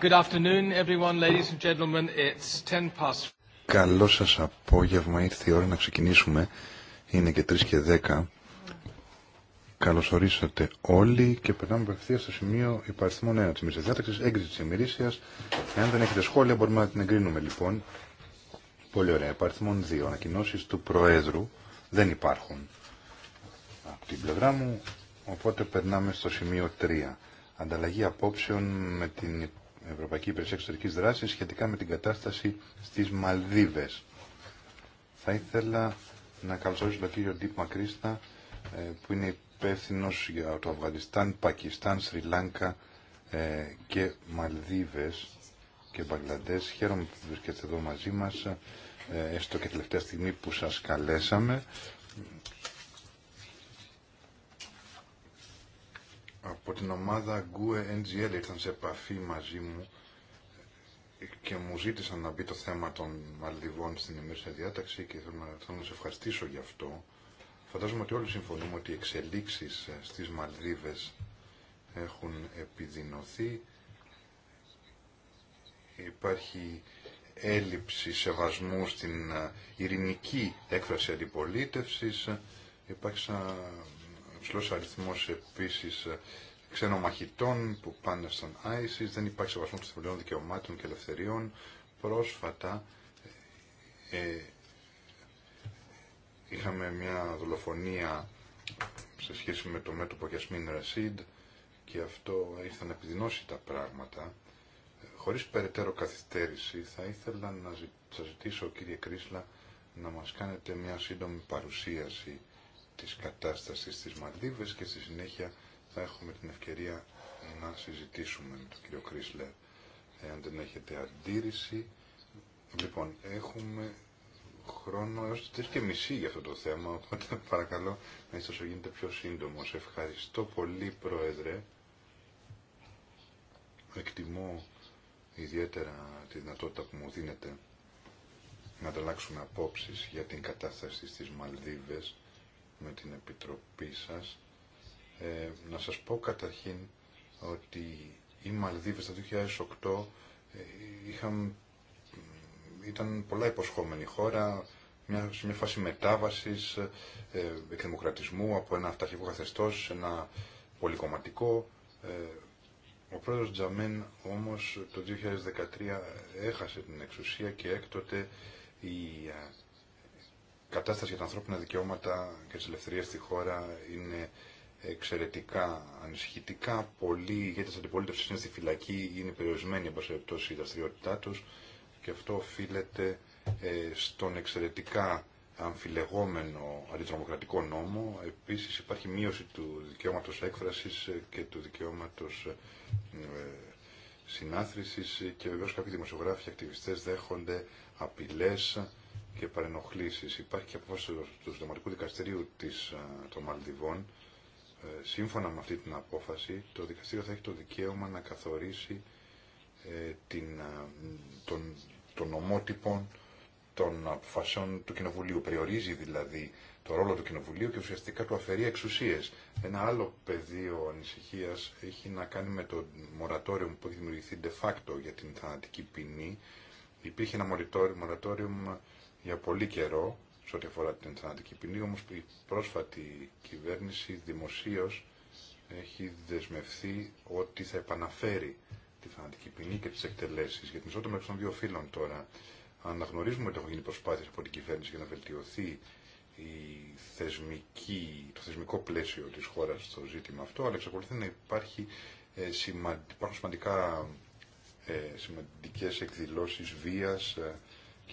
good afternoon everyone, ladies and gentlemen. It's 10 past. Καλό σα απόγευμα, ήρθε η ώρα να ξεκινήσουμε. Είναι και 3 και 10. Καλώ ορίσατε όλοι και περνάμε απευθεία στο σημείο υπαριθμό υπαρθμό τη μισή διάταξη, έγκριση τη ημερήσια. Εάν δεν έχετε σχόλια μπορούμε να την εγκρίνουμε λοιπόν. Πολύ ωραία. Υπαριθμών 2. ανακοινώσει του Προέδρου δεν υπάρχουν από την πλευρά μου, οπότε περνάμε στο σημείο 3. Ανταλλαγή απόψεων με την Ευρωπαϊκή Υπηρεσία Εξωτερική Δράση σχετικά με την κατάσταση στι Μαλδίβε. Θα ήθελα να καλωσορίσω τον κύριο Ντίπ Μακρίστα, ε, που είναι υπεύθυνο για το Αφγανιστάν, Πακιστάν, Σρι Λάνκα ε, και Μαλδίβε και Μπαγκλαντέ. Χαίρομαι που βρίσκεστε εδώ μαζί μα, ε, έστω και τελευταία στιγμή που σα καλέσαμε. από την ομάδα GUE NGL ήρθαν σε επαφή μαζί μου και μου ζήτησαν να μπει το θέμα των Μαλδιβών στην ημερήσια διάταξη και θέλω να, θέλω σε ευχαριστήσω γι' αυτό. Φαντάζομαι ότι όλοι συμφωνούμε ότι οι εξελίξεις ε, στις Μαλδίβες έχουν επιδεινωθεί. Υπάρχει έλλειψη σεβασμού στην ε, ειρηνική έκφραση αντιπολίτευσης. Υπάρχει σαν υψηλός αριθμός επίσης ε, ξενομαχητών που πάνε στον ISIS, δεν υπάρχει σεβασμό των θεμελιών δικαιωμάτων και ελευθεριών. Πρόσφατα ε, ε, είχαμε μια δολοφονία σε σχέση με το μέτωπο Γιασμίν Ρασίντ και αυτό ήρθε να επιδεινώσει τα πράγματα. Χωρίς περαιτέρω καθυστέρηση θα ήθελα να σας ζητήσω κύριε Κρίσλα να μας κάνετε μια σύντομη παρουσίαση της κατάστασης στις Μαλδίβες και στη συνέχεια θα έχουμε την ευκαιρία να συζητήσουμε με τον κύριο Κρίσλερ αν δεν έχετε αντίρρηση. Λοιπόν, έχουμε χρόνο έως τις και μισή για αυτό το θέμα, οπότε παρακαλώ να είστε όσο γίνεται πιο Σε Ευχαριστώ πολύ Πρόεδρε. Εκτιμώ ιδιαίτερα τη δυνατότητα που μου δίνεται να ανταλλάξουμε απόψεις για την κατάσταση στις Μαλδίβες με την Επιτροπή σας. Ε, να σας πω καταρχήν ότι οι Μαλδίβες το 2008 ε, ήταν πολλά υποσχόμενη χώρα, μια, σε μια φάση μετάβασης, ε, εκδημοκρατισμού από ένα αυταρχικό καθεστώς σε ένα πολυκομματικό. Ε, ο πρόεδρος Τζαμέν όμως το 2013 έχασε την εξουσία και έκτοτε η κατάσταση για τα ανθρώπινα δικαιώματα και τις ελευθερίες στη χώρα είναι εξαιρετικά ανησυχητικά. Πολλοί ηγέτες αντιπολίτευσης είναι στη φυλακή, είναι περιορισμένοι από η δραστηριότητά τους και αυτό οφείλεται ε, στον εξαιρετικά αμφιλεγόμενο αντιτρομοκρατικό νόμο. Επίσης υπάρχει μείωση του δικαιώματος έκφρασης και του δικαιώματος ε, συνάθρησης και βεβαίως κάποιοι δημοσιογράφοι και ακτιβιστές δέχονται απειλές και παρενοχλήσεις. Υπάρχει και απόφαση του Συνταγματικού Δικαστηρίου της, ε, των Μαλδιβών. Ε, σύμφωνα με αυτή την απόφαση, το δικαστήριο θα έχει το δικαίωμα να καθορίσει ε, την, ε, τον, τον ομότυπο των αποφασών του Κοινοβουλίου. Περιορίζει δηλαδή το ρόλο του Κοινοβουλίου και ουσιαστικά του αφαιρεί εξουσίες. Ένα άλλο πεδίο ανησυχίας έχει να κάνει με το μορατόριο που έχει δημιουργηθεί de facto για την θανατική ποινή. Υπήρχε ένα μορατόριο για πολύ καιρό σε ό,τι αφορά την θανατική ποινή, όμως η πρόσφατη κυβέρνηση δημοσίως έχει δεσμευθεί ότι θα επαναφέρει τη θανατική ποινή και τις εκτελέσεις. Για την ισότητα μεταξύ των δύο φύλων τώρα, αναγνωρίζουμε ότι έχουν γίνει προσπάθειες από την κυβέρνηση για να βελτιωθεί η θεσμική, το θεσμικό πλαίσιο της χώρας στο ζήτημα αυτό, αλλά εξακολουθεί να υπάρχει, ε, υπάρχουν σημαντικά, ε, σημαντικές εκδηλώσεις βίας, ε,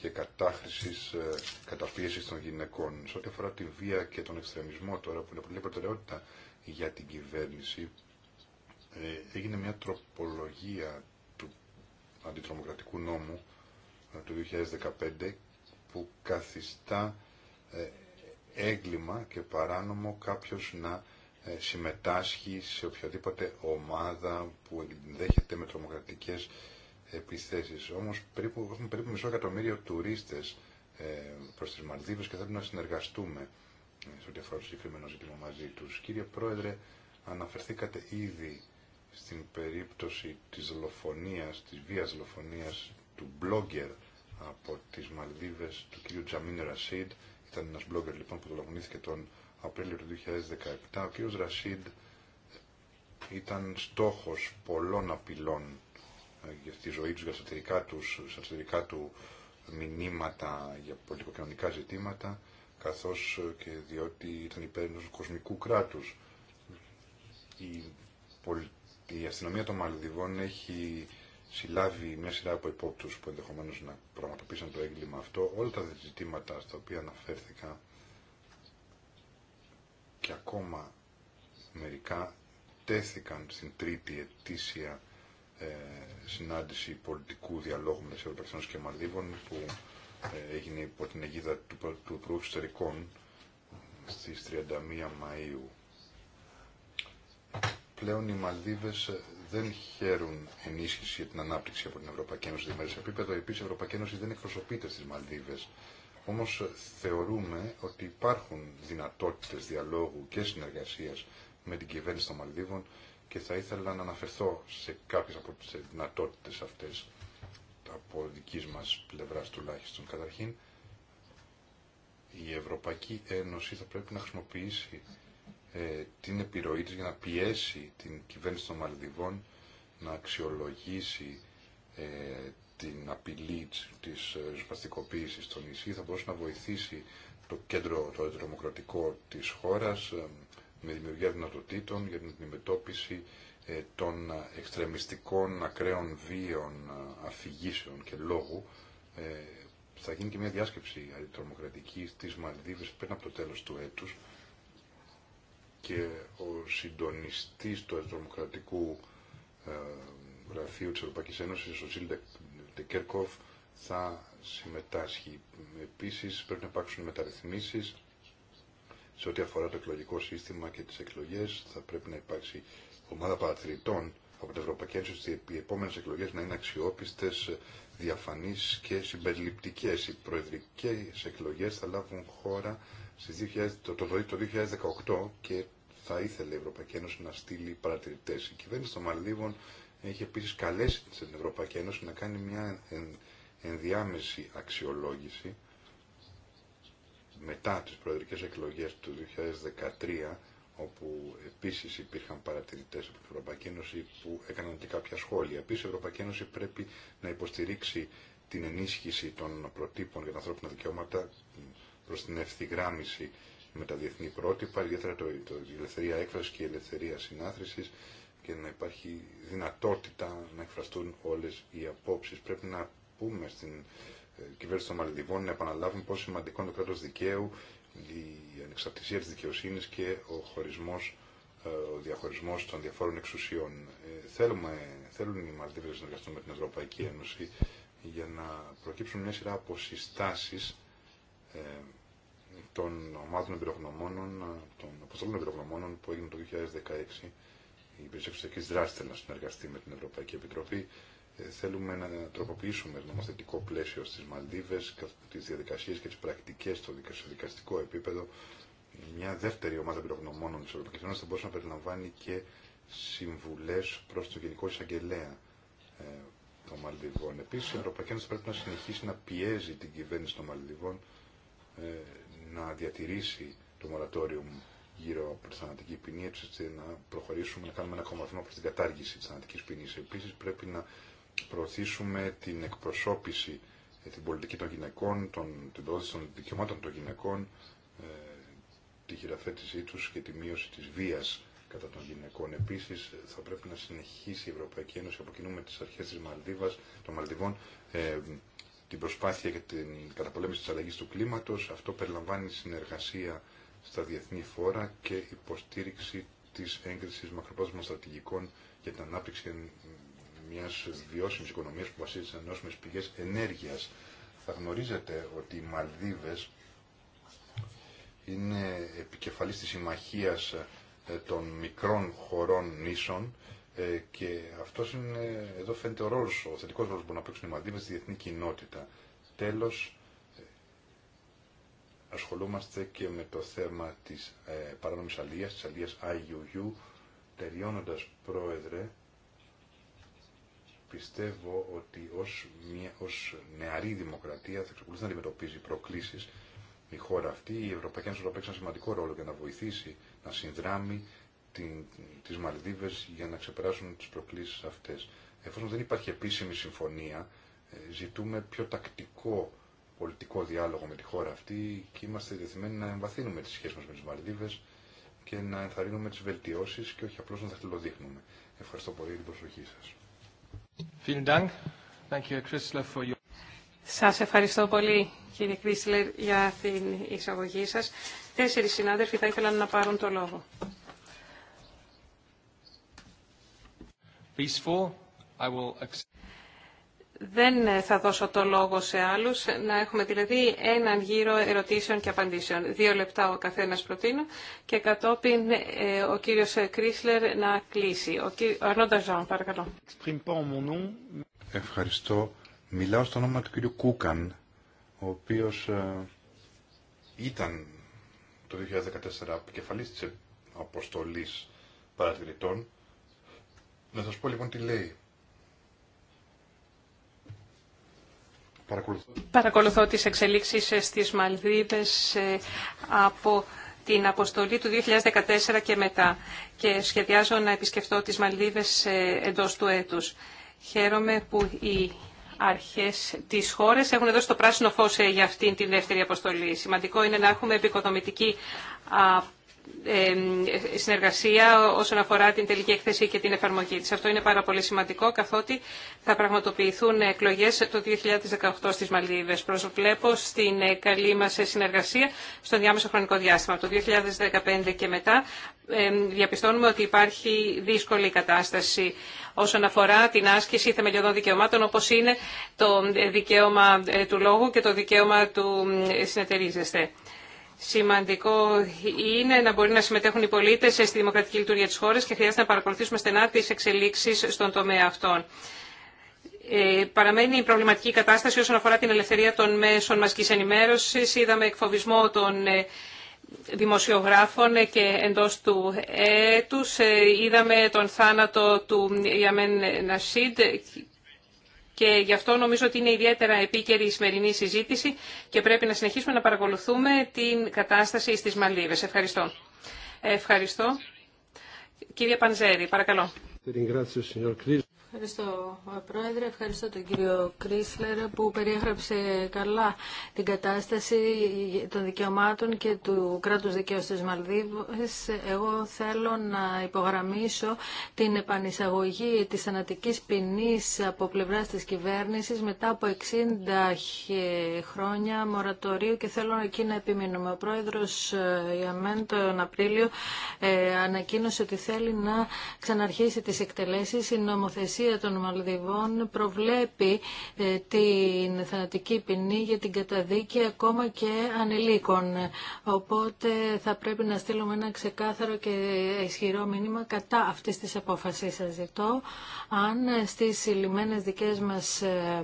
και κατάχρησης, ε, καταπίεσης των γυναικών. Σε ό,τι αφορά τη βία και τον εξτρεμισμό τώρα που είναι πολύ προτεραιότητα για την κυβέρνηση, ε, έγινε μια τροπολογία του αντιτρομοκρατικού νόμου ε, του 2015 που καθιστά έγκλημα και παράνομο κάποιος να συμμετάσχει σε οποιαδήποτε ομάδα που ενδέχεται με τρομοκρατικές επιθέσεις. Όμως περίπου, έχουμε περίπου μισό εκατομμύριο τουρίστες ε, προς τις Μαλδίβες και θέλουμε να συνεργαστούμε ε, σε ό,τι αφορά το συγκεκριμένο ζήτημα μαζί τους. Κύριε Πρόεδρε, αναφερθήκατε ήδη στην περίπτωση της δολοφονίας, της βίας δολοφονίας του blogger από τις Μαλδίβες του κ. Τζαμίν Ρασίδ. Ήταν ένας blogger λοιπόν που δολοφονήθηκε τον Απρίλιο του 2017. Ο κ. Ρασίδ ήταν στόχος πολλών απειλών ε, για τη ζωή τους, για εσωτερικά τους, εσωτερικά του μηνύματα για πολιτικοκοινωνικά ζητήματα, καθώς ε, και διότι ήταν υπέρ ενός κοσμικού κράτους. Η, η αστυνομία των Μαλδιβών έχει συλλάβει μια σειρά από υπόπτους που ενδεχομένως να πραγματοποίησαν το έγκλημα αυτό. Όλα τα ζητήματα στα οποία αναφέρθηκα και ακόμα μερικά τέθηκαν στην τρίτη ετήσια ε, συνάντηση πολιτικού διαλόγου μεταξύ Ευρωπαϊκής και Μαλδίβων που ε, έγινε υπό την αιγίδα του, του Υπουργού Εξωτερικών στις 31 Μαΐου. Πλέον οι Μαλδίβες δεν χαίρουν ενίσχυση για την ανάπτυξη από την Ευρωπαϊκή Ένωση σε επίπεδο. Επίσης η Ευρωπαϊκή Ένωση δεν εκπροσωπείται στις Μαλδίβες. Όμως θεωρούμε ότι υπάρχουν δυνατότητες διαλόγου και συνεργασίας με την κυβέρνηση των Μαλδίβων και θα ήθελα να αναφερθώ σε κάποιες από τις δυνατότητες αυτές από δικής μας πλευράς τουλάχιστον. Καταρχήν, η Ευρωπαϊκή Ένωση θα πρέπει να χρησιμοποιήσει ε, την επιρροή της για να πιέσει την κυβέρνηση των Μαλδιβών να αξιολογήσει ε, την απειλή της ε, σπαστικοποίησης των νησί. Θα μπορούσε να βοηθήσει το κέντρο το δημοκρατικό της χώρας, με δημιουργία δυνατοτήτων για την αντιμετώπιση ε, των ε, εξτρεμιστικών ακραίων βίων ε, αφηγήσεων και λόγου. Θα γίνει και μια διάσκεψη αντιτρομοκρατική στις Μαλδίβες πριν από το τέλος του έτους και ο συντονιστής του αντιτρομοκρατικού γραφείου της Ευρωπαϊκής Ένωσης, ο Σίλ Τεκέρκοφ, θα συμμετάσχει. Επίσης πρέπει να υπάρξουν μεταρρυθμίσεις σε ό,τι αφορά το εκλογικό σύστημα και τι εκλογέ θα πρέπει να υπάρξει ομάδα παρατηρητών από την Ευρωπαϊκή Ένωση ώστε οι επόμενε εκλογέ να είναι αξιόπιστε διαφανεί και συμπεριληπτικές. Οι προεδρικέ εκλογέ θα λάβουν χώρα στις 2000, το, το, το 2018 και θα ήθελε η Ευρωπαϊκή Ένωση να στείλει παρατηρητέ Η κυβέρνηση των Μαλδίβων έχει επίση καλέσει την Ευρωπαϊκή Ένωση να κάνει μια ενδιάμεση αξιολόγηση μετά τις προεδρικές εκλογές του 2013 όπου επίσης υπήρχαν παρατηρητές από την Ευρωπαϊκή Ένωση που έκαναν και κάποια σχόλια. Επίσης η Ευρωπαϊκή Ένωση πρέπει να υποστηρίξει την ενίσχυση των προτύπων για τα ανθρώπινα δικαιώματα προς την ευθυγράμμιση με τα διεθνή πρότυπα, ιδιαίτερα το, η ελευθερία έκφρασης και η ελευθερία συνάθρησης και να υπάρχει δυνατότητα να εκφραστούν όλες οι απόψεις. Πρέπει να πούμε στην ε, κυβέρνηση των Μαλδιβών να επαναλάβουν πόσο σημαντικό είναι το κράτο δικαίου, η ανεξαρτησία τη δικαιοσύνη και ο χωρισμό ε, ο διαχωρισμό των διαφόρων εξουσιών. Ε, θέλουμε, θέλουν οι Μαλδίβε να συνεργαστούν με την Ευρωπαϊκή Ένωση για να προκύψουν μια σειρά από συστάσει ε, των ομάδων εμπειρογνωμόνων, των αποστολών εμπειρογνωμόνων που έγινε το 2016. Η Υπηρεσία Εξωτερική Δράση θέλει να συνεργαστεί με την Ευρωπαϊκή Επιτροπή θέλουμε να τροποποιήσουμε το νομοθετικό πλαίσιο στις Μαλδίβες, τις διαδικασίες και τις πρακτικές στο δικαστικό επίπεδο. Μια δεύτερη ομάδα πυρογνωμόνων της Ευρωπαϊκής Ένωσης θα μπορούσε να περιλαμβάνει και συμβουλές προς το Γενικό Εισαγγελέα ε, των Μαλδιβών. Επίσης, η Ευρωπαϊκή Ένωση πρέπει να συνεχίσει να πιέζει την κυβέρνηση των Μαλδιβών ε, να διατηρήσει το μορατόριο γύρω από τη θανατική ποινή, έτσι ώστε να προχωρήσουμε να κάνουμε ένα ακόμα βήμα προς την κατάργηση της θανατικής ποινής. Επίσης, πρέπει να προωθήσουμε την εκπροσώπηση, ε, την πολιτική των γυναικών, τον, την προώθηση των δικαιωμάτων των γυναικών, ε, τη χειραφέτησή τους και τη μείωση της βίας κατά των γυναικών. Επίσης θα πρέπει να συνεχίσει η Ευρωπαϊκή Ένωση από κοινού με τις αρχές της Μαλδίβας, των Μαλδιβών ε, την προσπάθεια για την καταπολέμηση της αλλαγής του κλίματος. Αυτό περιλαμβάνει συνεργασία στα διεθνή φόρα και υποστήριξη της έγκρισης μακροπρόθεσμων στρατηγικών για την ανάπτυξη μιας βιώσιμης οικονομίας που βασίζεται σε ανανεώσιμες πηγές ενέργειας. Θα γνωρίζετε ότι οι Μαλδίβες είναι επικεφαλής της συμμαχίας ε, των μικρών χωρών νήσων ε, και αυτός είναι, εδώ φαίνεται ο ρόλος, ο θετικός ρόλος που μπορούν να παίξουν οι Μαλδίβες στη διεθνή κοινότητα. Τέλος, ε, ασχολούμαστε και με το θέμα της ε, παράνομης αλίας, της αλίας IUU, τελειώνοντας πρόεδρε, πιστεύω ότι ως, μια, ως νεαρή δημοκρατία θα εξακολουθεί να αντιμετωπίζει προκλήσεις η χώρα αυτή. Η Ευρωπαϊκή Ένωση θα παίξει ένα σημαντικό ρόλο για να βοηθήσει να συνδράμει την, τις Μαλδίβες για να ξεπεράσουν τις προκλήσεις αυτές. Εφόσον δεν υπάρχει επίσημη συμφωνία, ε, ζητούμε πιο τακτικό πολιτικό διάλογο με τη χώρα αυτή και είμαστε διεθυμένοι να εμβαθύνουμε τις σχέσεις μας με τις Μαλδίβες και να ενθαρρύνουμε τις βελτιώσεις και όχι απλώς να δαχτυλοδείχνουμε. Ευχαριστώ πολύ για την προσοχή σας. Σας ευχαριστώ πολύ, κύριε Κρίσλερ, για την εισαγωγή σας. Τέσσερις συνάδελφοι θα ήθελαν να πάρουν το λόγο. Peaceful. I will... Δεν ε, θα δώσω το λόγο σε άλλους. Ε, να έχουμε δηλαδή έναν γύρο ερωτήσεων και απαντήσεων. Δύο λεπτά ο καθένας προτείνω και κατόπιν ε, ο κύριος Κρίσλερ να κλείσει. Ο κύρι... Αρνόντα Ζαν, παρακαλώ. Ευχαριστώ. Μιλάω στο όνομα του κύριου Κούκαν, ο οποίος ήταν το 2014 επικεφαλής της αποστολής παρατηρητών. Να σας πω λοιπόν τι λέει. Παρακολουθώ. Παρακολουθώ τις εξελίξεις ε, στις Μαλδίβες ε, από την αποστολή του 2014 και μετά και σχεδιάζω να επισκεφτώ τις Μαλδίβες ε, εντός του έτους. Χαίρομαι που οι αρχές της χώρας έχουν δώσει το πράσινο φως για αυτήν την δεύτερη αποστολή. Σημαντικό είναι να έχουμε επικοδομητική συνεργασία όσον αφορά την τελική έκθεση και την εφαρμογή της. Αυτό είναι πάρα πολύ σημαντικό καθότι θα πραγματοποιηθούν εκλογές το 2018 στις Μαλδίβες. Προσβλέπω στην ε, καλή μας συνεργασία στον διάμεσο χρονικό διάστημα. το 2015 και μετά διαπιστώνουμε ότι υπάρχει δύσκολη κατάσταση όσον αφορά την άσκηση θεμελιωδών δικαιωμάτων όπως είναι το δικαίωμα ε, του λόγου και το δικαίωμα του ε, συνεταιρίζεστε. Σημαντικό είναι να μπορεί να συμμετέχουν οι πολίτες στη δημοκρατική λειτουργία της χώρας και χρειάζεται να παρακολουθήσουμε στενά τις εξελίξεις στον τομέα αυτών. Ε, παραμένει η προβληματική κατάσταση όσον αφορά την ελευθερία των μέσων μαζικής ενημέρωσης. Είδαμε εκφοβισμό των ε, δημοσιογράφων ε, και εντός του έτους. Ε, είδαμε τον θάνατο του Ιαμέν Νασίντ και γι' αυτό νομίζω ότι είναι ιδιαίτερα επίκαιρη η σημερινή συζήτηση και πρέπει να συνεχίσουμε να παρακολουθούμε την κατάσταση στις Μαλδίβες. Ευχαριστώ. Ευχαριστώ. Κύριε Παντζέρη, παρακαλώ. Ευχαριστώ, Πρόεδρε. Ευχαριστώ τον κύριο Κρίσλερ που περιέγραψε καλά την κατάσταση των δικαιωμάτων και του κράτους δικαίου της Μαλδίβης. Εγώ θέλω να υπογραμμίσω την επανεισαγωγή της θανατικής ποινή από πλευράς της κυβέρνησης μετά από 60 χρόνια μορατορίου και θέλω εκεί να επιμείνουμε. Ο Πρόεδρος ε, Ιαμέν τον Απρίλιο ε, ανακοίνωσε ότι θέλει να ξαναρχίσει τις εκτελέσεις. Η νομοθεσία των Μαλδιβών προβλέπει ε, την θανατική ποινή για την καταδίκη ακόμα και ανηλίκων. Οπότε θα πρέπει να στείλουμε ένα ξεκάθαρο και ισχυρό μήνυμα κατά αυτή της απόφασή σα ζητώ. Αν στις λιμένες δικές μας ε,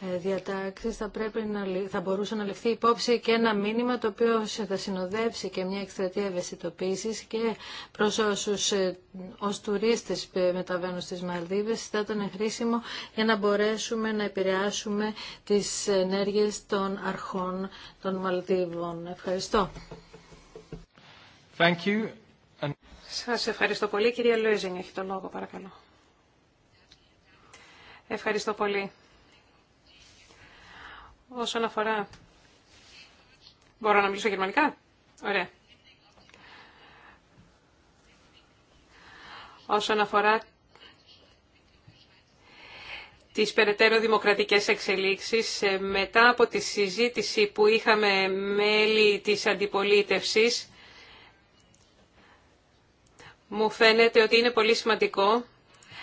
ε, διατάξεις θα, πρέπει να, θα μπορούσε να ληφθεί υπόψη και ένα μήνυμα το οποίο θα συνοδεύσει και μια εκστρατεία ευαισθητοποίησης και προς όσους ως τουρίστες μεταβαίνουν στις Μαλδίβες θα ήταν χρήσιμο για να μπορέσουμε να επηρεάσουμε τις ενέργειες των αρχών των Μαλτίβων. Ευχαριστώ. Thank you. Σας ευχαριστώ πολύ. Κυρία Λόιζινγκ έχει το λόγο, παρακαλώ. Ευχαριστώ πολύ. Όσον αφορά... Μπορώ να μιλήσω γερμανικά? Ωραία. Όσον αφορά τις περαιτέρω δημοκρατικές εξελίξεις ε, μετά από τη συζήτηση που είχαμε μέλη της αντιπολίτευσης μου φαίνεται ότι είναι πολύ σημαντικό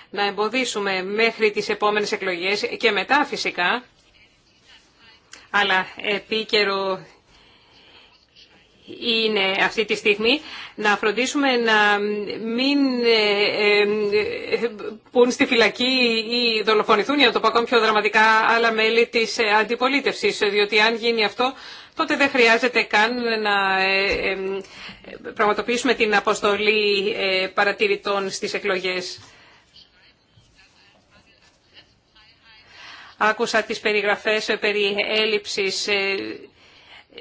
να εμποδίσουμε μέχρι τις επόμενες εκλογές και μετά φυσικά αλλά επίκαιρο είναι αυτή τη στιγμή να φροντίσουμε να μην ε, ε, πουν στη φυλακή ή δολοφονηθούν, για να το πω ακόμη πιο δραματικά, άλλα μέλη της ε, αντιπολίτευσης. Διότι αν γίνει αυτό, τότε δεν χρειάζεται καν να πραγματοποιήσουμε την αποστολή παρατηρητών στις εκλογές. Άκουσα τις περιγραφές περί έλλειψης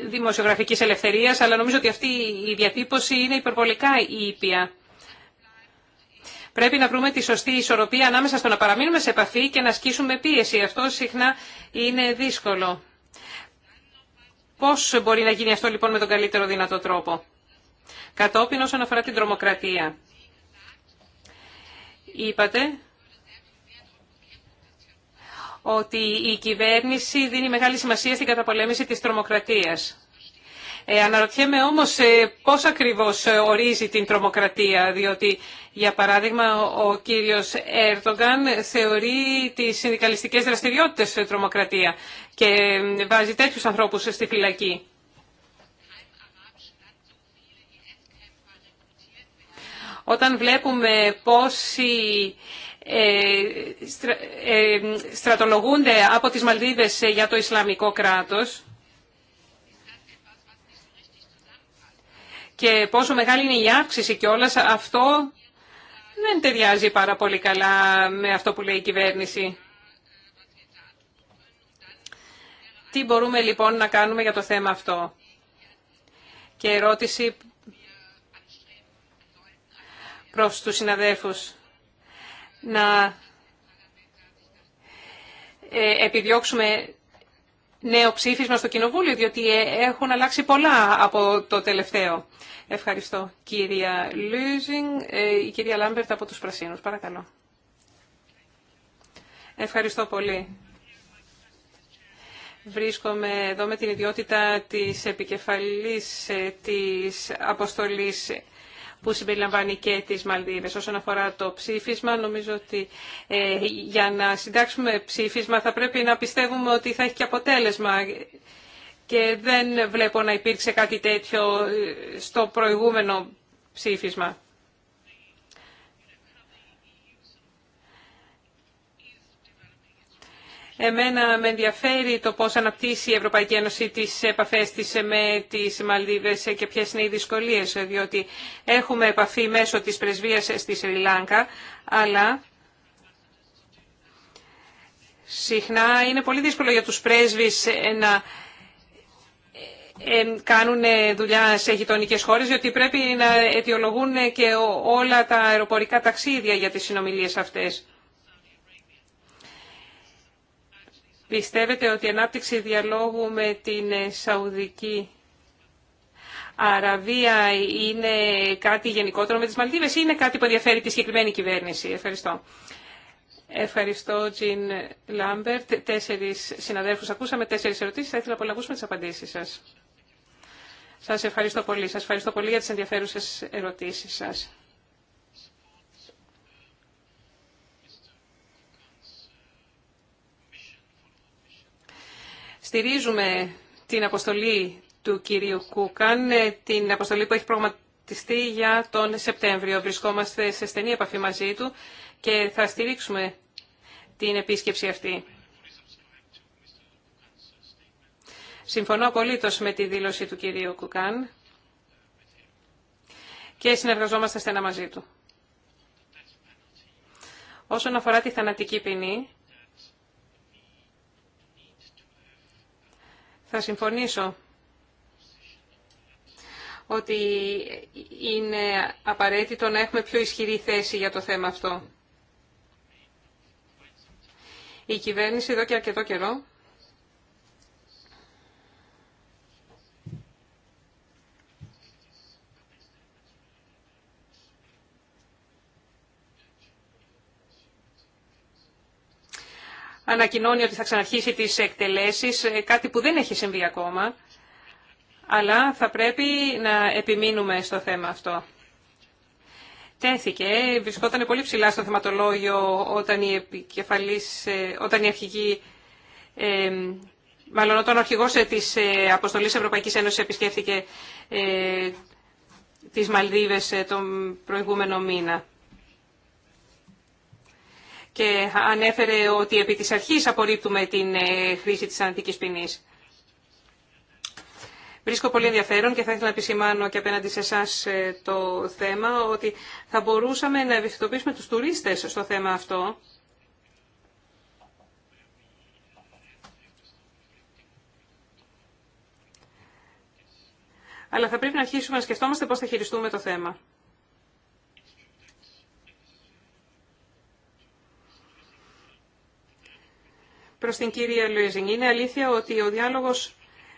δημοσιογραφικής ελευθερίας, αλλά νομίζω ότι αυτή η διατύπωση είναι υπερβολικά ήπια. Πρέπει να βρούμε τη σωστή ισορροπία ανάμεσα στο να παραμείνουμε σε επαφή και να ασκήσουμε πίεση. Αυτό συχνά είναι δύσκολο. Πώς μπορεί να γίνει αυτό λοιπόν με τον καλύτερο δυνατό τρόπο. Κατόπιν όσον αφορά την τρομοκρατία. Είπατε ότι η κυβέρνηση δίνει μεγάλη σημασία στην καταπολέμηση της τρομοκρατίας. Ε, αναρωτιέμαι όμως ε, πώς ακριβώς ε, ορίζει την τρομοκρατία, διότι για παράδειγμα ο κύριος Έρτογκαν θεωρεί τις συνδικαλιστικές δραστηριότητες τρομοκρατία και βάζει τέτοιους ανθρώπους στη φυλακή. Όταν βλέπουμε πόσοι ε, ε, στρατολογούνται από τις Μαλδίβες ε, για το Ισλαμικό κράτος και πόσο μεγάλη είναι η αύξηση και όλα αυτό δεν ταιριάζει πάρα πολύ καλά με αυτό που λέει η κυβέρνηση. Τι μπορούμε λοιπόν να κάνουμε για το θέμα αυτό. Και ερώτηση προς τους συναδέλφους να ε, επιδιώξουμε νέο ψήφισμα στο Κοινοβούλιο, διότι ε, έχουν αλλάξει πολλά από το τελευταίο. Ευχαριστώ. Κυρία Λούζινγκ, ε, η κυρία Λάμπερτ από τους Πρασίνους. Παρακαλώ. Ευχαριστώ πολύ. Βρίσκομαι εδώ με την ιδιότητα της επικεφαλής της αποστολής που συμπεριλαμβάνει και τις Μαλδίβες. Όσον αφορά το ψήφισμα, νομίζω ότι ε, για να συντάξουμε ψήφισμα θα πρέπει να πιστεύουμε ότι θα έχει και αποτέλεσμα και δεν βλέπω να υπήρξε κάτι τέτοιο ε, στο προηγούμενο ψήφισμα. Εμένα με ενδιαφέρει το πώς αναπτύσσει η Ευρωπαϊκή Ένωση τις επαφές της με τις Μαλδίβες και ποιες είναι οι δυσκολίες, διότι έχουμε επαφή μέσω της πρεσβείας στη Σρι Λάγκα, αλλά συχνά είναι πολύ δύσκολο για τους πρέσβεις να ε, κάνουν δουλειά σε γειτονικέ χώρες, διότι πρέπει να αιτιολογούν και όλα τα αεροπορικά ταξίδια για τις συνομιλίες αυτές. Πιστεύετε ότι η ανάπτυξη διαλόγου με την ε, Σαουδική Αραβία είναι κάτι γενικότερο με τις Μαλδίβες ή είναι κάτι που ενδιαφέρει τη συγκεκριμένη κυβέρνηση. Ευχαριστώ. Ευχαριστώ, Τζιν Λάμπερτ. Τέσσερις συναδέλφους ακούσαμε, τέσσερις ερωτήσεις. Θα ήθελα να ακούσουμε τις απαντήσεις σας. Σας ευχαριστώ πολύ. Σας ευχαριστώ πολύ για τις ενδιαφέρουσες ερωτήσεις σας. Στηρίζουμε την αποστολή του κυρίου Κούκαν, ε, την αποστολή που έχει προγραμματιστεί για τον Σεπτέμβριο. Βρισκόμαστε σε στενή επαφή μαζί του και θα στηρίξουμε την επίσκεψη αυτή. Συμφωνώ απολύτως με τη δήλωση του κυρίου Κουκάν και συνεργαζόμαστε στενά μαζί του. Όσον αφορά τη θανατική ποινή, Θα συμφωνήσω ότι είναι απαραίτητο να έχουμε πιο ισχυρή θέση για το θέμα αυτό. Η κυβέρνηση εδώ και αρκετό καιρό ανακοινώνει ότι θα ξαναρχίσει τις εκτελέσεις, ε, κάτι που δεν έχει συμβεί ακόμα, αλλά θα πρέπει να επιμείνουμε στο θέμα αυτό. Τέθηκε, βρισκόταν πολύ ψηλά στο θεματολόγιο όταν η, επικεφαλής, ε, όταν η αρχική ε, μάλλον όταν ο αρχηγός ε, της Αποστολής Ευρωπαϊκής Ένωσης επισκέφθηκε ε, τις Μαλδίβες τον προηγούμενο μήνα και ανέφερε ότι επί της αρχής απορρίπτουμε την ε, χρήση της αντική ποινή. Βρίσκω πολύ ενδιαφέρον και θα ήθελα να επισημάνω και απέναντι σε εσά ε, το θέμα ότι θα μπορούσαμε να ευαισθητοποιήσουμε τους τουρίστες στο θέμα αυτό. Αλλά θα πρέπει να αρχίσουμε να σκεφτόμαστε πώς θα χειριστούμε το θέμα. προς την κυρία Λουίζινγκ. Είναι αλήθεια ότι ο διάλογος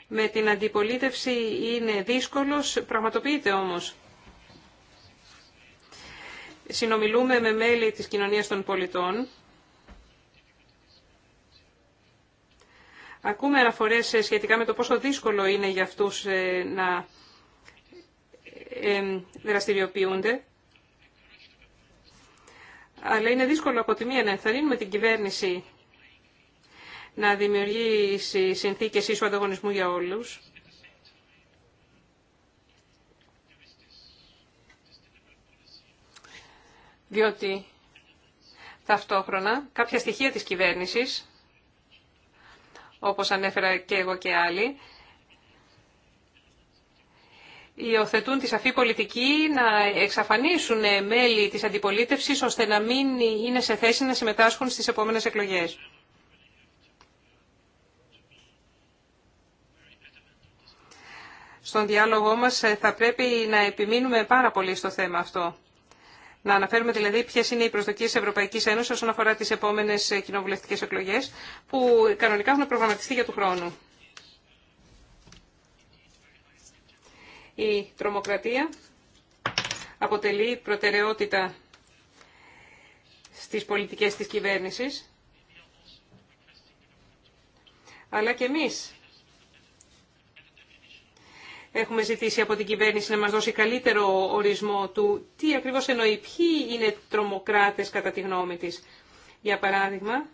με την αντιπολίτευση είναι δύσκολος, πραγματοποιείται όμως. Συνομιλούμε με μέλη της κοινωνίας των πολιτών. Ακούμε αναφορές ε, σχετικά με το πόσο δύσκολο είναι για αυτούς ε, να ε, δραστηριοποιούνται. Αλλά είναι δύσκολο από τη μία να ενθαρρύνουμε την κυβέρνηση να δημιουργήσει συνθήκες ίσου ανταγωνισμού για όλους. Διότι ταυτόχρονα κάποια στοιχεία της κυβέρνησης, όπως ανέφερα και εγώ και άλλοι, υιοθετούν τη σαφή πολιτική να εξαφανίσουν μέλη της αντιπολίτευσης ώστε να μην είναι σε θέση να συμμετάσχουν στις επόμενες εκλογές. Στον διάλογό μας ε, θα πρέπει να επιμείνουμε πάρα πολύ στο θέμα αυτό. Να αναφέρουμε δηλαδή ποιε είναι οι προσδοκίε τη Ευρωπαϊκή Ένωση όσον αφορά τι επόμενε κοινοβουλευτικέ εκλογέ, που κανονικά έχουν προγραμματιστεί για του χρόνου. Η τρομοκρατία αποτελεί προτεραιότητα στις πολιτικές της κυβέρνησης, αλλά και εμείς Έχουμε ζητήσει από την κυβέρνηση να μας δώσει καλύτερο ορισμό του τι ακριβώς εννοεί, ποιοι είναι τρομοκράτες κατά τη γνώμη της. Για παράδειγμα,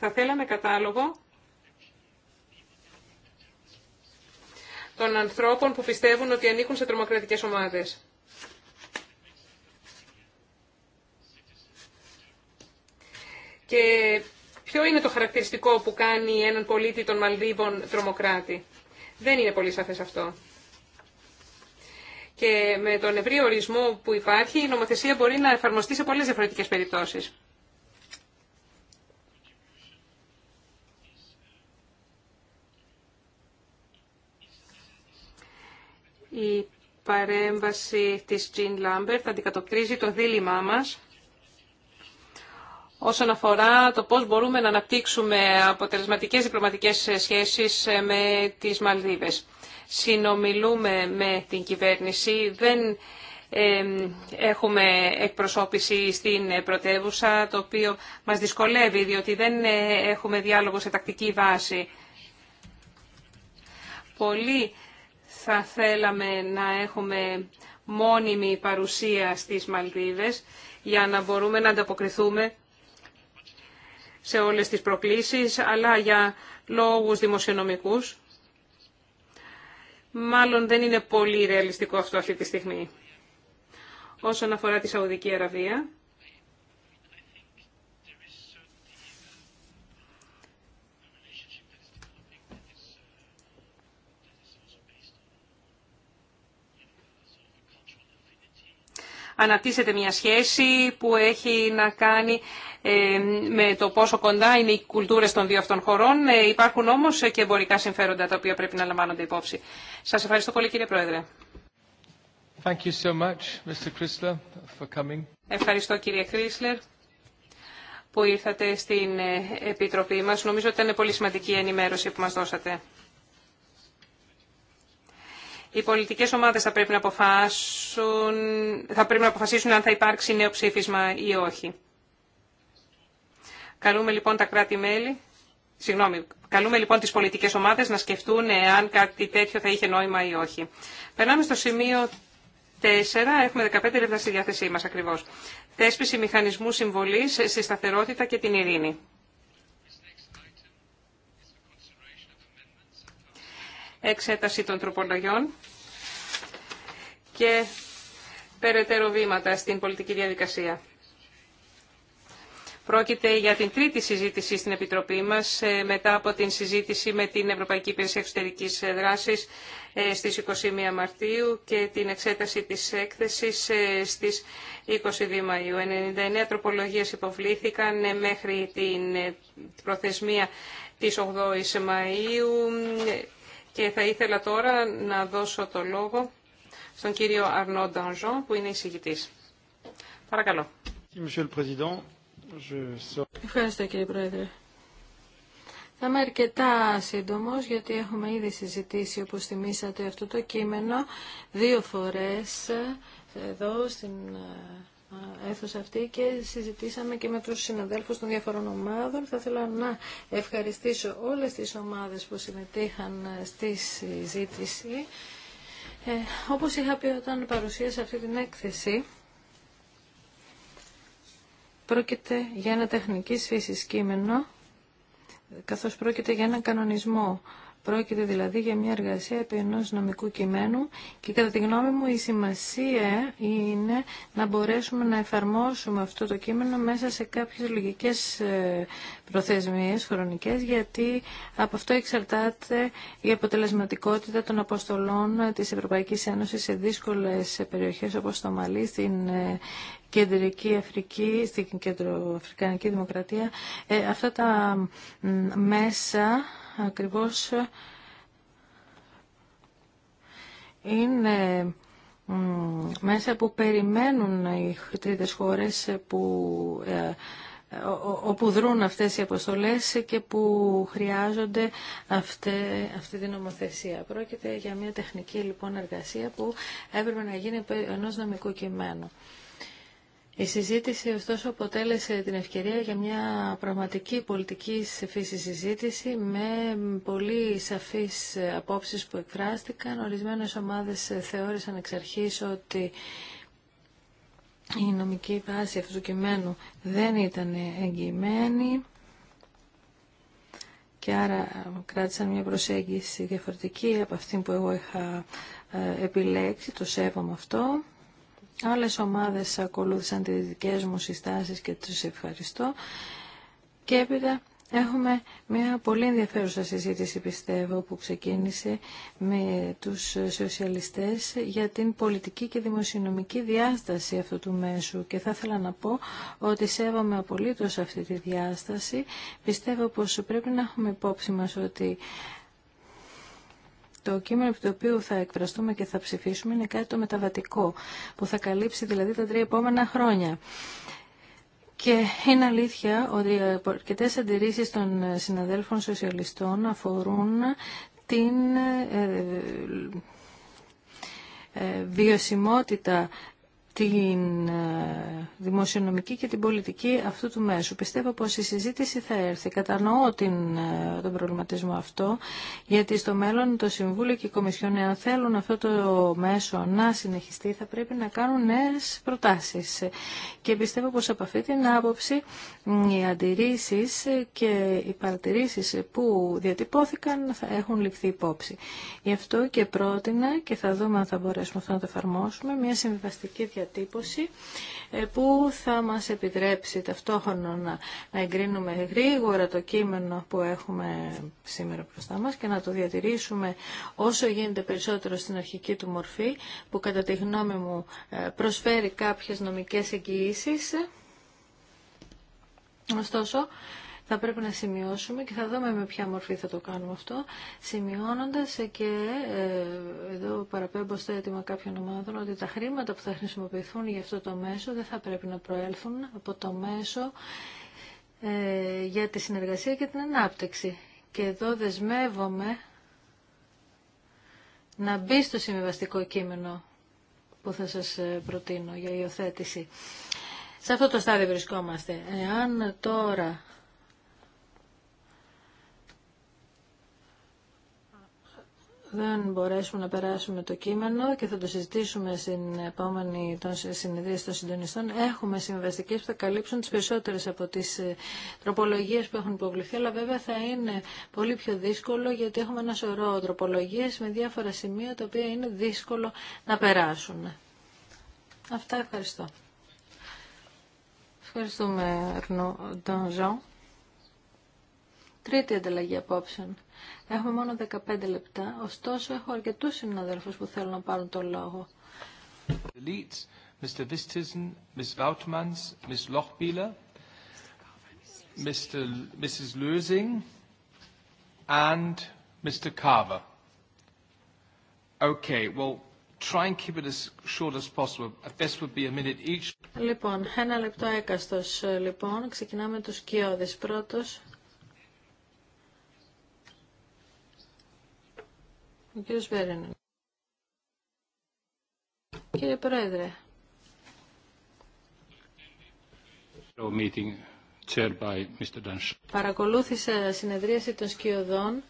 θα θέλαμε κατάλογο των ανθρώπων που πιστεύουν ότι ανήκουν σε τρομοκρατικές ομάδες. Και ποιο είναι το χαρακτηριστικό που κάνει έναν πολίτη των Μαλδίβων τρομοκράτη. Δεν είναι πολύ σαφές αυτό και με τον ευρύ ορισμό που υπάρχει η νομοθεσία μπορεί να εφαρμοστεί σε πολλές διαφορετικές περιπτώσεις. Η παρέμβαση της Jean Lambert αντικατοπτρίζει το δίλημά μας όσον αφορά το πώς μπορούμε να αναπτύξουμε αποτελεσματικές διπλωματικές σχέσεις με τις Μαλδίβες συνομιλούμε με την κυβέρνηση, δεν έχουμε εκπροσώπηση στην πρωτεύουσα, το οποίο μας δυσκολεύει, διότι δεν ε, έχουμε διάλογο σε τακτική βάση. Πολύ θα θέλαμε να έχουμε μόνιμη παρουσία στις Μαλδίβες για να μπορούμε να ανταποκριθούμε σε όλες τις προκλήσεις, αλλά για λόγους δημοσιονομικούς μάλλον δεν είναι πολύ ρεαλιστικό αυτό αυτή τη στιγμή. Όσον αφορά τη Σαουδική Αραβία, αναπτύσσεται μια σχέση που έχει να κάνει ε, με το πόσο κοντά είναι οι κουλτούρες των δύο αυτών χωρών. Ε, υπάρχουν όμως και εμπορικά συμφέροντα τα οποία πρέπει να λαμβάνονται υπόψη. Σας ευχαριστώ πολύ κύριε Πρόεδρε. Thank you so much, Mr. for coming. Ευχαριστώ κύριε Κρίσλερ που ήρθατε στην ε, Επιτροπή μας. Νομίζω ότι ήταν πολύ σημαντική η ενημέρωση που μας δώσατε. Οι πολιτικές ομάδες θα πρέπει να αποφασίσουν, θα πρέπει να αποφασίσουν αν θα υπάρξει νέο ψήφισμα ή όχι. Καλούμε λοιπόν τα κράτη-μέλη, καλούμε λοιπόν τις πολιτικές ομάδες να σκεφτούν αν κάτι τέτοιο θα είχε νόημα ή όχι. Περνάμε στο σημείο 4, έχουμε 15 λεπτά στη διάθεσή μας ακριβώς. Θέσπιση μηχανισμού συμβολής στη σταθερότητα και την ειρήνη. Εξέταση των τροπολογιών και περαιτέρω βήματα στην πολιτική διαδικασία. Πρόκειται για την τρίτη συζήτηση στην Επιτροπή μας ε, μετά από την συζήτηση με την Ευρωπαϊκή Υπηρεσία Εξωτερικής Δράσης ε, στις 21 Μαρτίου και την εξέταση της έκθεσης ε, στις 22 Μαΐου. 99 τροπολογίες υποβλήθηκαν μέχρι την προθεσμία της 8ης Μαΐου και θα ήθελα τώρα να δώσω το λόγο στον κύριο Αρνό Ντανζόν που είναι εισηγητής. Παρακαλώ. Président, Ευχαριστώ κύριε Πρόεδρε. Θα είμαι αρκετά σύντομο γιατί έχουμε ήδη συζητήσει όπως θυμήσατε αυτό το κείμενο δύο φορές εδώ στην ε, αίθουσα αυτή και συζητήσαμε και με τους συναδέλφους των διαφορών ομάδων. Θα ήθελα να ευχαριστήσω όλες τις ομάδες που συμμετείχαν στη συζήτηση. Ε, όπως είχα πει όταν παρουσίασα αυτή την έκθεση, Πρόκειται για ένα τεχνικής φύσης κείμενο, καθώς πρόκειται για έναν κανονισμό. Πρόκειται δηλαδή για μια εργασία επί ενός νομικού κειμένου και κατά τη γνώμη μου η σημασία είναι να μπορέσουμε να εφαρμόσουμε αυτό το κείμενο μέσα σε κάποιες λογικές ε, προθεσμίες χρονικές γιατί από αυτό εξαρτάται η αποτελεσματικότητα των αποστολών της Ευρωπαϊκής Ένωσης σε δύσκολες περιοχές όπως το Μαλί, στην ε, Κεντρική Αφρική, στην Κεντροαφρικανική Δημοκρατία. Ε, αυτά τα μέσα ακριβώς είναι μέσα που περιμένουν οι τρίτες χώρες που ε, όπου δρούν αυτές οι αποστολές και που χρειάζονται αυτή, αυτή την νομοθεσία. Πρόκειται για μια τεχνική λοιπόν εργασία που έπρεπε να γίνει ενός νομικού κειμένου. Η συζήτηση ωστόσο αποτέλεσε την ευκαιρία για μια πραγματική πολιτική φύση συζήτηση με πολύ σαφείς απόψεις που εκφράστηκαν. Ορισμένες ομάδες θεώρησαν εξ αρχής ότι η νομική βάση αυτού του κειμένου δεν ήταν εγγυημένη και άρα κράτησαν μια προσέγγιση διαφορετική από αυτή που εγώ είχα ε, επιλέξει, το σέβομαι αυτό. Άλλες ομάδες ακολούθησαν τις δικές μου συστάσεις και τους ευχαριστώ. Και έπειτα Έχουμε μια πολύ ενδιαφέρουσα συζήτηση, πιστεύω, που ξεκίνησε με τους σοσιαλιστές για την πολιτική και δημοσιονομική διάσταση αυτού του μέσου. Και θα ήθελα να πω ότι σέβομαι απολύτως αυτή τη διάσταση. Πιστεύω πως πρέπει να έχουμε υπόψη μας ότι το κείμενο επί το οποίο θα εκφραστούμε και θα ψηφίσουμε είναι κάτι το μεταβατικό, που θα καλύψει δηλαδή τα τρία επόμενα χρόνια. Και είναι αλήθεια ότι αρκετέ αντιρρήσει των συναδέλφων σοσιαλιστών αφορούν την ε, ε, βιωσιμότητα την ε, δημοσιονομική και την πολιτική αυτού του μέσου. Πιστεύω πως η συζήτηση θα έρθει. Κατανοώ την, ε, τον προβληματισμό αυτό, γιατί στο μέλλον το Συμβούλιο και η Κομισιόν, αν θέλουν αυτό το μέσο να συνεχιστεί, θα πρέπει να κάνουν νέες προτάσεις. Και πιστεύω πως από αυτή την άποψη οι αντιρρήσεις και οι παρατηρήσεις που διατυπώθηκαν θα έχουν ληφθεί υπόψη. Γι' αυτό και πρότεινα, και θα δούμε αν θα μπορέσουμε αυτό να το εφαρμόσουμε, μια συμβιβαστική διατύπωση ε, που θα μας επιτρέψει ταυτόχρονα να, εγκρίνουμε γρήγορα το κείμενο που έχουμε σήμερα μπροστά μας και να το διατηρήσουμε όσο γίνεται περισσότερο στην αρχική του μορφή που κατά τη γνώμη μου ε, προσφέρει κάποιες νομικές εγγυήσεις. Ωστόσο, θα πρέπει να σημειώσουμε και θα δούμε με ποια μορφή θα το κάνουμε αυτό, σημειώνοντας και ε, εδώ παραπέμπω στο αίτημα κάποιων ομάδων ότι τα χρήματα που θα χρησιμοποιηθούν για αυτό το μέσο δεν θα πρέπει να προέλθουν από το μέσο ε, για τη συνεργασία και την ανάπτυξη. Και εδώ δεσμεύομαι να μπει στο συμβιβαστικό κείμενο που θα σας ε, προτείνω για υιοθέτηση. Σε αυτό το στάδιο βρισκόμαστε. Εάν τώρα δεν μπορέσουμε να περάσουμε το κείμενο και θα το συζητήσουμε στην επόμενη συνεδρία των συντονιστών. Έχουμε συμβαστικέ που θα καλύψουν τι περισσότερε από τι ε, τροπολογίε που έχουν υποβληθεί, αλλά βέβαια θα είναι πολύ πιο δύσκολο γιατί έχουμε ένα σωρό τροπολογίες με διάφορα σημεία τα οποία είναι δύσκολο να περάσουν. Αυτά ευχαριστώ. Ευχαριστούμε, Ερνό Ντονζό. Τρίτη ανταλλαγή απόψεων. Έχουμε μόνο 15 λεπτά, ωστόσο έχω αρκετούς συναδέλφους που θέλουν να πάρουν το λόγο. Mr. Vistisen, Ms. Wautmans, Ms. Lochbieler, Mr. Mrs. Lösing, and Mr. Carver. Okay, well, try and keep it as short as possible. At best would be a minute each. Λοιπόν, ένα λεπτό έκαστος. Ε, λοιπόν, ξεκινάμε τους κοιόδες. Πρώτος, Ο κύριος Κύριε Πρόεδρε. Παρακολούθησα συνεδρίαση των σκιωδών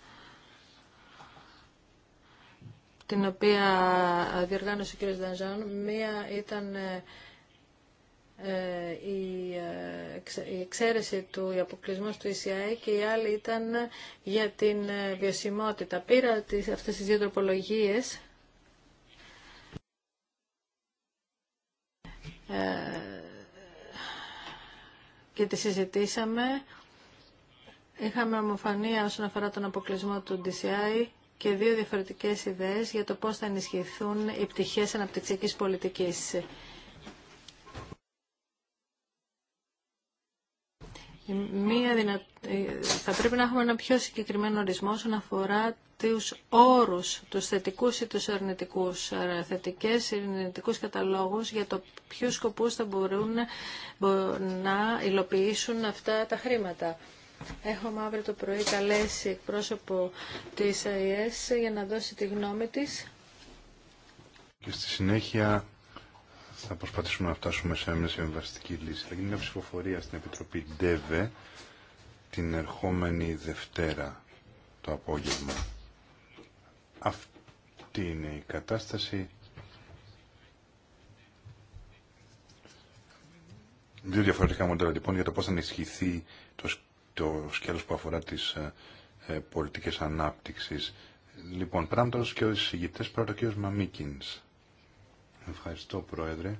την οποία διοργάνωσε ο κύριος Δανζόν. Μία ήταν ε, ε, ε, η εξαίρεση του, αποκλεισμού του ECI και η άλλη ήταν για την ε, βιωσιμότητα. Πήρα τις, αυτές τις δύο τροπολογίες και τις συζητήσαμε. Είχαμε ομοφανία όσον αφορά τον αποκλεισμό του DCI και δύο διαφορετικές ιδέες για το πώς θα ενισχυθούν οι πτυχές αναπτυξιακής πολιτικής. Μία ε, Θα πρέπει να έχουμε ένα πιο συγκεκριμένο ορισμό όσον αφορά τους όρους, τους θετικούς ή τους αρνητικούς, ε, θετικές ή αρνητικούς καταλόγους για το ποιους σκοπούς θα μπορούν να υλοποιήσουν αυτά τα χρήματα. Έχω αύριο το πρωί καλέσει εκπρόσωπο της ΑΕΣ για να δώσει τη γνώμη της. Και στη συνέχεια θα προσπαθήσουμε να φτάσουμε σε μια συμβαστική λύση. Θα γίνει μια ψηφοφορία στην Επιτροπή ΔΕΒΕ την ερχόμενη Δευτέρα το απόγευμα. Αυτή είναι η κατάσταση. Δύο διαφορετικά μοντέλα λοιπόν για το πώς θα ενισχυθεί το, το σκέλος που αφορά τις ε, ε πολιτικές ανάπτυξης. Λοιπόν, πράγματος και ο εισηγητές πρώτα ο Μαμίκινς. Ευχαριστώ Πρόεδρε.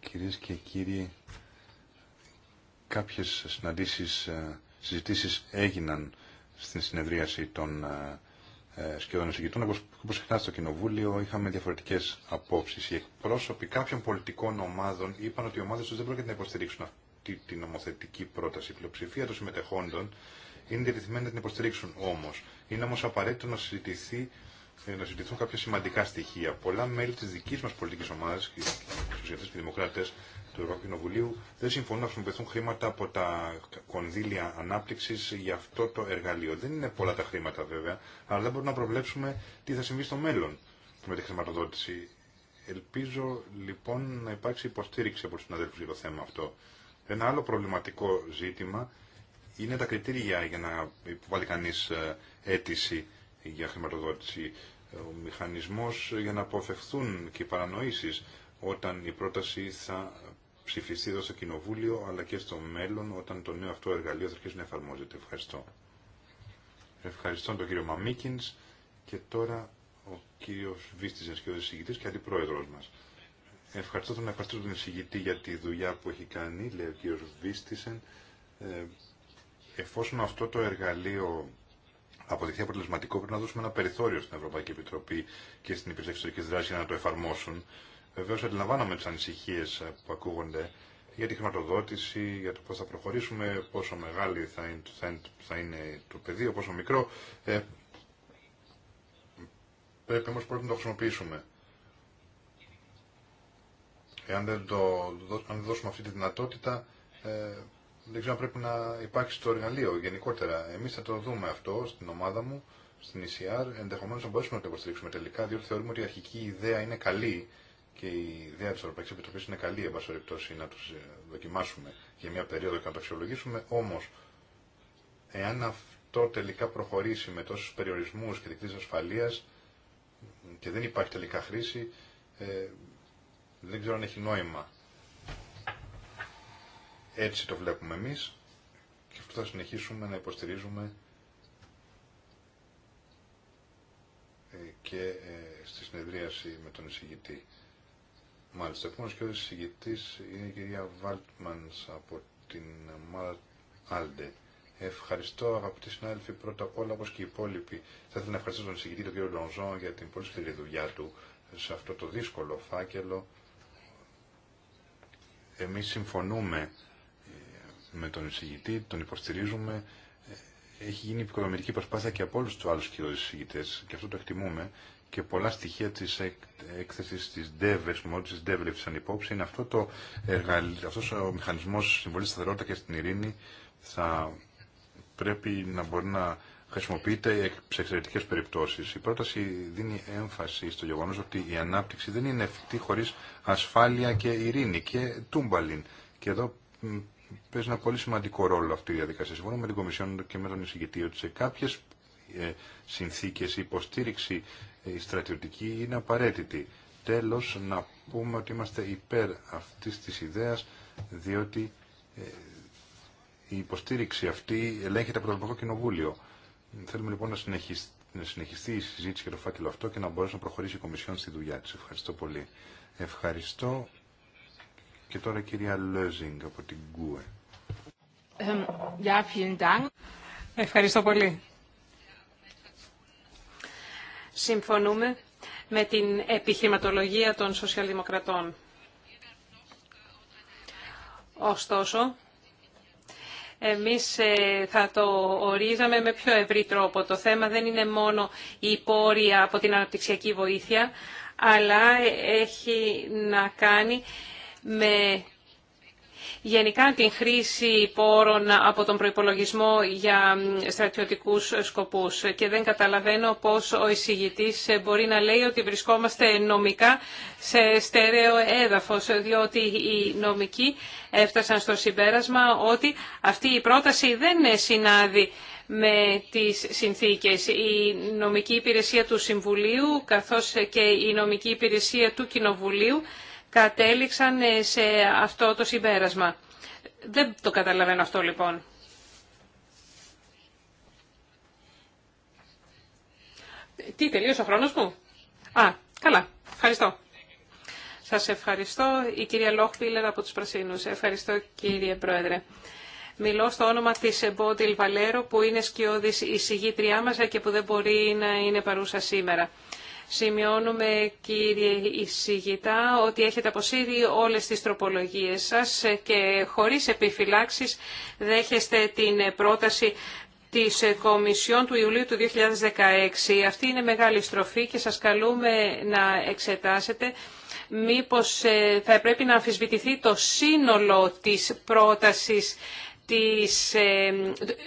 Κυρίες και κύριοι, κάποιες συναντήσεις, ε, συζητήσεις έγιναν στην συνεδρίαση των ε, ε, σχεδόν εισηγητών. Όπως συχνά στο Κοινοβούλιο είχαμε διαφορετικές απόψεις. Οι εκπρόσωποι κάποιων πολιτικών ομάδων είπαν ότι οι ομάδες τους δεν πρόκειται να υποστηρίξουν αυτή την νομοθετική πρόταση. Η πλειοψηφία των συμμετεχόντων είναι διατηρημένη να την υποστηρίξουν όμως. Είναι όμως απαραίτητο να συζητηθεί ε, να συζητηθούν κάποια σημαντικά στοιχεία. Πολλά μέλη τη δική μα πολιτική ομάδα, οι Σοσιαλιστέ και Δημοκράτε του Ευρωπαϊκού Κοινοβουλίου, δεν συμφωνούν να χρησιμοποιηθούν χρήματα από τα κονδύλια ανάπτυξη για αυτό το εργαλείο. Δεν είναι πολλά τα χρήματα βέβαια, αλλά δεν μπορούμε να προβλέψουμε τι θα συμβεί στο μέλλον με τη χρηματοδότηση. Ελπίζω λοιπόν να υπάρξει υποστήριξη από του συναδέλφου για το θέμα αυτό. Ένα άλλο προβληματικό ζήτημα είναι τα κριτήρια για να υποβάλει κανεί ε, αίτηση για χρηματοδότηση. Ε, ο μηχανισμός για να αποφευθούν και οι παρανοήσεις όταν η πρόταση θα ψηφιστεί εδώ στο Κοινοβούλιο αλλά και στο μέλλον όταν το νέο αυτό εργαλείο θα αρχίσει να εφαρμόζεται. Ευχαριστώ. Ευχαριστώ τον κύριο Μαμίκινς και τώρα ο κύριος Βίστης και ο εισηγητής και αντιπρόεδρος μας. Ευχαριστώ τον ευχαριστώ τον εισηγητή για τη δουλειά που έχει κάνει, λέει ο κύριος Βίστησεν. Ε, εφόσον αυτό το εργαλείο αποδειχθεί αποτελεσματικό, πρέπει να δώσουμε ένα περιθώριο στην Ευρωπαϊκή Επιτροπή και στην Υπηρεσία Εξωτερική Δράση για να το εφαρμόσουν. Βεβαίω, αντιλαμβάνομαι τι ανησυχίε που ακούγονται για τη χρηματοδότηση, για το πώ θα προχωρήσουμε, πόσο μεγάλη θα είναι, θα είναι το πεδίο, πόσο μικρό. Ε, πρέπει όμω πρώτα να το χρησιμοποιήσουμε. Εάν δεν, το, δώσουμε αυτή τη δυνατότητα, ε, δεν ξέρω αν πρέπει να υπάρξει το εργαλείο γενικότερα. Εμεί θα το δούμε αυτό στην ομάδα μου, στην ECR. Ενδεχομένω να μπορέσουμε να το υποστηρίξουμε τελικά, διότι θεωρούμε ότι η αρχική ιδέα είναι καλή και η ιδέα τη Ευρωπαϊκή Επιτροπή είναι καλή, εν πάση περιπτώσει, να του ε, δοκιμάσουμε για μια περίοδο και να το αξιολογήσουμε. Όμω, εάν αυτό τελικά προχωρήσει με τόσου περιορισμού και δικτύε ασφαλεία και δεν υπάρχει τελικά χρήση, ε, δεν ξέρω αν έχει νόημα έτσι το βλέπουμε εμείς και αυτό θα συνεχίσουμε να υποστηρίζουμε ε, και ε, στη συνεδρίαση με τον εισηγητή. Μάλιστα, επόμενο και ο εισηγητή είναι η κυρία Βάλτμαν από την Μαρτ Άλντε. Ευχαριστώ αγαπητοί συνάδελφοι πρώτα απ' όλα όπω και οι υπόλοιποι. Θα ήθελα να ευχαριστήσω τον εισηγητή τον κύριο Λονζόν για την πολύ σκληρή δουλειά του σε αυτό το δύσκολο φάκελο. Εμείς συμφωνούμε με τον εισηγητή, τον υποστηρίζουμε. Έχει γίνει οικονομική προσπάθεια και από όλου του άλλου κύριου εισηγητέ και αυτό το εκτιμούμε. Και πολλά στοιχεία τη έκθεση τη ΔΕΒΕ, που μόλι τη ΔΕΒΕ λήφθησαν υπόψη, είναι αυτό το εργαλείο, αυτός ο μηχανισμό συμβολή σταθερότητα και στην ειρήνη θα πρέπει να μπορεί να χρησιμοποιείται σε εξαιρετικέ περιπτώσει. Η πρόταση δίνει έμφαση στο γεγονό ότι η ανάπτυξη δεν είναι εφικτή χωρί ασφάλεια και ειρήνη και τούμπαλιν. Και εδώ παίζει ένα πολύ σημαντικό ρόλο αυτή η διαδικασία. Συμφωνώ με την Κομισιόν και με τον εισηγητή ότι σε κάποιε ε, συνθήκε η υποστήριξη ε, η στρατιωτική είναι απαραίτητη. Τέλο, να πούμε ότι είμαστε υπέρ αυτή τη ιδέα, διότι ε, η υποστήριξη αυτή ελέγχεται από το Ευρωπαϊκό Κοινοβούλιο. Θέλουμε λοιπόν να συνεχιστεί, να συνεχιστεί η συζήτηση για το φάκελο αυτό και να μπορέσει να προχωρήσει η Κομισιόν στη δουλειά τη. Ευχαριστώ πολύ. Ευχαριστώ. Και τώρα κυρία Λόζινγκ από την ΚΟΕ. Ευχαριστώ πολύ. Συμφωνούμε με την επιχειρηματολογία των σοσιαλδημοκρατών. Ωστόσο, εμείς ε, θα το ορίζαμε με πιο ευρύ τρόπο. Το θέμα δεν είναι μόνο η πόρια από την αναπτυξιακή βοήθεια, αλλά ε, έχει να κάνει με γενικά την χρήση πόρων από τον προϋπολογισμό για στρατιωτικούς σκοπούς. Και δεν καταλαβαίνω πώς ο εισηγητής μπορεί να λέει ότι βρισκόμαστε νομικά σε στέρεο έδαφος, διότι οι νομικοί έφτασαν στο συμπέρασμα ότι αυτή η πρόταση δεν συνάδει με τις συνθήκες. Η νομική υπηρεσία του Συμβουλίου καθώς και η νομική υπηρεσία του Κοινοβουλίου κατέληξαν ε, σε αυτό το συμπέρασμα. Δεν το καταλαβαίνω αυτό λοιπόν. Τι, τελείωσε ο χρόνος μου. Α, καλά. Ευχαριστώ. Σας ευχαριστώ. Η κυρία Λόχπίλερ από τους Πρασίνους. Ευχαριστώ κύριε Πρόεδρε. Μιλώ στο όνομα της Εμπότιλ Βαλέρο που είναι σκιώδης η συγγήτριά μας και που δεν μπορεί να είναι παρούσα σήμερα. Σημειώνουμε, κύριε Ισηγητά, ότι έχετε αποσύρει όλες τις τροπολογίες σας και χωρίς επιφυλάξεις δέχεστε την πρόταση της Κομισιόν του Ιουλίου του 2016. Αυτή είναι μεγάλη στροφή και σας καλούμε να εξετάσετε μήπως ε, θα πρέπει να αμφισβητηθεί το σύνολο της πρότασης της ε,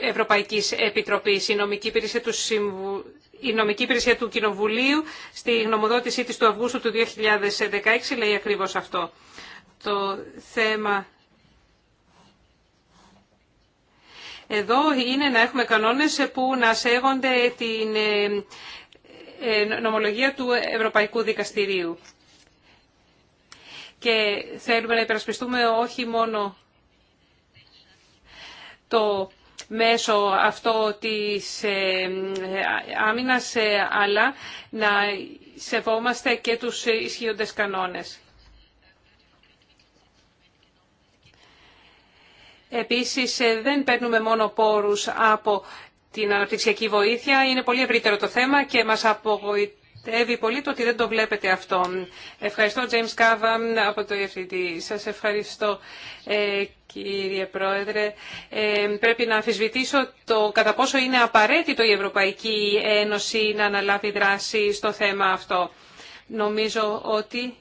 Ευρωπαϊκής Επιτροπής. Η νομική υπηρεσία του Συμβουλίου η νομική υπηρεσία του Κοινοβουλίου στη γνωμοδότησή της του Αυγούστου του 2016 λέει ακριβώς αυτό. Το θέμα εδώ είναι να έχουμε κανόνες που να σέβονται την ε, ε, νομολογία του Ευρωπαϊκού Δικαστηρίου. Και θέλουμε να υπερασπιστούμε όχι μόνο το μέσω αυτό της ε, άμυνας, ε, αλλά να σεβόμαστε και τους ισχύοντες κανόνες. Επίσης, ε, δεν παίρνουμε μόνο πόρους από την αναπτυξιακή βοήθεια. Είναι πολύ ευρύτερο το θέμα και μας απογοητεύει Πιστεύει πολύ το ότι δεν το βλέπετε αυτό. Ευχαριστώ, James Κάβαμ, από το EFTD. Σας ευχαριστώ, ε, κύριε Πρόεδρε. Ε, πρέπει να αμφισβητήσω το κατά πόσο είναι απαραίτητο η Ευρωπαϊκή Ένωση να αναλάβει δράση στο θέμα αυτό. Νομίζω ότι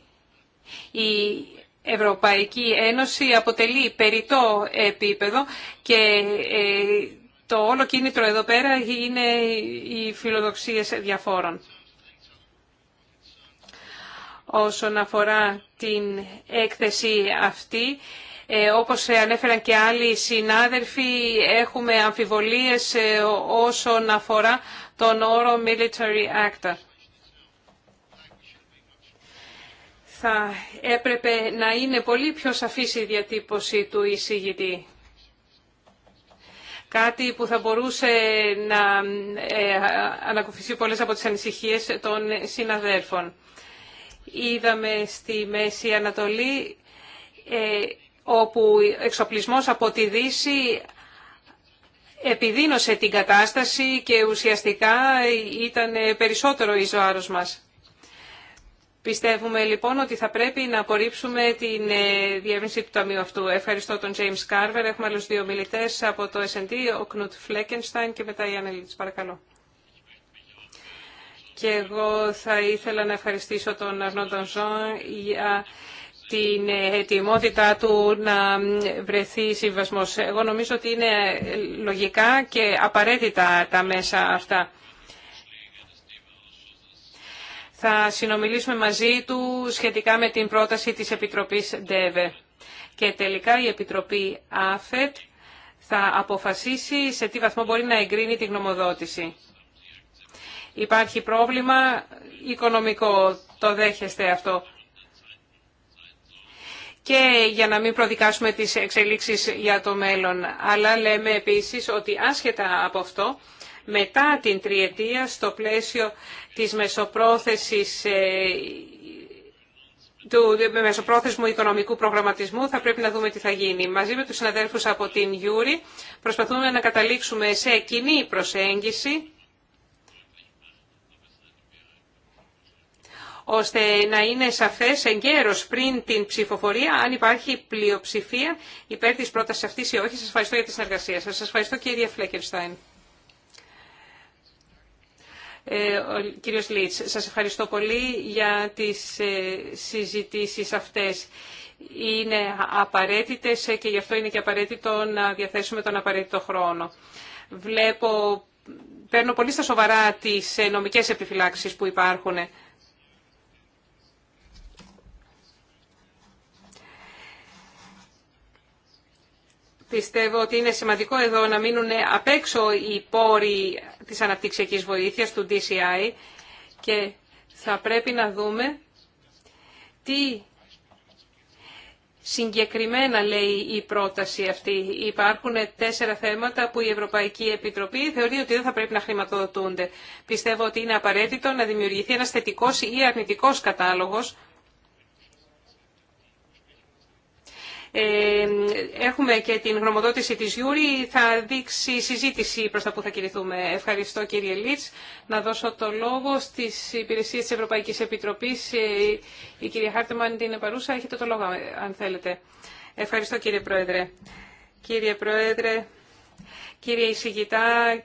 η Ευρωπαϊκή Ένωση αποτελεί περίτο επίπεδο και ε, το όλο κίνητρο εδώ πέρα είναι οι φιλοδοξίες διαφόρων όσον αφορά την έκθεση αυτή. Ε, όπως ανέφεραν και άλλοι συνάδελφοι, έχουμε αμφιβολίες ε, όσον αφορά τον όρο Military Actor. Θα έπρεπε να είναι πολύ πιο σαφής η διατύπωση του εισηγητή. Κάτι που θα μπορούσε να ε, ανακουφιστεί πολλές από τις ανησυχίες των συναδέλφων είδαμε στη Μέση Ανατολή ε, όπου εξοπλισμός από τη Δύση επιδίνωσε την κατάσταση και ουσιαστικά ήταν περισσότερο η ζωάρος μας. Πιστεύουμε λοιπόν ότι θα πρέπει να απορρίψουμε την ε, διεύρυνση του ταμείου αυτού. Ευχαριστώ τον James Carver. Έχουμε άλλους δύο μιλητές από το S&T, ο Κνούτ Φλέκενστάιν και μετά η Άννα Παρακαλώ. Και εγώ θα ήθελα να ευχαριστήσω τον Αρνόντον Ζων για την ετοιμότητά του να βρεθεί συμβασμό. Εγώ νομίζω ότι είναι λογικά και απαραίτητα τα μέσα αυτά. Θα συνομιλήσουμε μαζί του σχετικά με την πρόταση της Επιτροπής ΔΕΒΕ. Και τελικά η Επιτροπή ΑΦΕΤ θα αποφασίσει σε τι βαθμό μπορεί να εγκρίνει τη γνωμοδότηση υπάρχει πρόβλημα οικονομικό. Το δέχεστε αυτό. Και για να μην προδικάσουμε τις εξελίξεις για το μέλλον. Αλλά λέμε επίσης ότι άσχετα από αυτό, μετά την τριετία στο πλαίσιο της μεσοπρόθεσης ε, του μεσοπρόθεσμου οικονομικού προγραμματισμού θα πρέπει να δούμε τι θα γίνει. Μαζί με τους συναδέλφους από την Γιούρη προσπαθούμε να καταλήξουμε σε κοινή προσέγγιση ώστε να είναι σαφές εγκαίρως πριν την ψηφοφορία αν υπάρχει πλειοψηφία υπέρ της πρότασης αυτής ή όχι. Σας ευχαριστώ για τη συνεργασία σας. Σας ευχαριστώ κύριε Φλέκερστάιν. Ε, ο κύριος Λίτς, σας ευχαριστώ πολύ για τις ε, συζητήσεις αυτές. Είναι απαραίτητες και γι' αυτό είναι και απαραίτητο να διαθέσουμε τον απαραίτητο χρόνο. Βλέπω, παίρνω πολύ στα σοβαρά τις ε, νομικές επιφυλάξεις που υπάρχουν. Πιστεύω ότι είναι σημαντικό εδώ να μείνουν απ' έξω οι πόροι της αναπτυξιακής βοήθειας, του DCI, και θα πρέπει να δούμε τι συγκεκριμένα λέει η πρόταση αυτή. Υπάρχουν τέσσερα θέματα που η Ευρωπαϊκή Επιτροπή θεωρεί ότι δεν θα πρέπει να χρηματοδοτούνται. Πιστεύω ότι είναι απαραίτητο να δημιουργηθεί ένας θετικός ή αρνητικός κατάλογος Ε, έχουμε και την γνωμοδότηση της Γιούρη. Θα δείξει συζήτηση προς τα που θα κηρυθούμε. Ευχαριστώ κύριε Λίτς. Να δώσω το λόγο στις υπηρεσίες της Ευρωπαϊκής Επιτροπής. Ε, η κυρία Χάρτεμαν είναι παρούσα. Έχετε το λόγο αν θέλετε. Ευχαριστώ κύριε Πρόεδρε. Κύριε Πρόεδρε, κύριε Ισηγητά,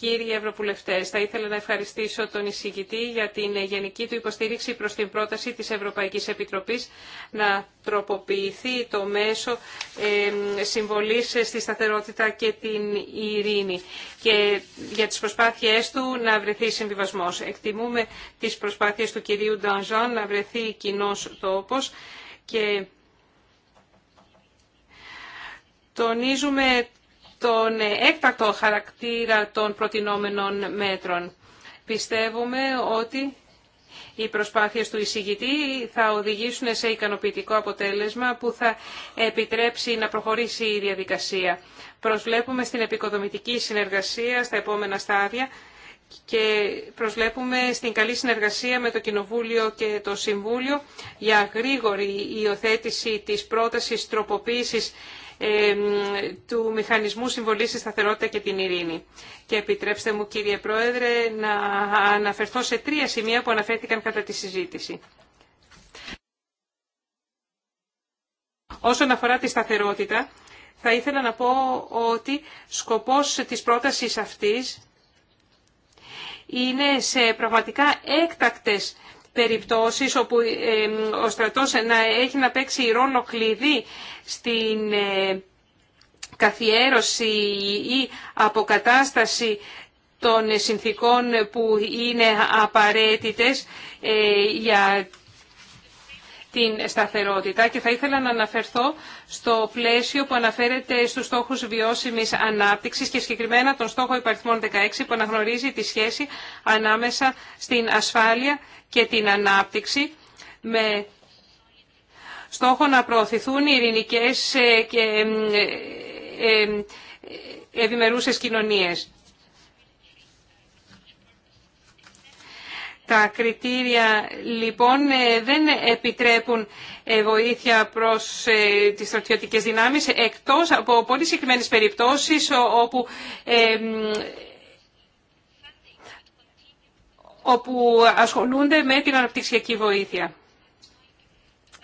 Κύριοι Ευρωβουλευτέ, θα ήθελα να ευχαριστήσω τον εισηγητή για την γενική του υποστήριξη προ την πρόταση τη Ευρωπαϊκή Επιτροπή να τροποποιηθεί το μέσο συμβολή στη σταθερότητα και την ειρήνη και για τι προσπάθειέ του να βρεθεί συμβιβασμό. Εκτιμούμε τι προσπάθειε του κυρίου Ντανζάν να βρεθεί κοινό τόπο και τονίζουμε τον έκτακτο χαρακτήρα των προτινόμενων μέτρων. Πιστεύουμε ότι οι προσπάθειες του εισηγητή θα οδηγήσουν σε ικανοποιητικό αποτέλεσμα που θα επιτρέψει να προχωρήσει η διαδικασία. Προσβλέπουμε στην επικοδομητική συνεργασία στα επόμενα στάδια και προσβλέπουμε στην καλή συνεργασία με το Κοινοβούλιο και το Συμβούλιο για γρήγορη υιοθέτηση της πρότασης τροποποίησης του Μηχανισμού Συμβολής στη Σταθερότητα και την Ειρήνη. Και επιτρέψτε μου κύριε Πρόεδρε να αναφερθώ σε τρία σημεία που αναφέρθηκαν κατά τη συζήτηση. Όσον αφορά τη σταθερότητα, θα ήθελα να πω ότι σκοπός της πρότασης αυτής είναι σε πραγματικά έκτακτες περιπτώσεις όπου ο στρατός να έχει να παίξει ρόλο κλειδί στην ε, καθιέρωση ή αποκατάσταση των συνθήκων που είναι απαραίτητες ε, για την σταθερότητα και θα ήθελα να αναφερθώ στο πλαίσιο που αναφέρεται στους στόχους βιώσιμης ανάπτυξης και συγκεκριμένα τον στόχο υπαριθμών 16 που αναγνωρίζει τη σχέση ανάμεσα στην ασφάλεια και την ανάπτυξη με στόχο να προωθηθούν οι ειρηνικές ε, και ε, ε, ευημερούσες κοινωνίες. Τα κριτήρια λοιπόν ε, δεν επιτρέπουν ε, βοήθεια προς ε, τις στρατιωτικές δυνάμεις εκτός από πολύ συγκεκριμένες περιπτώσεις όπου όπου ασχολούνται με την αναπτυξιακή βοήθεια.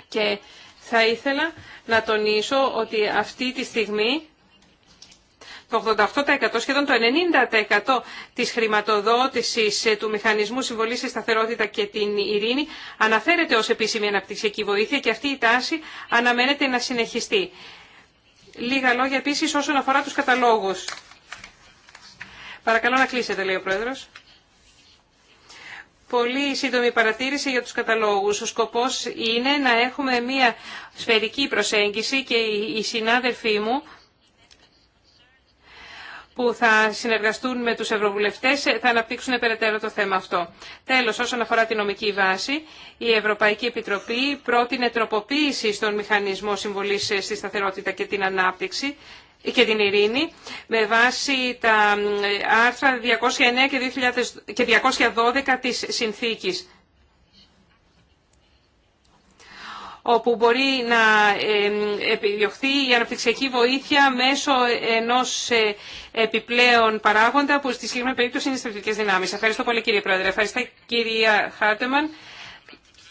Και θα ήθελα να τονίσω ότι αυτή τη στιγμή το 88% σχεδόν το 90% της χρηματοδότησης ε, του Μηχανισμού Συμβολής στη Σταθερότητα και την Ειρήνη αναφέρεται ως επίσημη αναπτυξιακή βοήθεια και αυτή η τάση αναμένεται να συνεχιστεί. Λίγα λόγια επίσης όσον αφορά τους καταλόγους. Παρακαλώ να κλείσετε, λέει ο Πρόεδρος. Πολύ σύντομη παρατήρηση για τους καταλόγους. Ο σκοπός είναι να έχουμε μια σφαιρική προσέγγιση και οι συνάδελφοί μου που θα συνεργαστούν με τους ευρωβουλευτές ε, θα αναπτύξουν περαιτέρω το θέμα αυτό. Τέλος, όσον αφορά τη νομική βάση, η Ευρωπαϊκή Επιτροπή πρότεινε τροποποίηση στον μηχανισμό συμβολής ε, στη σταθερότητα και την ανάπτυξη ε, και την ειρήνη με βάση τα άρθρα 209 και 212 της συνθήκης όπου μπορεί να επιδιωχθεί η αναπτυξιακή βοήθεια μέσω ενός ε, επιπλέον παράγοντα που στη συγκεκριμένη περίπτωση είναι στρατιωτικές δυνάμεις. Ευχαριστώ πολύ κύριε Πρόεδρε. Ευχαριστώ κυρία Χάρτεμαν.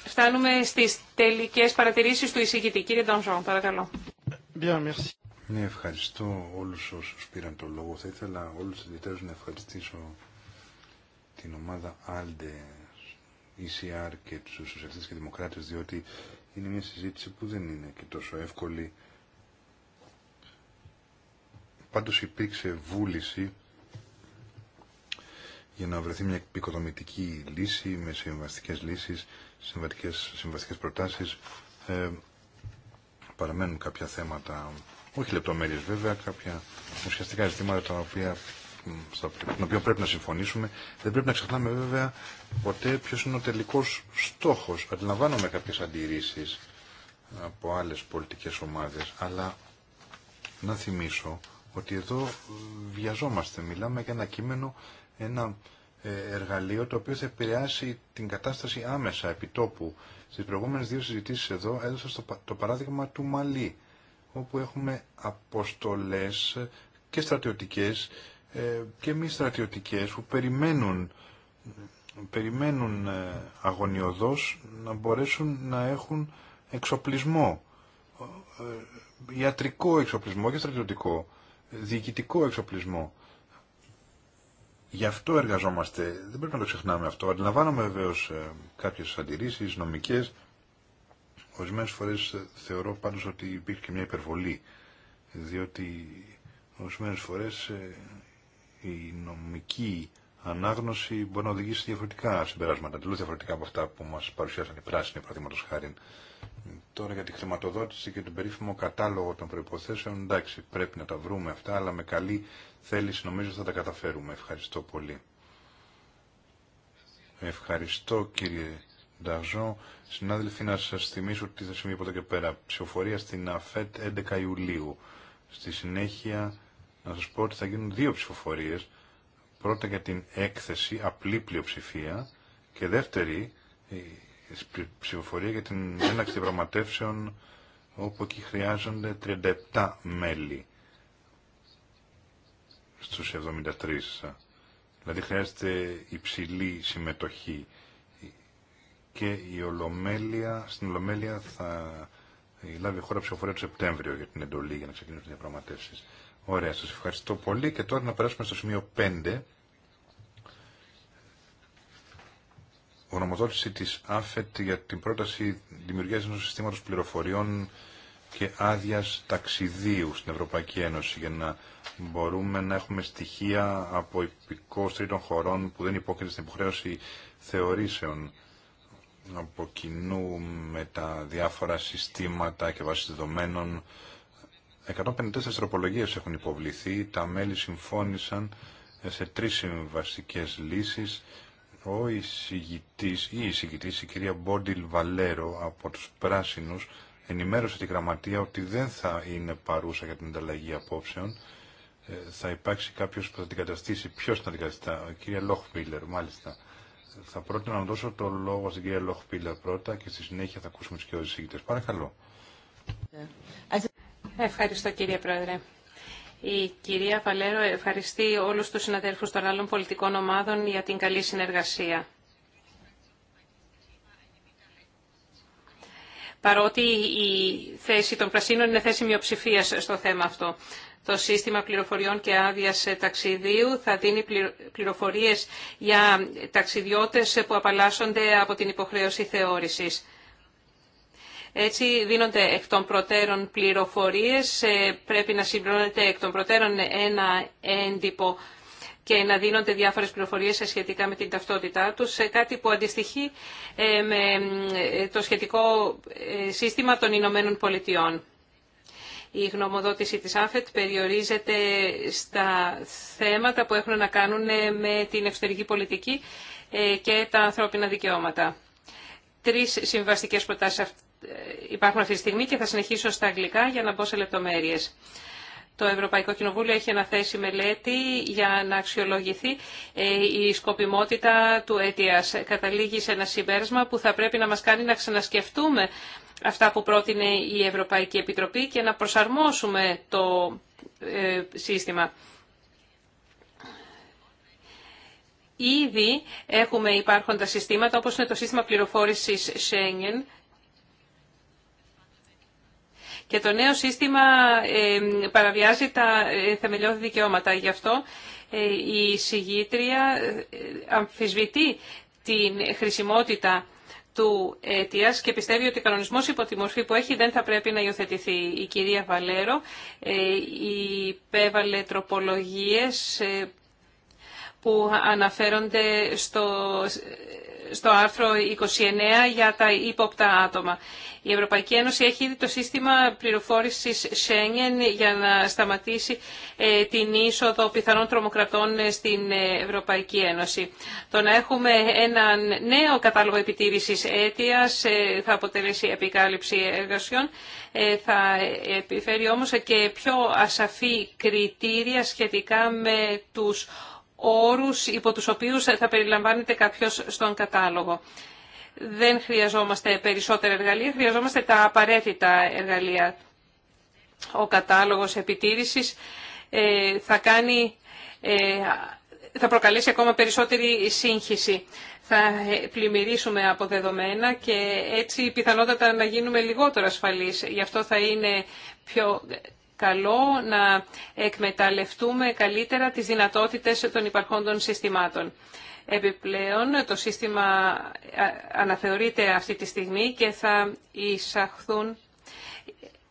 Φτάνουμε στις τελικές παρατηρήσεις του εισηγητή. Κύριε Ντονζόν, παρακαλώ. Ναι, ευχαριστώ όλους όσους πήραν το λόγο. Θα ήθελα όλους τους ιδιαίτερους να ευχαριστήσω την ομάδα ALDE, ECR και τους Σοσιαλιστές και Δημοκράτε, διότι είναι μια συζήτηση που δεν είναι και τόσο εύκολη. Πάντως υπήρξε βούληση για να βρεθεί μια επικοδομητική λύση με συμβαστικές λύσεις, συμβατικές, συμβαστικές προτάσεις. Ε, παραμένουν κάποια θέματα, όχι λεπτομέρειες βέβαια, κάποια ουσιαστικά ζητήματα τα οποία τον οποίο πρέπει να συμφωνήσουμε. Δεν πρέπει να ξεχνάμε βέβαια ποτέ ποιο είναι ο τελικός στόχος. Αντιλαμβάνομαι κάποιε αντιρρήσει από άλλε πολιτικέ ομάδε, αλλά να θυμίσω ότι εδώ βιαζόμαστε. Μιλάμε για ένα κείμενο, ένα ε, εργαλείο το οποίο θα επηρεάσει την κατάσταση άμεσα, επιτόπου. Στι προηγούμενε δύο συζητήσει, εδώ έδωσα το παράδειγμα του Μαλή, όπου έχουμε αποστολές και στρατιωτικές ε, και μη στρατιωτικές που περιμένουν, περιμένουν ε, αγωνιωδώς να μπορέσουν να έχουν εξοπλισμό, ε, ιατρικό εξοπλισμό και στρατιωτικό, διοικητικό εξοπλισμό. Γι' αυτό εργαζόμαστε, δεν πρέπει να το ξεχνάμε αυτό. Αντιλαμβάνομαι βεβαίω κάποιες αντιρρήσεις νομικές, Ορισμένε φορές θεωρώ πάντως ότι υπήρχε και μια υπερβολή, διότι ορισμένε φορές η νομική ανάγνωση μπορεί να οδηγήσει σε διαφορετικά συμπεράσματα, τελείως διαφορετικά από αυτά που μας παρουσιάσαν οι πράσινοι, παραδείγματος χάρη. Τώρα για τη χρηματοδότηση και τον περίφημο κατάλογο των προϋποθέσεων, εντάξει, πρέπει να τα βρούμε αυτά, αλλά με καλή θέληση νομίζω θα τα καταφέρουμε. Ευχαριστώ πολύ. Ευχαριστώ κύριε Νταζό. Συνάδελφοι, να σας θυμίσω ότι θα συμβεί από εδώ και πέρα ψηφοφορία στην ΑΦΕΤ 11 Ιουλίου. Στη συνέχεια να σας πω ότι θα γίνουν δύο ψηφοφορίες. Πρώτα για την έκθεση, απλή πλειοψηφία και δεύτερη ψηφοφορία για την έναξη διαπραγματεύσεων όπου εκεί χρειάζονται 37 μέλη στους 73. Δηλαδή χρειάζεται υψηλή συμμετοχή και η Ολομέλεια, στην Ολομέλεια θα λάβει η χώρα ψηφοφορία του Σεπτέμβριο για την εντολή για να ξεκινήσουν οι διαπραγματεύσεις. Ωραία, σας ευχαριστώ πολύ και τώρα να περάσουμε στο σημείο 5. Ονομοδότηση της ΑΦΕΤ για την πρόταση δημιουργίας ενός συστήματος πληροφοριών και άδεια ταξιδίου στην Ευρωπαϊκή Ένωση για να μπορούμε να έχουμε στοιχεία από υπηκός τρίτων χωρών που δεν υπόκειται στην υποχρέωση θεωρήσεων από κοινού με τα διάφορα συστήματα και βάσει δεδομένων 154 τροπολογίες έχουν υποβληθεί, τα μέλη συμφώνησαν σε τρεις συμβαστικές λύσεις. Ο εισηγητής ή η εισηγητής, η κυρία Μπόντιλ Βαλέρο από τους Πράσινους, ενημέρωσε τη γραμματεία ότι δεν θα είναι παρούσα για την ανταλλαγή απόψεων. Ε, θα υπάρξει κάποιος που θα την καταστήσει. Ποιος θα την καταστήσει, η κυρία Λόχπίλερ, μάλιστα. Θα πρότεινα να δώσω το λόγο στην κυρία Λόχπίλερ πρώτα και στη συνέχεια θα ακούσουμε τους και Παρακαλώ. Ε, Ευχαριστώ κύριε Πρόεδρε. Η κυρία Βαλέρο ευχαριστεί όλους τους συναδέλφους των άλλων πολιτικών ομάδων για την καλή συνεργασία. Παρότι η θέση των πρασίνων είναι θέση μειοψηφία στο θέμα αυτό. Το σύστημα πληροφοριών και άδεια ταξιδίου θα δίνει πληροφορίες για ταξιδιώτες που απαλλάσσονται από την υποχρέωση θεώρησης. Έτσι δίνονται εκ των προτέρων πληροφορίες, ε, πρέπει να συμπληρώνεται εκ των προτέρων ένα έντυπο και να δίνονται διάφορες πληροφορίες σχετικά με την ταυτότητά τους, σε κάτι που αντιστοιχεί ε, με ε, το σχετικό σύστημα των Ηνωμένων Πολιτειών. Η γνωμοδότηση της ΑΦΕΤ περιορίζεται στα θέματα που έχουν να κάνουν με την εξωτερική πολιτική και τα ανθρώπινα δικαιώματα. Τρεις συμβαστικές προτάσεις υπάρχουν αυτή τη στιγμή και θα συνεχίσω στα αγγλικά για να μπω σε λεπτομέρειες. Το Ευρωπαϊκό Κοινοβούλιο έχει αναθέσει μελέτη για να αξιολογηθεί ε, η σκοπιμότητα του αίτιας. Καταλήγει σε ένα συμπέρασμα που θα πρέπει να μας κάνει να ξανασκεφτούμε αυτά που πρότεινε η Ευρωπαϊκή Επιτροπή και να προσαρμόσουμε το ε, σύστημα. Ήδη έχουμε υπάρχοντα συστήματα όπως είναι το σύστημα πληροφόρησης Schengen και το νέο σύστημα ε, παραβιάζει τα ε, θεμελιώδη δικαιώματα. Γι' αυτό ε, η συγγήτρια αμφισβητεί την χρησιμότητα του αιτίας και πιστεύει ότι ο κανονισμός υπό τη μορφή που έχει δεν θα πρέπει να υιοθετηθεί. Η κυρία Βαλέρο υπέβαλε τροπολογίες που αναφέρονται στο στο άρθρο 29 για τα ύποπτα άτομα. Η Ευρωπαϊκή Ένωση έχει ήδη το σύστημα πληροφόρησης Schengen για να σταματήσει ε, την είσοδο πιθανών τρομοκρατών ε, στην ε, Ευρωπαϊκή Ένωση. Το να έχουμε έναν νέο κατάλογο επιτήρησης αίτιας θα αποτελέσει επικάλυψη εργασιών, θα επιφέρει όμως και πιο ασαφή κριτήρια σχετικά με τους όρους υπό τους οποίους θα περιλαμβάνεται κάποιος στον κατάλογο. Δεν χρειαζόμαστε περισσότερα εργαλεία, χρειαζόμαστε τα απαραίτητα εργαλεία. Ο κατάλογος επιτήρησης ε, θα κάνει ε, θα προκαλέσει ακόμα περισσότερη σύγχυση. Θα ε, πλημμυρίσουμε από δεδομένα και έτσι πιθανότατα να γίνουμε λιγότερο ασφαλείς. Γι' αυτό θα είναι πιο καλό να εκμεταλλευτούμε καλύτερα τις δυνατότητες των υπαρχόντων συστημάτων. Επιπλέον, το σύστημα ε, αναθεωρείται αυτή τη στιγμή και θα εισαχθούν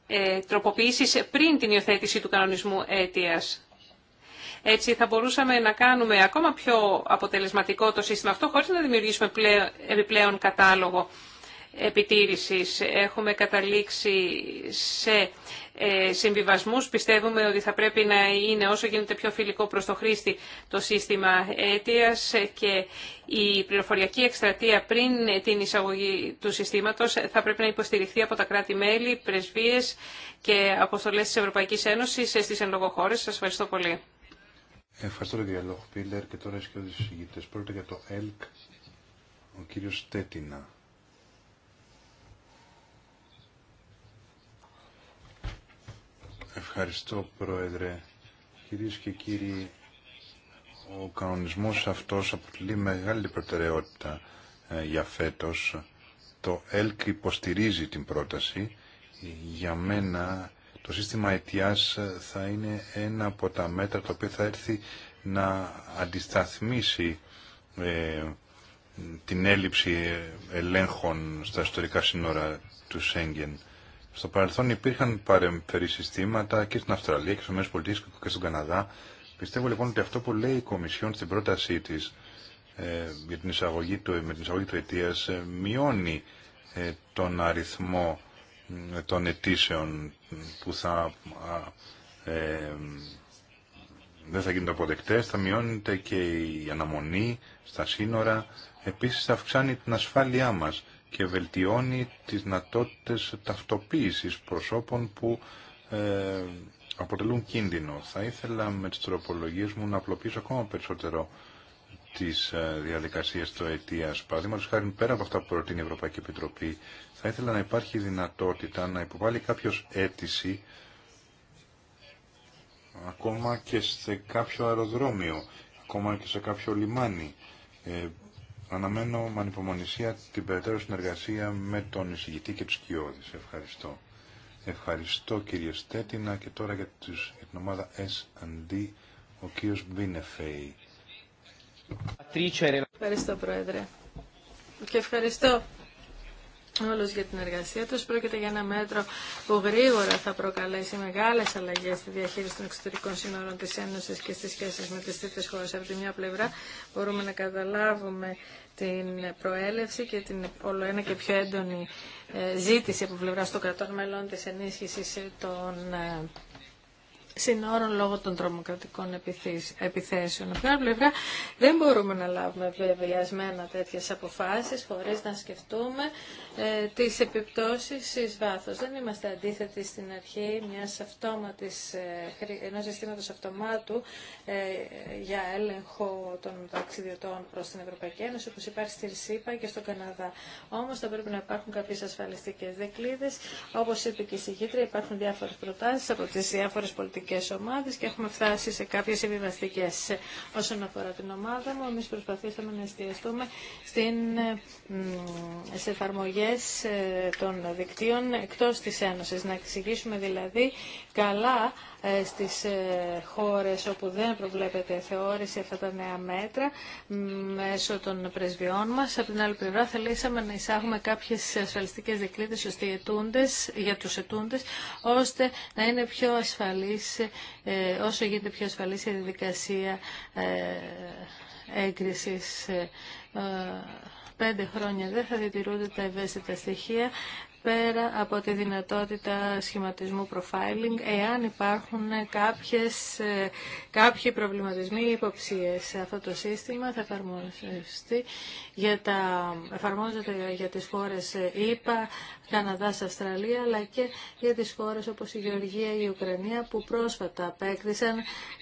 ε, τροποποιήσεις πριν την υιοθέτηση του κανονισμού αίτιας. Έτσι θα μπορούσαμε να κάνουμε ακόμα πιο αποτελεσματικό το σύστημα αυτό χωρίς να δημιουργήσουμε πλέον, επιπλέον κατάλογο επιτήρησης. Έχουμε καταλήξει σε ε, συμβιβασμούς. Πιστεύουμε ότι θα πρέπει να είναι όσο γίνεται πιο φιλικό προς το χρήστη το σύστημα αίτιας και η πληροφοριακή εκστρατεία πριν την εισαγωγή του συστήματος θα πρέπει να υποστηριχθεί από τα κράτη-μέλη, πρεσβείες και αποστολές της Ευρωπαϊκής Ένωσης στις εν λόγω Σας ευχαριστώ πολύ. Ευχαριστώ τον κύριο Πίλερ, και τώρα οι για το ΕΛΚ, ο κύριος Τέτινα. Ευχαριστώ, Πρόεδρε. Κυρίες και κύριοι, ο κανονισμός αυτός αποτελεί μεγάλη προτεραιότητα ε, για φέτος. Το ΕΛΚ υποστηρίζει την πρόταση. Για μένα το σύστημα αιτιάς θα είναι ένα από τα μέτρα το οποίο θα έρθει να αντισταθμίσει ε, την έλλειψη ελέγχων στα ιστορικά σύνορα του Σέγγεν. Στο παρελθόν υπήρχαν παρεμφερή συστήματα και στην Αυστραλία και στι ΗΠΑ και στον Καναδά. Πιστεύω λοιπόν ότι αυτό που λέει η Κομισιόν στην πρότασή τη ε, για την εισαγωγή με την εισαγωγή του αιτία ε, μειώνει ε, τον αριθμό ε, των αιτήσεων που θα δεν θα γίνονται αποδεκτέ, θα μειώνεται και η αναμονή στα σύνορα. Επίση θα αυξάνει την ασφάλειά μα και βελτιώνει τις δυνατότητες ταυτοποίησης προσώπων που ε, αποτελούν κίνδυνο. Θα ήθελα με τις τροπολογίες μου να απλοποιήσω ακόμα περισσότερο τις ε, διαδικασίες του αιτίας. Παραδείγματος χάρη πέρα από αυτά που προτείνει η Ευρωπαϊκή Επιτροπή, θα ήθελα να υπάρχει δυνατότητα να υποβάλει κάποιος αίτηση ακόμα και σε κάποιο αεροδρόμιο, ακόμα και σε κάποιο λιμάνι ε, Αναμένω με ανυπομονησία την περαιτέρω συνεργασία με τον εισηγητή και του κοιόδη. Ευχαριστώ. Ευχαριστώ κύριε Στέτινα και τώρα για, τους, για την ομάδα S&D ο κύριος Μπίνεφεϊ. Ευχαριστώ πρόεδρε και ευχαριστώ όλους για την εργασία τους. Πρόκειται για ένα μέτρο που γρήγορα θα προκαλέσει μεγάλες αλλαγές στη διαχείριση των εξωτερικών σύνορων της Ένωσης και στις σχέσεις με τις τρίτες χώρες. Από τη μια πλευρά μπορούμε να καταλάβουμε την προέλευση και την όλο ένα και πιο έντονη ε, ζήτηση από πλευρά των κρατών μελών της ενίσχυσης ε, των ε, συνόρων λόγω των τρομοκρατικών επιθέσεων. Από την άλλη πλευρά δεν μπορούμε να λάβουμε βεβαιασμένα τέτοιε αποφάσει, χωρί να σκεφτούμε ε, τις επιπτώσεις εις βάθος. Δεν είμαστε αντίθετοι στην αρχή μιας αυτόματης, ε, ενός συστήματος αυτομάτου ε, για έλεγχο των ταξιδιωτών προ την Ευρωπαϊκή Ένωση όπω υπάρχει στη ΣΥΠΑ και στον Καναδά. Όμω θα πρέπει να υπάρχουν κάποιε ασφαλιστικέ δεκλίδες. Όπω είπε και η συγκήτρια υπάρχουν διάφορε προτάσει από τι διάφορε πολιτικέ και έχουμε φτάσει σε κάποιες επιβαστικές. όσον αφορά την ομάδα μου. Εμείς προσπαθήσαμε να εστιαστούμε στην, σε εφαρμογές ε, των δικτύων εκτός της Ένωσης. Να εξηγήσουμε δηλαδή καλά ε, στις ε, χώρες όπου δεν προβλέπεται θεώρηση αυτά τα νέα μέτρα μέσω των πρεσβειών μας. Από την άλλη πλευρά θελήσαμε να εισάγουμε κάποιες ασφαλιστικές δικλείδες για τους ετούντες ώστε να είναι πιο ασφαλής, ε, όσο γίνεται πιο ασφαλής η διαδικασία έγκρισης πέντε χρόνια δεν θα διατηρούνται τα ευαίσθητα στοιχεία πέρα από τη δυνατότητα σχηματισμού profiling, εάν υπάρχουν κάποιες, ε, κάποιοι προβληματισμοί ή υποψίες. Σε αυτό το σύστημα θα εφαρμοστεί για τα, εφαρμόζεται για τις χώρες ε, ΗΠΑ, Καναδάς, Αυστραλία, αλλά και για τις χώρες όπως η Γεωργία ή η Ουκρανία που πρόσφατα απέκτησαν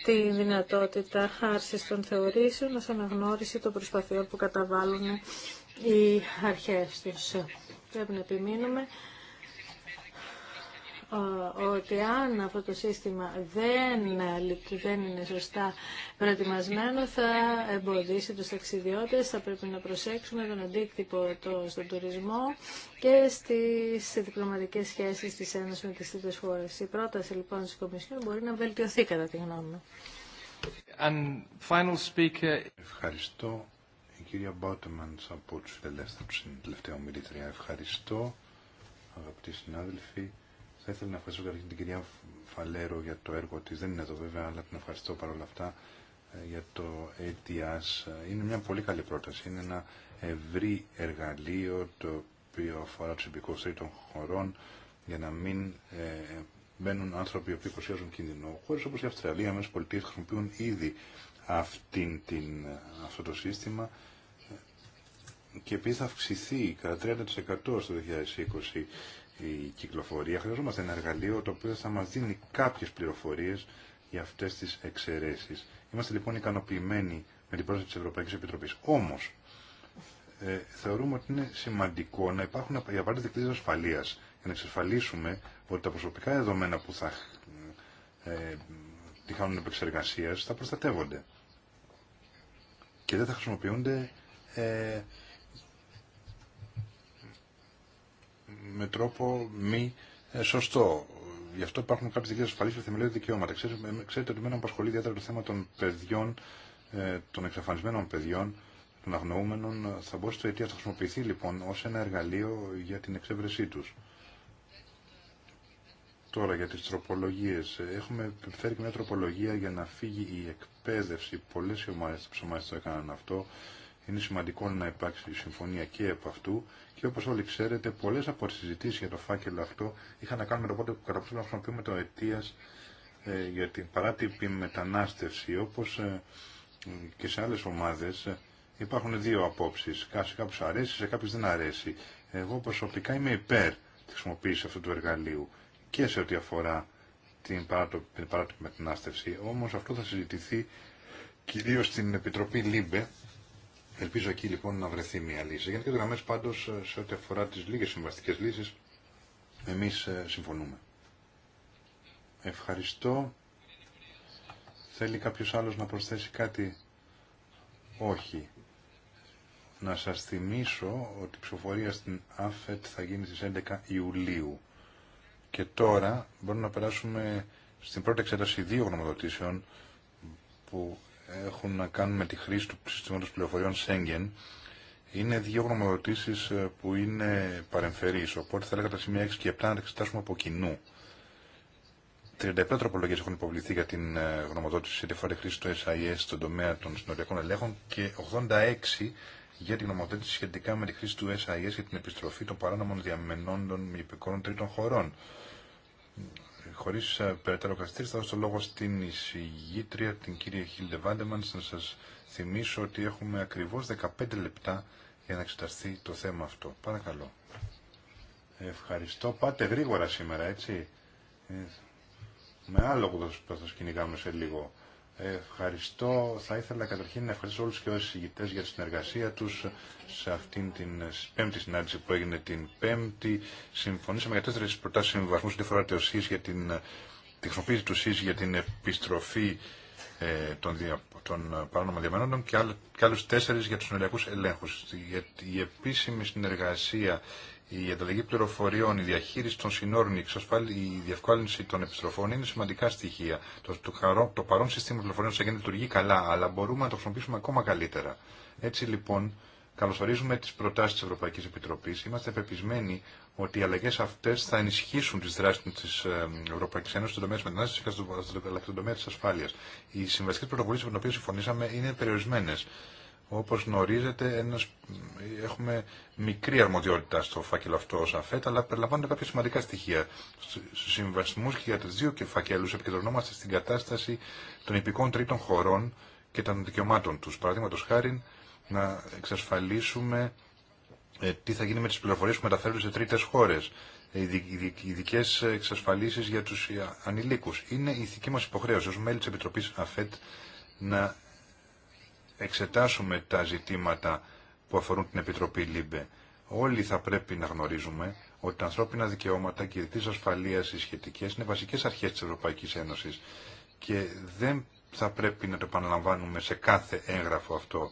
τη δυνατότητα χάρσης των θεωρήσεων ως αναγνώριση των προσπαθειών που καταβάλουν οι αρχές τους. Πρέπει να επιμείνουμε ε, ότι αν αυτό το σύστημα δεν, δεν είναι σωστά προετοιμασμένο θα εμποδίσει τους ταξιδιώτες, θα πρέπει να προσέξουμε τον αντίκτυπο το, στον τουρισμό και στις διπλωματικές σχέσεις της Ένωσης με τις τρίτες χώρες. Η πρόταση λοιπόν της Κομισιόν μπορεί να βελτιωθεί κατά τη γνώμη μου. Ευχαριστώ κυρία Μπότεμαν από τους φιλελεύθερους στην τελευταία ομιλήτρια. Ευχαριστώ, αγαπητοί συνάδελφοι. Θα ήθελα να ευχαριστώ καταρχήν την κυρία Φαλέρο για το έργο της. Δεν είναι εδώ βέβαια, αλλά την ευχαριστώ παρόλα αυτά ε, για το ETIAS. Είναι μια πολύ καλή πρόταση. Είναι ένα ευρύ εργαλείο το οποίο αφορά τους υπηκούς των χωρών για να μην ε, ε μπαίνουν άνθρωποι οι οποίοι προσφέρουν κίνδυνο. Χωρί όπω η Αυστραλία, μέσα πολιτείε χρησιμοποιούν ήδη αυτήν την, ε, αυτό το σύστημα και επειδή θα αυξηθεί κατά 30% στο 2020 η κυκλοφορία, χρειαζόμαστε ένα εργαλείο το οποίο θα μας δίνει κάποιες πληροφορίες για αυτές τις εξαιρέσεις. Είμαστε λοιπόν ικανοποιημένοι με την πρόσθεση της Ευρωπαϊκής Επιτροπής. Όμως, ε, θεωρούμε ότι είναι σημαντικό να υπάρχουν οι απαραίτητες κλίδε ασφαλείας για να εξασφαλίσουμε ότι τα προσωπικά δεδομένα που θα ε, τυχάνουν επεξεργασίας θα προστατεύονται και δεν θα χρησιμοποιούνται ε, με τρόπο μη ε, σωστό. Γι' αυτό υπάρχουν κάποιε δικέ ασφαλίσει και θεμελιώδη δικαιώματα. Ξέρετε, ε, ότι εμένα απασχολεί ιδιαίτερα το θέμα των παιδιών, ε, των εξαφανισμένων παιδιών, των αγνοούμενων. Θα μπορούσε το αιτία να χρησιμοποιηθεί λοιπόν ω ένα εργαλείο για την εξέβρεσή του. Τώρα για τι τροπολογίε. Έχουμε φέρει μια τροπολογία για να φύγει η εκπαίδευση. Πολλέ ομάδε το έκαναν αυτό. Είναι σημαντικό να υπάρξει συμφωνία και από αυτού και όπω όλοι ξέρετε, πολλέ από τι συζητήσει για το φάκελο αυτό είχαν να κάνουν με το πότε που καταφέραμε να χρησιμοποιούμε το αιτία ε, για την παράτυπη μετανάστευση. Όπω ε, και σε άλλε ομάδε ε, υπάρχουν δύο απόψει. Σε κάποιου αρέσει, σε κάποιου δεν αρέσει. Εγώ προσωπικά είμαι υπέρ τη χρησιμοποίηση αυτού του εργαλείου και σε ό,τι αφορά την παράτυπη μετανάστευση. Όμω αυτό θα συζητηθεί κυρίω στην Επιτροπή ΛΥΜΠΕ Ελπίζω εκεί λοιπόν να βρεθεί μια λύση. Γιατί το γραμμές πάντως ε, σε ό,τι αφορά τις λίγες συμβαστικές λύσεις εμείς ε, συμφωνούμε. Ευχαριστώ. Θέλει κάποιος άλλος να προσθέσει κάτι. Όχι. Να σας θυμίσω ότι η ψηφοφορία στην ΑΦΕΤ θα γίνει στις 11 Ιουλίου. Και τώρα μπορούμε να περάσουμε στην πρώτη εξέταση δύο γνωμοδοτήσεων που έχουν να κάνουν με τη χρήση του συστήματος πληροφοριών Schengen είναι δύο γνωμοδοτήσεις ε, που είναι παρεμφερείς, οπότε θα έλεγα τα σημεία 6 και 7 να τα εξετάσουμε από κοινού. 37 τροπολογίε έχουν υποβληθεί για την ε, γνωμοδότηση σε διαφορετική χρήση του SIS στον τομέα των συνοριακών ελέγχων και 86 για την γνωμοδότηση σχετικά με τη χρήση του SIS για την επιστροφή των παράνομων διαμενών των υπηκόρων τρίτων χωρών χωρίς ε, περαιτέρω καθυστέρηση θα δώσω το λόγο στην εισηγήτρια, την κυρία Χίλντε Βάντεμαν, να σας θυμίσω ότι έχουμε ακριβώς 15 λεπτά για να εξεταστεί το θέμα αυτό. Παρακαλώ. Ευχαριστώ. Πάτε γρήγορα σήμερα, έτσι. Ε, με άλογο θα σας κυνηγάμε σε λίγο. Ευχαριστώ. Θα ήθελα καταρχήν να ευχαριστήσω όλους και όλους τους για τη συνεργασία τους σε αυτήν την πέμπτη συνάντηση που έγινε την πέμπτη. Συμφωνήσαμε για τέσσερις προτάσεις συμβασμού ό,τι φορά για την, τη χρησιμοποίηση του ΣΥΣ για την επιστροφή ε, των, δια, των παράνομων και, άλλ, και άλλους τέσσερις για τους συνεργακούς ελέγχους. Γιατί η επίσημη συνεργασία η ανταλλαγή πληροφοριών, η διαχείριση των συνόρων, η, η διευκόλυνση των επιστροφών είναι σημαντικά στοιχεία. Το, το, χαρό, το παρόν σύστημα πληροφοριών σε λειτουργεί καλά, αλλά μπορούμε να το χρησιμοποιήσουμε ακόμα καλύτερα. Έτσι λοιπόν, καλωσορίζουμε τι προτάσει τη Ευρωπαϊκή Επιτροπή. Είμαστε πεπισμένοι ότι οι αλλαγέ αυτέ θα ενισχύσουν τι δράσει τη ε, Ευρωπαϊκή Ένωση στον τομέα τη μετανάστευση και στον τομέα τη ασφάλεια. Οι συμβαστικέ πρωτοβουλίε με τι οποίε συμφωνήσαμε είναι περιορισμένε. Όπως γνωρίζετε, ένας, έχουμε μικρή αρμοδιότητα στο φάκελο αυτό ως ΑΦΕΤ, αλλά περιλαμβάνονται κάποια σημαντικά στοιχεία. Στους συμβασμούς και για τους δύο κεφακέλους επικεντρωνόμαστε στην κατάσταση των υπηκών τρίτων χωρών και των δικαιωμάτων τους. Παραδείγματο χάρη να εξασφαλίσουμε ε, τι θα γίνει με τις πληροφορίες που μεταφέρουν σε τρίτες χώρες. Ειδικέ εξασφαλίσεις για τους ε, ανηλίκους. Είναι η ηθική μας υποχρέωση ως μέλη της Επιτροπής ΑΦΕΤ να εξετάσουμε τα ζητήματα που αφορούν την Επιτροπή ΛΥΜΠΕ. Όλοι θα πρέπει να γνωρίζουμε ότι τα ανθρώπινα δικαιώματα και οι διεθνεί ασφαλεία οι σχετικέ είναι βασικέ αρχέ τη Ευρωπαϊκή Ένωση και δεν θα πρέπει να το επαναλαμβάνουμε σε κάθε έγγραφο αυτό.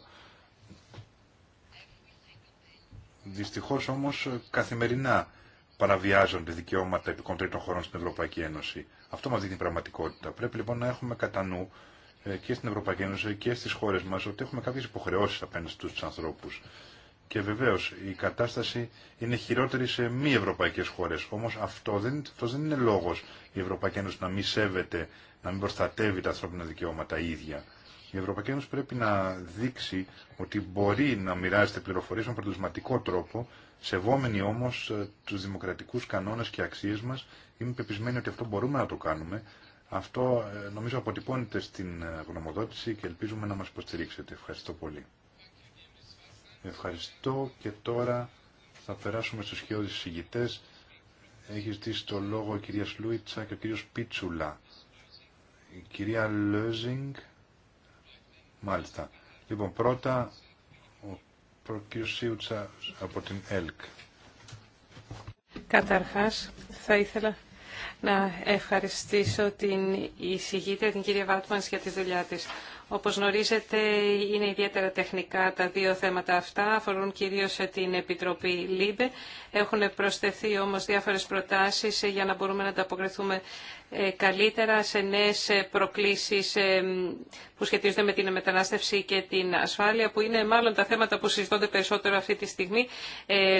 Δυστυχώ όμω καθημερινά παραβιάζονται δικαιώματα επικών χωρών στην Ευρωπαϊκή Ένωση. Αυτό μα δείχνει πραγματικότητα. Πρέπει λοιπόν να έχουμε κατά νου ε, και στην Ευρωπαϊκή Ένωση και στις χώρες μας ότι έχουμε κάποιες υποχρεώσεις απέναντι στους ανθρώπους. Και βεβαίως η κατάσταση είναι χειρότερη σε μη ευρωπαϊκές χώρες. Όμως αυτό δεν, αυτό δεν είναι λόγος η Ευρωπαϊκή Ένωση να μην σέβεται, να μην προστατεύει τα ανθρώπινα δικαιώματα ίδια. Η Ευρωπαϊκή Ένωση πρέπει να δείξει ότι μπορεί να μοιράζεται πληροφορίες με πραγματικό τρόπο, σεβόμενοι όμως ε, τους δημοκρατικούς κανόνες και αξίες μας. Είμαι πεπισμένη ότι αυτό μπορούμε να το κάνουμε αυτό ε, νομίζω αποτυπώνεται στην ε, γνωμοδότηση και ελπίζουμε να μας υποστηρίξετε. Ευχαριστώ πολύ. Ευχαριστώ και τώρα θα περάσουμε στους χειώδεις συγγητές. Έχει ζητήσει το λόγο η κυρία Σλούιτσα και ο κύριος Πίτσουλα. Η κυρία Λέζινγκ. μάλιστα. Λοιπόν, πρώτα ο κύριος Σίουτσα από την ΕΛΚ. Καταρχάς, θα ήθελα να ευχαριστήσω την εισηγήτρια, την κυρία Βάτμανς, για τη δουλειά της. Όπως γνωρίζετε, είναι ιδιαίτερα τεχνικά τα δύο θέματα αυτά, αφορούν κυρίως την Επιτροπή ΛΥΜΠΕ. Έχουν προσθεθεί όμως διάφορες προτάσεις για να μπορούμε να ανταποκριθούμε ε, καλύτερα σε νέες ε, προκλήσεις ε, που σχετίζονται με την μετανάστευση και την ασφάλεια, που είναι μάλλον τα θέματα που συζητώνται περισσότερο αυτή τη στιγμή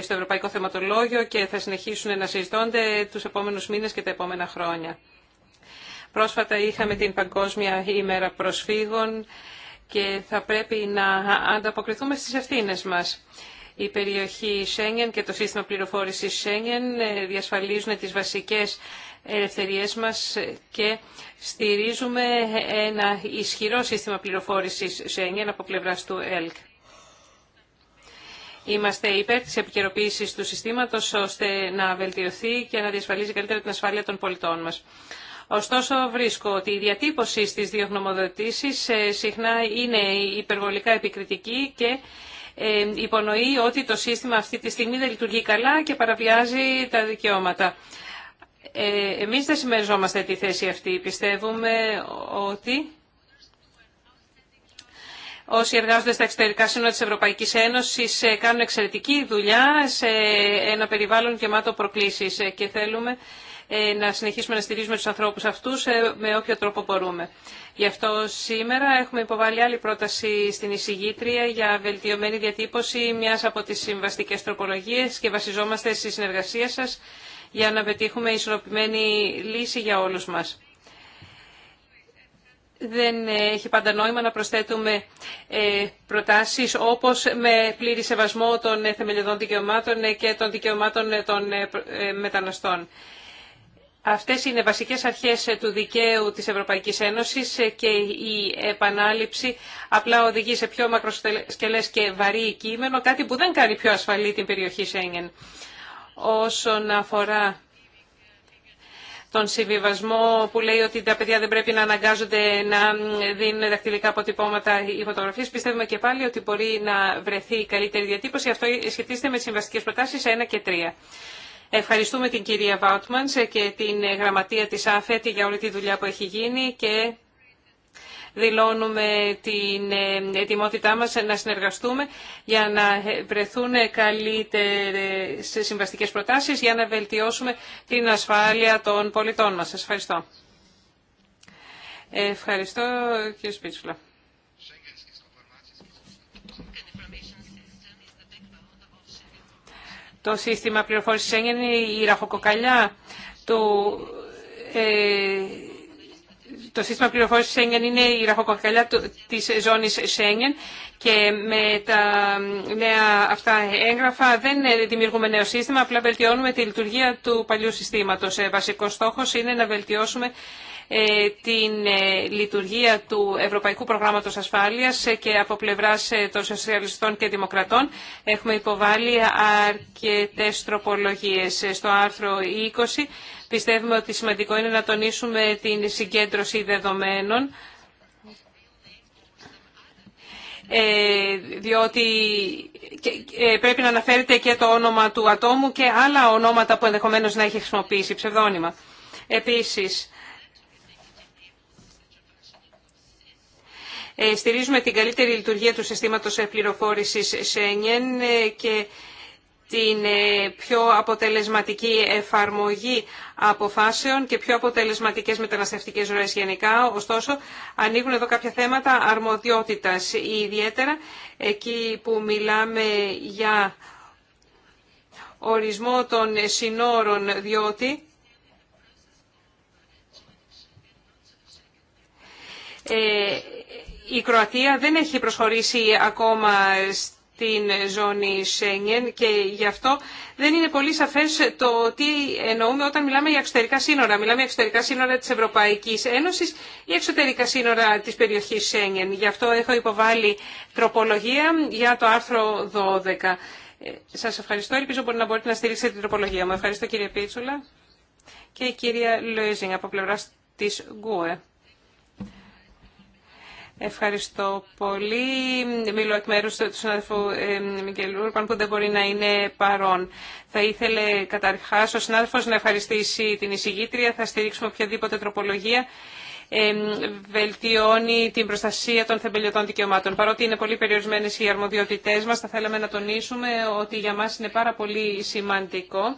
στο Ευρωπαϊκό Θεματολόγιο και θα συνεχίσουν να συζητώνται τους επόμενους μήνες και τα επόμενα χρόνια. Πρόσφατα είχαμε την Παγκόσμια ημέρα προσφύγων και θα πρέπει να ανταποκριθούμε στις ευθύνε μας. Η περιοχή Σέγγεν και το σύστημα πληροφόρησης Σέγγεν ε, διασφαλίζουν τις βασικές ελευθερίες μας και στηρίζουμε ένα ισχυρό σύστημα πληροφόρησης Σέγγεν από πλευράς του ΕΛΚ. Είμαστε υπέρ της επικαιροποίησης του συστήματος ώστε να βελτιωθεί και να διασφαλίζει καλύτερα την ασφάλεια των πολιτών μας. Ωστόσο βρίσκω ότι η διατύπωση στις δύο γνωμοδοτήσεις ε, συχνά είναι υπερβολικά επικριτική και ε, υπονοεί ότι το σύστημα αυτή τη στιγμή δεν λειτουργεί καλά και παραβιάζει τα δικαιώματα. Ε, εμείς δεν συμμεριζόμαστε τη θέση αυτή. Πιστεύουμε ότι όσοι εργάζονται στα εξωτερικά σύνορα της Ευρωπαϊκής Ένωσης κάνουν εξαιρετική δουλειά σε ένα περιβάλλον γεμάτο προκλήσεις και θέλουμε ε, να συνεχίσουμε να στηρίζουμε τους ανθρώπους αυτούς ε, με όποιο τρόπο μπορούμε. Γι' αυτό σήμερα έχουμε υποβάλει άλλη πρόταση στην εισηγήτρια για βελτιωμένη διατύπωση μιας από τις συμβαστικές τροπολογίες και βασιζόμαστε στη συνεργασία σας για να πετύχουμε ισορροπημένη λύση για όλους μας. Δεν έχει πάντα νόημα να προσθέτουμε ε, προτάσεις όπως με πλήρη σεβασμό των θεμελιωδών δικαιωμάτων και των δικαιωμάτων των μεταναστών. Αυτές είναι βασικές αρχές ε, του δικαίου της Ευρωπαϊκής Ένωσης ε, και η επανάληψη απλά οδηγεί σε πιο μακροσκελές και βαρύ κείμενο, κάτι που δεν κάνει πιο ασφαλή την περιοχή Σέγγεν. Όσον αφορά τον συμβιβασμό που λέει ότι τα παιδιά δεν πρέπει να αναγκάζονται να δίνουν δακτυλικά αποτυπώματα ή φωτογραφίε. Πιστεύουμε και πάλι ότι μπορεί να βρεθεί καλύτερη διατύπωση. Αυτό σχετίζεται με τι συμβαστικέ προτάσει 1 και 3. Ευχαριστούμε την κυρία Βάουτμανς και την γραμματεία της ΑΦΕΤ για όλη τη δουλειά που έχει γίνει και δηλώνουμε την ε, ετοιμότητά μας να συνεργαστούμε για να βρεθούν καλύτερες συμβαστικές προτάσεις για να βελτιώσουμε την ασφάλεια των πολιτών μας. Σας ευχαριστώ. Ευχαριστώ κύριε Σπίτσουλα. το σύστημα πληροφόρηση Σέγγεν η ραχοκοκαλιά το σύστημα πληροφόρησης ε, Σέγγεν είναι η ραχοκοκαλιά της ζώνης Σέγγεν και με τα νέα αυτά έγγραφα δεν δημιουργούμε νέο σύστημα, απλά βελτιώνουμε τη λειτουργία του παλιού συστήματος. Ε, βασικός στόχος είναι να βελτιώσουμε ε, την ε, λειτουργία του Ευρωπαϊκού Προγράμματος Ασφάλειας ε, και από πλευράς των Σοσιαλιστών και Δημοκρατών έχουμε υποβάλει αρκετές τροπολογίες. Στο άρθρο 20 πιστεύουμε ότι σημαντικό είναι να τονίσουμε την συγκέντρωση δεδομένων διότι πρέπει να αναφέρεται και το όνομα του ατόμου και άλλα ονόματα που ενδεχομένως να έχει χρησιμοποιήσει ψευδόνυμα. Επίσης, Ε, στηρίζουμε την καλύτερη λειτουργία του συστήματος ε, πληροφόρησης ΣΕΝΙΕΝ και την ε, πιο αποτελεσματική εφαρμογή αποφάσεων και πιο αποτελεσματικές μεταναστευτικές ροές γενικά. Ωστόσο, ανοίγουν εδώ κάποια θέματα αρμοδιότητας, ιδιαίτερα εκεί που μιλάμε για ορισμό των συνόρων, διότι η Κροατία δεν έχει προσχωρήσει ακόμα στην ζώνη Σέγγεν και γι' αυτό δεν είναι πολύ σαφές το τι εννοούμε όταν μιλάμε για εξωτερικά σύνορα. Μιλάμε για εξωτερικά σύνορα της Ευρωπαϊκής Ένωσης ή εξωτερικά σύνορα της περιοχής Σέγγεν. Γι' αυτό έχω υποβάλει τροπολογία για το άρθρο 12. Ε, σας ευχαριστώ. Ελπίζω μπορεί να μπορείτε να στηρίξετε την τροπολογία μου. Ευχαριστώ κύριε Πίτσουλα και η κυρία Λόιζινγκ από πλευρά της ΓΚΟΕ. Ευχαριστώ πολύ. Μιλώ εκ μέρους του συνάδελφου ε, Μικελούρπαν που δεν μπορεί να είναι παρόν. Θα ήθελε καταρχάς ο συνάδελφος να ευχαριστήσει την εισηγήτρια. Θα στηρίξουμε οποιαδήποτε τροπολογία ε, βελτιώνει την προστασία των θεμελιωτών δικαιωμάτων. Παρότι είναι πολύ περιορισμένες οι αρμοδιότητές μας, θα θέλαμε να τονίσουμε ότι για μας είναι πάρα πολύ σημαντικό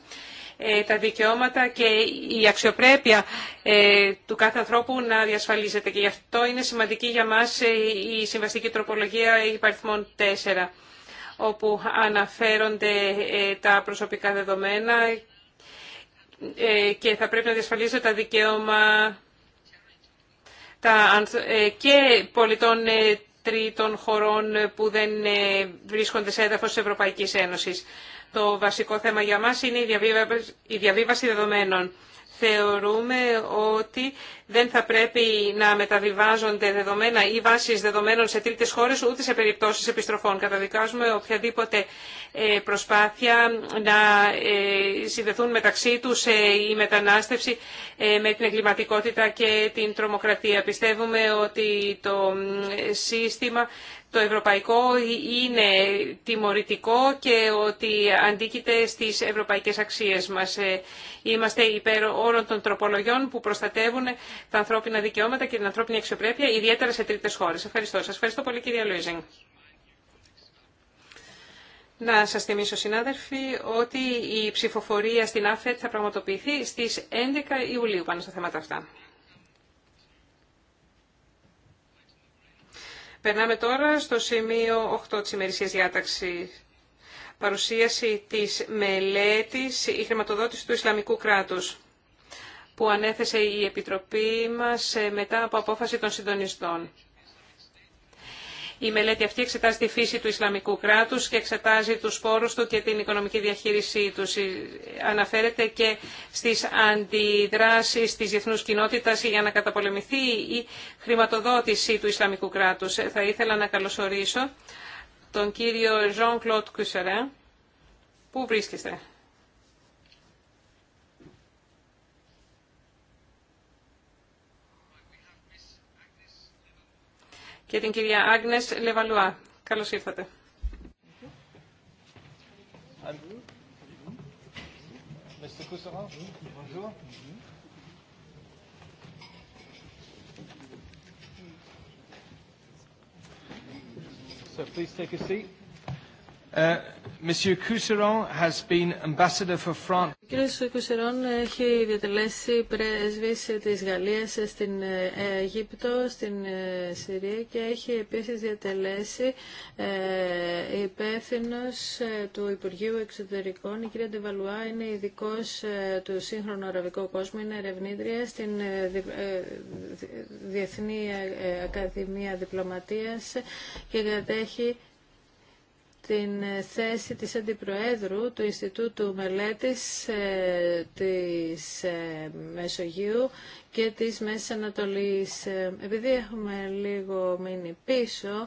ε, τα δικαιώματα και η αξιοπρέπεια ε, του κάθε ανθρώπου να διασφαλίζεται. Και γι' αυτό είναι σημαντική για μας ε, η συμβαστική τροπολογία υπαριθμών 4 όπου αναφέρονται τα προσωπικά δεδομένα και θα πρέπει να διασφαλίζονται τα δικαίωμα και πολιτών τρίτων χωρών που δεν βρίσκονται σε έδαφος της Ευρωπαϊκής Ένωσης. Το βασικό θέμα για μας είναι η διαβίβαση δεδομένων. Θεωρούμε ότι δεν θα πρέπει να μεταβιβάζονται δεδομένα ή βάσεις δεδομένων σε τρίτες χώρες ούτε σε περιπτώσεις επιστροφών. Καταδικάζουμε οποιαδήποτε ε, προσπάθεια να ε, συνδεθούν μεταξύ τους ε, η μετανάστευση με την εγκληματικότητα και την τρομοκρατία. Πιστεύουμε ότι το σύστημα το ευρωπαϊκό είναι τιμωρητικό και ότι αντίκειται στις ευρωπαϊκές αξίες μας. Είμαστε υπέρ όλων των τροπολογιών που προστατεύουν τα ανθρώπινα δικαιώματα και την ανθρώπινη αξιοπρέπεια, ιδιαίτερα σε τρίτες χώρες. Ευχαριστώ. Σας ευχαριστώ πολύ κυρία Λούιζινγκ. Να σας θυμίσω συνάδελφοι ότι η ψηφοφορία στην ΑΦΕΤ θα πραγματοποιηθεί στις 11 Ιουλίου πάνω στα θέματα αυτά. Περνάμε τώρα στο σημείο 8 της ημερησίας διάταξης. Παρουσίαση της μελέτης η χρηματοδότηση του Ισλαμικού κράτους που ανέθεσε η Επιτροπή μας ε, μετά από απόφαση των συντονιστών. Η μελέτη αυτή εξετάζει τη φύση του Ισλαμικού κράτους και εξετάζει τους πόρους του και την οικονομική διαχείρισή του. Αναφέρεται και στις αντιδράσεις της διεθνούς κοινότητας για να καταπολεμηθεί η χρηματοδότηση του Ισλαμικού κράτους. Ε, θα ήθελα να καλωσορίσω τον κύριο Jean-Claude Cousserin. Πού βρίσκεστε? και την κυρία Άγνες Λεβαλουά. Καλώς ήρθατε. Monsieur has been ambassador for France. Ο κύριος Κουσερόν έχει διατελέσει πρέσβης της Γαλλίας στην ε, Αιγύπτο, στην ε, Συρία και έχει επίσης διατελέσει ε, υπεύθυνο του Υπουργείου Εξωτερικών. Η κυρία Ντεβαλουά είναι ειδικό του σύγχρονου αραβικού κόσμου, είναι ερευνήτρια στην Διεθνή Ακαδημία Διπλωματίας και κατέχει την ε, θέση της Αντιπροέδρου του Ινστιτούτου Μελέτης ε, της ε, Μεσογείου και της Μέσης Ανατολής. Επειδή έχουμε λίγο μείνει πίσω,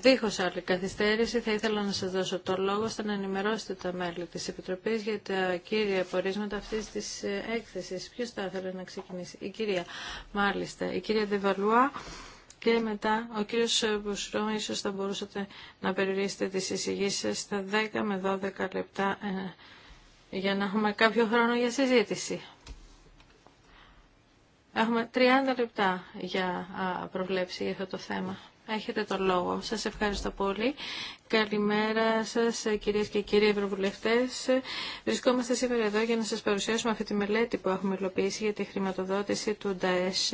δίχως άλλη καθυστέρηση, θα ήθελα να σας δώσω το λόγο ώστε να ενημερώσετε τα μέλη της Επιτροπής για τα κύρια πορίσματα αυτής της έκθεσης. Ποιος θα ήθελε να ξεκινήσει. Η κυρία, μάλιστα, η κυρία Ντεβαλουά. Και μετά ο κύριος Μπουσρό ίσως θα μπορούσατε να περιορίσετε τις εισηγήσεις στα 10 με 12 λεπτά ε, για να έχουμε κάποιο χρόνο για συζήτηση. Έχουμε 30 λεπτά για προβλέψη για αυτό το θέμα. Έχετε το λόγο. Σας ευχαριστώ πολύ. Καλημέρα σας κυρίες και κύριοι Ευρωβουλευτές. Βρισκόμαστε σήμερα εδώ για να σας παρουσιάσουμε αυτή τη μελέτη που έχουμε υλοποιήσει για τη χρηματοδότηση του ΝΤΑΕΣ,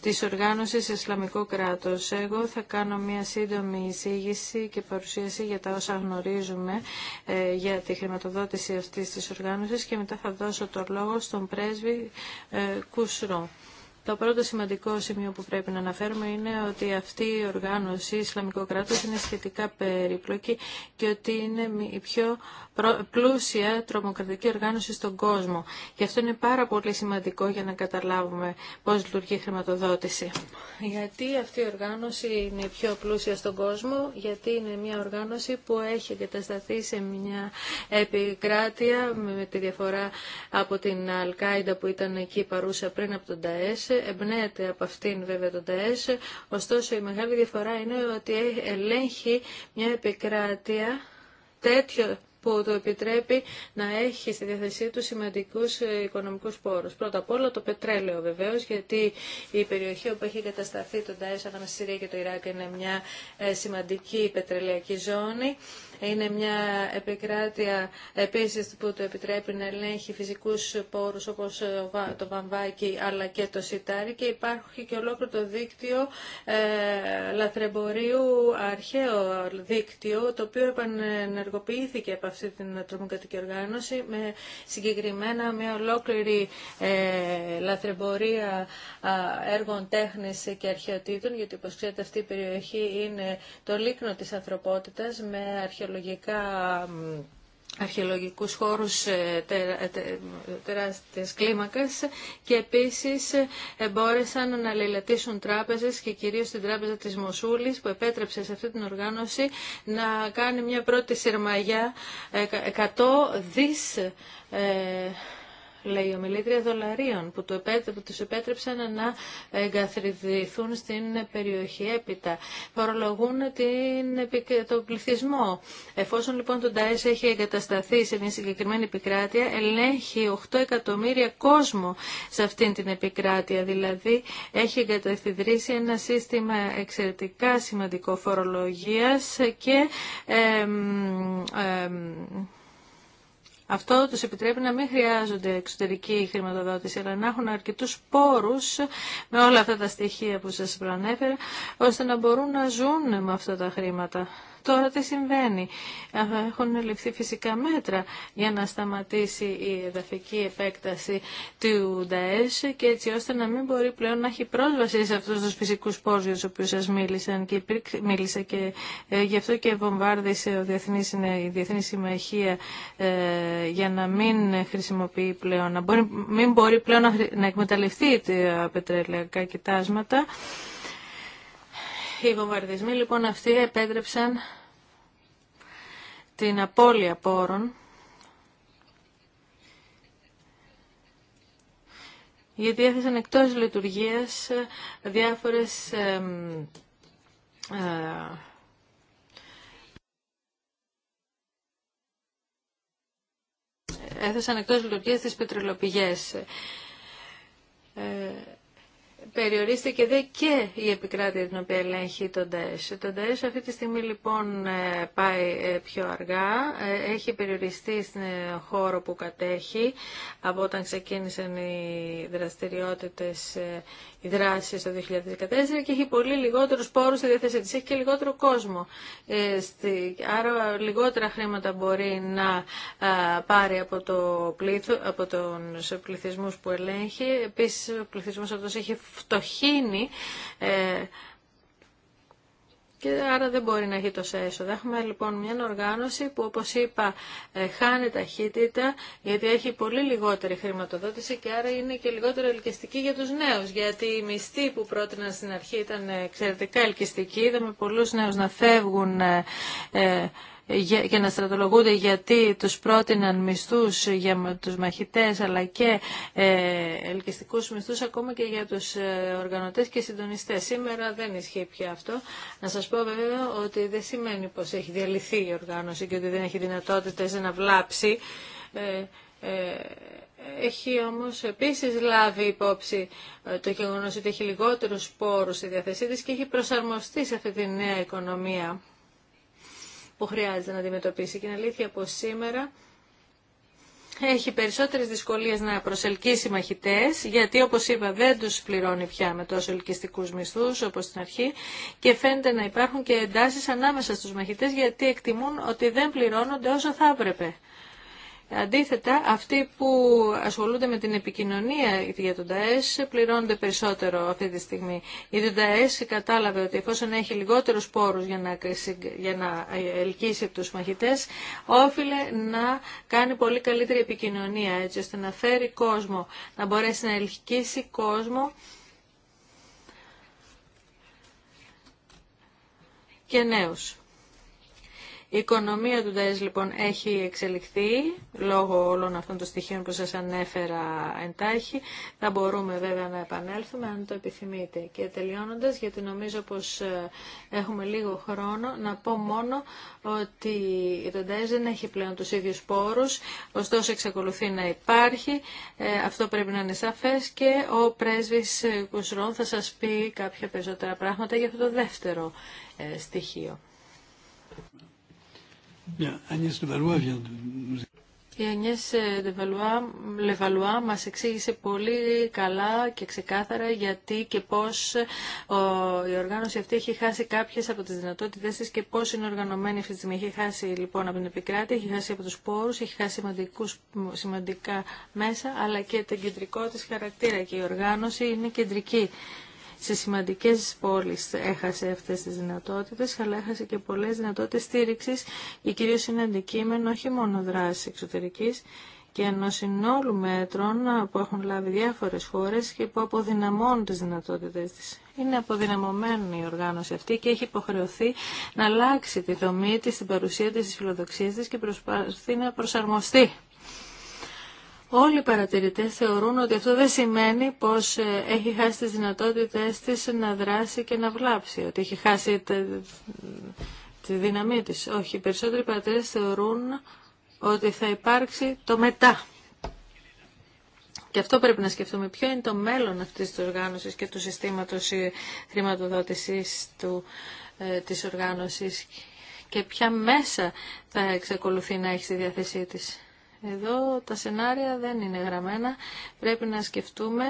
της Οργάνωσης Ισλαμικού Κράτος. Εγώ θα κάνω μια σύντομη εισήγηση και παρουσίαση για τα όσα γνωρίζουμε ε, για τη χρηματοδότηση αυτής της οργάνωσης και μετά θα δώσω το λόγο στον πρέσβη ε, Κουσρό. Το πρώτο σημαντικό σημείο που πρέπει να αναφέρουμε είναι ότι αυτή η οργάνωση Ισλαμικό κράτο, είναι σχετικά περίπλοκη και ότι είναι η πιο πλούσια τρομοκρατική οργάνωση στον κόσμο. Και αυτό είναι πάρα πολύ σημαντικό για να καταλάβουμε πώ λειτουργεί η χρηματοδότηση. Γιατί αυτή η οργάνωση είναι η πιο πλούσια στον κόσμο, γιατί είναι μια οργάνωση που έχει εγκατασταθεί σε μια επικράτεια με τη διαφορά από την Αλκάιντα που ήταν εκεί παρούσα πριν από τον ΤΑΕΣ εμπνέεται από αυτήν βέβαια τον ΤΑΕΣ, ωστόσο η μεγάλη διαφορά είναι ότι ελέγχει μια επικράτεια τέτοιο που το επιτρέπει να έχει στη διαθεσή του σημαντικούς οικονομικούς πόρους. Πρώτα απ' όλα το πετρέλαιο βεβαίως, γιατί η περιοχή όπου έχει κατασταθεί το ΤΑΕΣ ανάμεσα στη Συρία και το Ιράκ είναι μια ε, σημαντική πετρελαιακή ζώνη είναι μια επικράτεια επίσης που το επιτρέπει να ελέγχει φυσικούς πόρους όπως το βαμβάκι αλλά και το σιτάρι και υπάρχει και ολόκληρο το δίκτυο ε, λαθρεμπορίου, αρχαίο δίκτυο το οποίο επανενεργοποιήθηκε από αυτή την τρομοκρατική οργάνωση με συγκεκριμένα με ολόκληρη ε, λαθρεμπορία έργων τέχνης και αρχαιοτήτων γιατί όπως ξέρετε αυτή η περιοχή είναι το λίκνο της ανθρωπότητας με αρχαιολογία αρχαιολογικά αρχαιολογικούς χώρους ε, ε, τερα, και επίσης ε, μπόρεσαν να λελετήσουν τράπεζες και κυρίως την τράπεζα της Μοσούλης που επέτρεψε σε αυτή την οργάνωση να κάνει μια πρώτη σειρμαγιά 100 δις λέει η ομιλήτρια, δολαρίων που, του που τους επέτρεψαν να εγκαθριδηθούν στην περιοχή έπειτα. Φορολογούν την, τον πληθυσμό. Εφόσον λοιπόν το ΝΤΑΕΣ έχει εγκατασταθεί σε μια συγκεκριμένη επικράτεια, ελέγχει 8 εκατομμύρια κόσμο σε αυτήν την επικράτεια. Δηλαδή έχει εγκαταστηδρήσει ένα σύστημα εξαιρετικά σημαντικό φορολογίας και ε, αυτό τους επιτρέπει να μην χρειάζονται εξωτερική χρηματοδότηση, αλλά να έχουν αρκετούς πόρους με όλα αυτά τα στοιχεία που σας προανέφερα, ώστε να μπορούν να ζουν με αυτά τα χρήματα. Τώρα τι συμβαίνει. Έχουν ληφθεί φυσικά μέτρα για να σταματήσει η εδαφική επέκταση του ΝΤΑΕΣ και έτσι ώστε να μην μπορεί πλέον να έχει πρόσβαση σε αυτούς τους φυσικούς πόρους για τους σας μίλησαν και μίλησα και ε, γι' αυτό και βομβάρδισε ο Διεθνής, ε, η Διεθνή Συμμαχία ε, για να μην χρησιμοποιεί πλέον, να μπορεί, μην μπορεί πλέον να, να εκμεταλλευτεί τα πετρελαϊκά κοιτάσματα. Οι βομβαρδισμοί λοιπόν αυτοί επέτρεψαν την απώλεια πόρων γιατί έθεσαν εκτός λειτουργίας διάφορες ε, έθεσαν εκτός λειτουργίας τις πετρελοπηγές. Ε, περιορίστηκε δε και η επικράτεια την οποία ελέγχει τον ΤΑΕΣ. Τον ΤΑΕΣ αυτή τη στιγμή λοιπόν ε, πάει ε, πιο αργά, ε, έχει περιοριστεί στην χώρο που κατέχει από όταν ξεκίνησαν οι δραστηριότητες η δράση στο 2014 και έχει πολύ λιγότερου πόρου στη διάθεσή τη. έχει και λιγότερο κόσμο. Ε, άρα λιγότερα χρήματα μπορεί να πάρει από, το πλήθο, από τον πληθυσμούς που ελέγχει. Επίση, ο πληθυσμό αυτό έχει φτωχύνει ε, και άρα δεν μπορεί να έχει το έσοδα. Έχουμε λοιπόν μια οργάνωση που όπως είπα ε, χάνει ταχύτητα γιατί έχει πολύ λιγότερη χρηματοδότηση και άρα είναι και λιγότερο ελκυστική για τους νέους γιατί οι μισθοί που πρότειναν στην αρχή ήταν εξαιρετικά ελκυστικοί, είδαμε πολλούς νέους να φεύγουν ε, ε, και να στρατολογούνται γιατί τους πρότειναν μισθούς για τους μαχητές αλλά και ε, ελκυστικούς μισθούς ακόμα και για τους ε, οργανωτές και συντονιστές. Σήμερα δεν ισχύει πια αυτό. Να σας πω βέβαια ότι δεν σημαίνει πως έχει διαλυθεί η οργάνωση και ότι δεν έχει δυνατότητες να βλάψει. Ε, έχει όμως επίσης λάβει υπόψη το γεγονός ότι έχει λιγότερους πόρους στη διαθεσή της και έχει προσαρμοστεί σε αυτή τη νέα οικονομία που χρειάζεται να αντιμετωπίσει. Και είναι αλήθεια πως σήμερα έχει περισσότερες δυσκολίες να προσελκύσει μαχητές, γιατί όπως είπα δεν τους πληρώνει πια με τόσο ελκυστικούς μισθούς όπως στην αρχή και φαίνεται να υπάρχουν και εντάσεις ανάμεσα στους μαχητές γιατί εκτιμούν ότι δεν πληρώνονται όσο θα έπρεπε. Αντίθετα, αυτοί που ασχολούνται με την επικοινωνία για τον ΤΑΕΣ πληρώνονται περισσότερο αυτή τη στιγμή. η ΤΑΕΣ κατάλαβε ότι εφόσον έχει λιγότερους πόρους για να, για να ε, ελκύσει τους μαχητές, όφιλε να κάνει πολύ καλύτερη επικοινωνία, έτσι ώστε να φέρει κόσμο, να μπορέσει να ελκύσει κόσμο και νέους. Η οικονομία του ΝΤΑΕΣ λοιπόν έχει εξελιχθεί λόγω όλων αυτών των στοιχείων που σας ανέφερα εντάχει. Θα μπορούμε βέβαια να επανέλθουμε αν το επιθυμείτε. Και τελειώνοντας, γιατί νομίζω πως ε, έχουμε λίγο χρόνο, να πω μόνο ότι το ΝΤΑΕΣ δεν έχει πλέον τους ίδιους πόρους, ωστόσο εξακολουθεί να υπάρχει. Ε, αυτό πρέπει να είναι σαφές και ο πρέσβης ε, Κουσρών θα σας πει κάποια περισσότερα πράγματα για αυτό το δεύτερο στοιχείο. Agnès Η Ανιές Λεβαλουά μας εξήγησε πολύ καλά και ξεκάθαρα γιατί και πώς η οργάνωση αυτή έχει χάσει κάποιες από τις δυνατότητες της και πώς είναι οργανωμένη αυτή τη στιγμή. Έχει χάσει λοιπόν από την επικράτη, έχει χάσει από τους πόρους, έχει χάσει σημαντικούς, σημαντικά μέσα, αλλά και τον κεντρικό της χαρακτήρα και η οργάνωση είναι κεντρική σε σημαντικές πόλεις έχασε αυτές τις δυνατότητες, αλλά έχασε και πολλές δυνατότητες στήριξης και κυρίως είναι αντικείμενο όχι μόνο δράσης εξωτερικής, και ενό συνόλου μέτρων που έχουν λάβει διάφορες χώρες και που αποδυναμώνουν τις δυνατότητες της. Είναι αποδυναμωμένη η οργάνωση αυτή και έχει υποχρεωθεί να αλλάξει τη δομή της, την παρουσία της, τις φιλοδοξίες της και προσπαθεί να προσαρμοστεί. Όλοι οι παρατηρητές θεωρούν ότι αυτό δεν σημαίνει πως ε, έχει χάσει τις δυνατότητες της να δράσει και να βλάψει, ότι έχει χάσει τη δύναμή της. Όχι, οι περισσότεροι παρατηρητές θεωρούν ότι θα υπάρξει το μετά. Και αυτό πρέπει να σκεφτούμε. Ποιο είναι το μέλλον αυτής της οργάνωσης και του συστήματος χρηματοδότησης του, ε, της οργάνωσης και ποια μέσα θα εξακολουθεί να έχει στη διάθεσή της. Εδώ τα σενάρια δεν είναι γραμμένα. Πρέπει να σκεφτούμε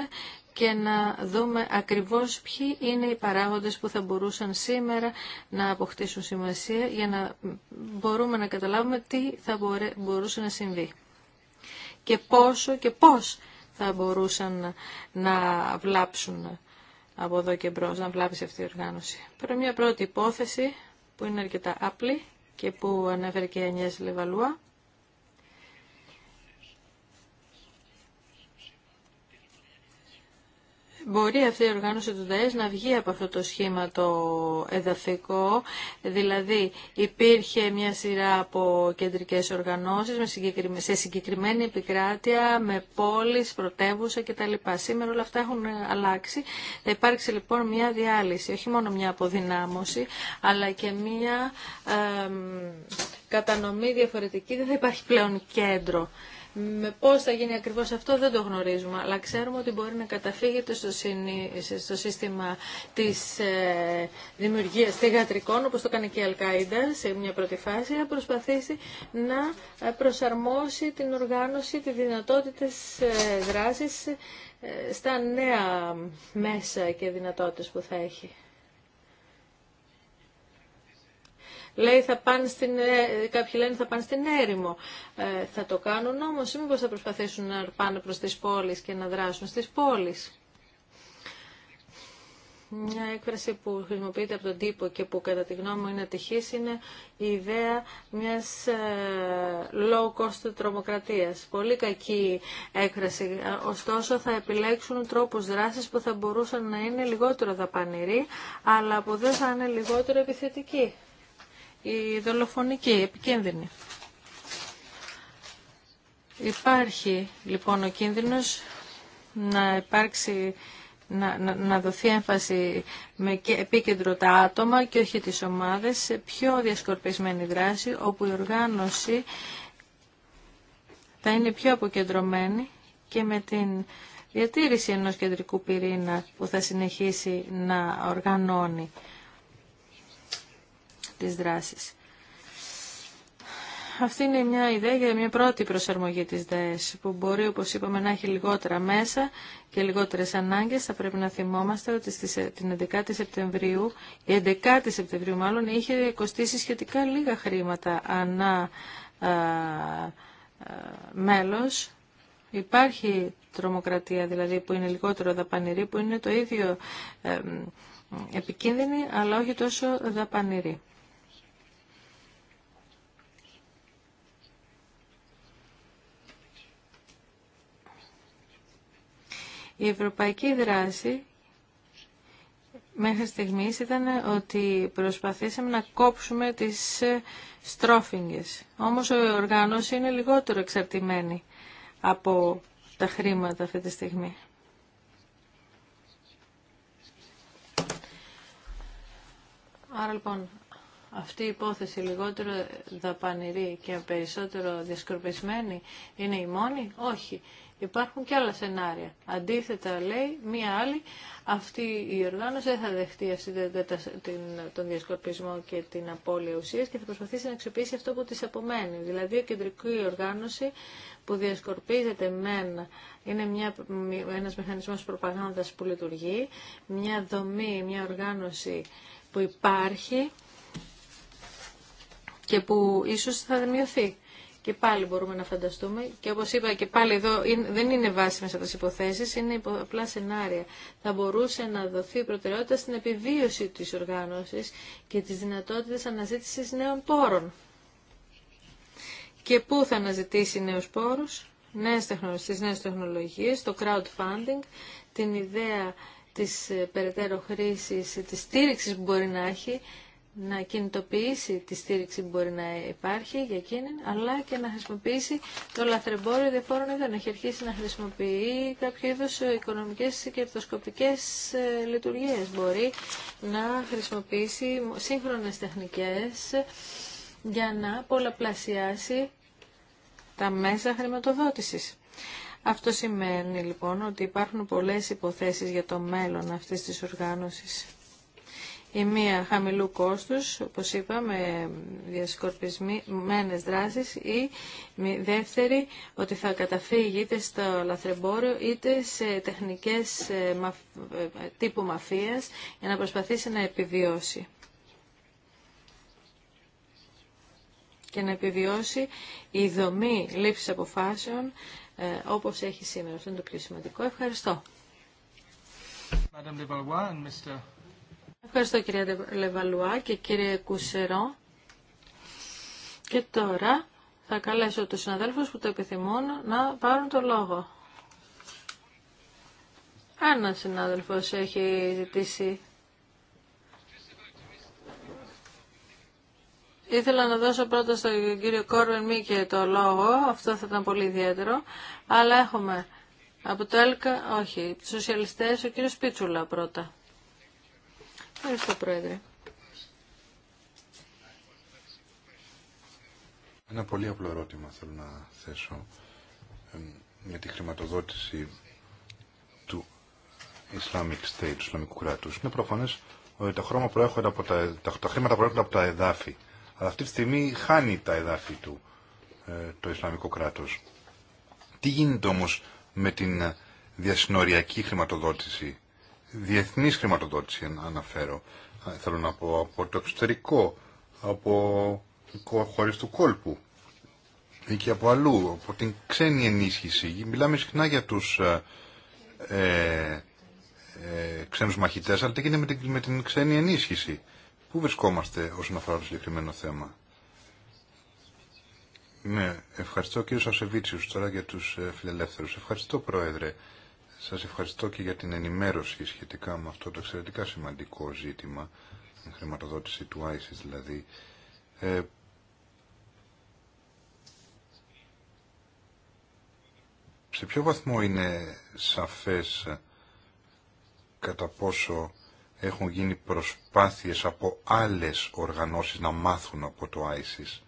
και να δούμε ακριβώς ποιοι είναι οι παράγοντες που θα μπορούσαν σήμερα να αποκτήσουν σημασία για να μπορούμε να καταλάβουμε τι θα μπορούσε να συμβεί και πόσο και πώς θα μπορούσαν να βλάψουν από εδώ και μπρος, να βλάψει αυτή η οργάνωση. Πρώτα μια πρώτη υπόθεση που είναι αρκετά απλή και που ανέφερε και η Ανιές Λεβαλούα μπορεί αυτή η οργάνωση του ΔΕΣ να βγει από αυτό το σχήμα το εδαφικό, δηλαδή υπήρχε μια σειρά από κεντρικές οργανώσεις σε συγκεκριμένη επικράτεια, με πόλεις, πρωτεύουσα κτλ. Σήμερα όλα αυτά έχουν αλλάξει. Θα υπάρξει λοιπόν μια διάλυση, όχι μόνο μια αποδυνάμωση, αλλά και μια κατανομή διαφορετική. Δεν θα υπάρχει πλέον κέντρο. Με πώς θα γίνει ακριβώς αυτό δεν το γνωρίζουμε, αλλά ξέρουμε ότι μπορεί να καταφύγεται στο, σύστημα της ε, δημιουργίας θηγατρικών, όπως το κάνει και η Αλκάιντα σε μια πρώτη φάση, να προσπαθήσει να προσαρμόσει την οργάνωση, τη δυνατότητες ε, δράσης ε, στα νέα μέσα και δυνατότητες που θα έχει. Λέει θα στην, ε, κάποιοι λένε θα πάνε στην έρημο. Ε, θα το κάνουν όμως ή μήπως θα προσπαθήσουν να πάνε προς τις πόλεις και να δράσουν στις πόλεις. Μια έκφραση που χρησιμοποιείται από τον τύπο και που κατά τη γνώμη μου είναι ατυχής είναι η ιδέα μιας ε, low cost τρομοκρατίας. Πολύ κακή έκφραση. Ωστόσο θα επιλέξουν τρόπους δράσης που θα μπορούσαν να είναι λιγότερο δαπανηροί αλλά που δεν θα είναι λιγότερο επιθετικοί η δολοφονική, η επικίνδυνη. Υπάρχει λοιπόν ο κίνδυνος να υπάρξει να, να, να δοθεί έμφαση με επίκεντρο τα άτομα και όχι τις ομάδες σε πιο διασκορπισμένη δράση όπου η οργάνωση θα είναι πιο αποκεντρωμένη και με την διατήρηση ενός κεντρικού πυρήνα που θα συνεχίσει να οργανώνει της δράσης. Αυτή είναι μια ιδέα για μια πρώτη προσαρμογή της ΔΕΣ, που μπορεί όπως είπαμε να έχει λιγότερα μέσα και λιγότερες ανάγκες. Θα πρέπει να θυμόμαστε ότι στις, την 11η Σεπτεμβρίου, η 11η Σεπτεμβρίου μάλλον είχε κοστίσει σχετικά λίγα χρήματα ανά α, μέλος. Υπάρχει τρομοκρατία δηλαδή που είναι λιγότερο δαπανηρή που είναι το ίδιο επικίνδυνη αλλά όχι τόσο δαπανηρή. Η ευρωπαϊκή δράση μέχρι στιγμής ήταν ότι προσπαθήσαμε να κόψουμε τις ε, στρόφιγγες. Όμως ο οργάνωση είναι λιγότερο εξαρτημένη από τα χρήματα αυτή τη στιγμή. Άρα λοιπόν, αυτή η υπόθεση λιγότερο δαπανηρή και περισσότερο διασκορπισμένη είναι η μόνη. Όχι. Υπάρχουν και άλλα σενάρια. Αντίθετα, λέει, μία άλλη, αυτή η οργάνωση δεν θα δεχτεί αυτή την, τον διασκορπισμό και την απώλεια ουσία και θα προσπαθήσει να αξιοποιήσει αυτό που τη απομένει. Δηλαδή, η κεντρική οργάνωση που διασκορπίζεται μεν είναι ένα ένας μηχανισμός προπαγάνδας που λειτουργεί, μια δομή, μια οργάνωση που υπάρχει και που ίσως θα μειωθεί και πάλι μπορούμε να φανταστούμε και όπως είπα και πάλι εδώ δεν είναι βάσιμε αυτές τι υποθέσεις, είναι απλά σενάρια. Θα μπορούσε να δοθεί προτεραιότητα στην επιβίωση τη οργάνωση και τι δυνατότητε αναζήτησης νέων πόρων. Και πού θα αναζητήσει νέου πόρου, νέες τεχνολογίες, τεχνολογίε, το crowdfunding, την ιδέα τη ε, περαιτέρω χρήση, τη στήριξη που μπορεί να έχει, να κινητοποιήσει τη στήριξη που μπορεί να υπάρχει για εκείνη, αλλά και να χρησιμοποιήσει το λαθρεμπόριο διαφόρων ειδών. Έχει αρχίσει να χρησιμοποιεί κάποιο είδο οικονομικές και κερδοσκοπικέ ε, λειτουργίες. Μπορεί να χρησιμοποιήσει σύγχρονες τεχνικές για να πολλαπλασιάσει τα μέσα χρηματοδότησης. Αυτό σημαίνει λοιπόν ότι υπάρχουν πολλές υποθέσεις για το μέλλον αυτής της οργάνωσης. Η μία χαμηλού κόστους, όπως είπαμε, διασκορπισμένες δράσεις ή δεύτερη ότι θα καταφύγει είτε στο λαθρεμπόριο είτε σε τεχνικές ε, ε, τύπου μαφίας για να προσπαθήσει να επιβιώσει. και να επιβιώσει η δομή λήψης αποφάσεων ε, όπως έχει σήμερα. Αυτό είναι το πιο σημαντικό. Ευχαριστώ. Ευχαριστώ κυρία Λεβαλουά και κύριε Κουσερό. Και τώρα θα καλέσω τους συναδέλφους που το επιθυμούν να πάρουν το λόγο. Ένα συνάδελφος έχει ζητήσει. Ήθελα να δώσω πρώτα στον κύριο Κόρβεν Μίκε το λόγο, αυτό θα ήταν πολύ ιδιαίτερο, αλλά έχουμε από το ΕΛΚΑ, όχι, τους σοσιαλιστές, ο κύριος Πίτσουλα πρώτα. Ευχαριστώ, Πρόεδρε. Ένα πολύ απλό ερώτημα θέλω να θέσω με τη χρηματοδότηση του Islamic State, του Ισλαμικού κράτους. Είναι προφανές ότι τα, χρώμα προέρχονται από τα, τα, τα χρήματα προέρχονται από τα εδάφη. Αλλά αυτή τη στιγμή χάνει τα εδάφη του ε, το Ισλαμικό κράτος. Τι γίνεται όμως με την διασυνοριακή χρηματοδότηση διεθνής χρηματοδότηση αναφέρω, ε, θέλω να πω, από το εξωτερικό, από χώρες του κόλπου ή και από αλλού, από την ξένη ενίσχυση. Μιλάμε συχνά για τους ε, ε, ε, ξένους μαχητές, αλλά τι γίνεται με την, με την ξένη ενίσχυση. Πού βρισκόμαστε όσον αφορά το συγκεκριμένο θέμα. Ναι, ευχαριστώ κύριο Σασεβίτσιους τώρα για τους ε, φιλελεύθερους. Ευχαριστώ πρόεδρε. Σας ευχαριστώ και για την ενημέρωση σχετικά με αυτό το εξαιρετικά σημαντικό ζήτημα, την χρηματοδότηση του ISIS δηλαδή. Ε, σε ποιο βαθμό είναι σαφές κατά πόσο έχουν γίνει προσπάθειες από άλλες οργανώσεις να μάθουν από το ISIS.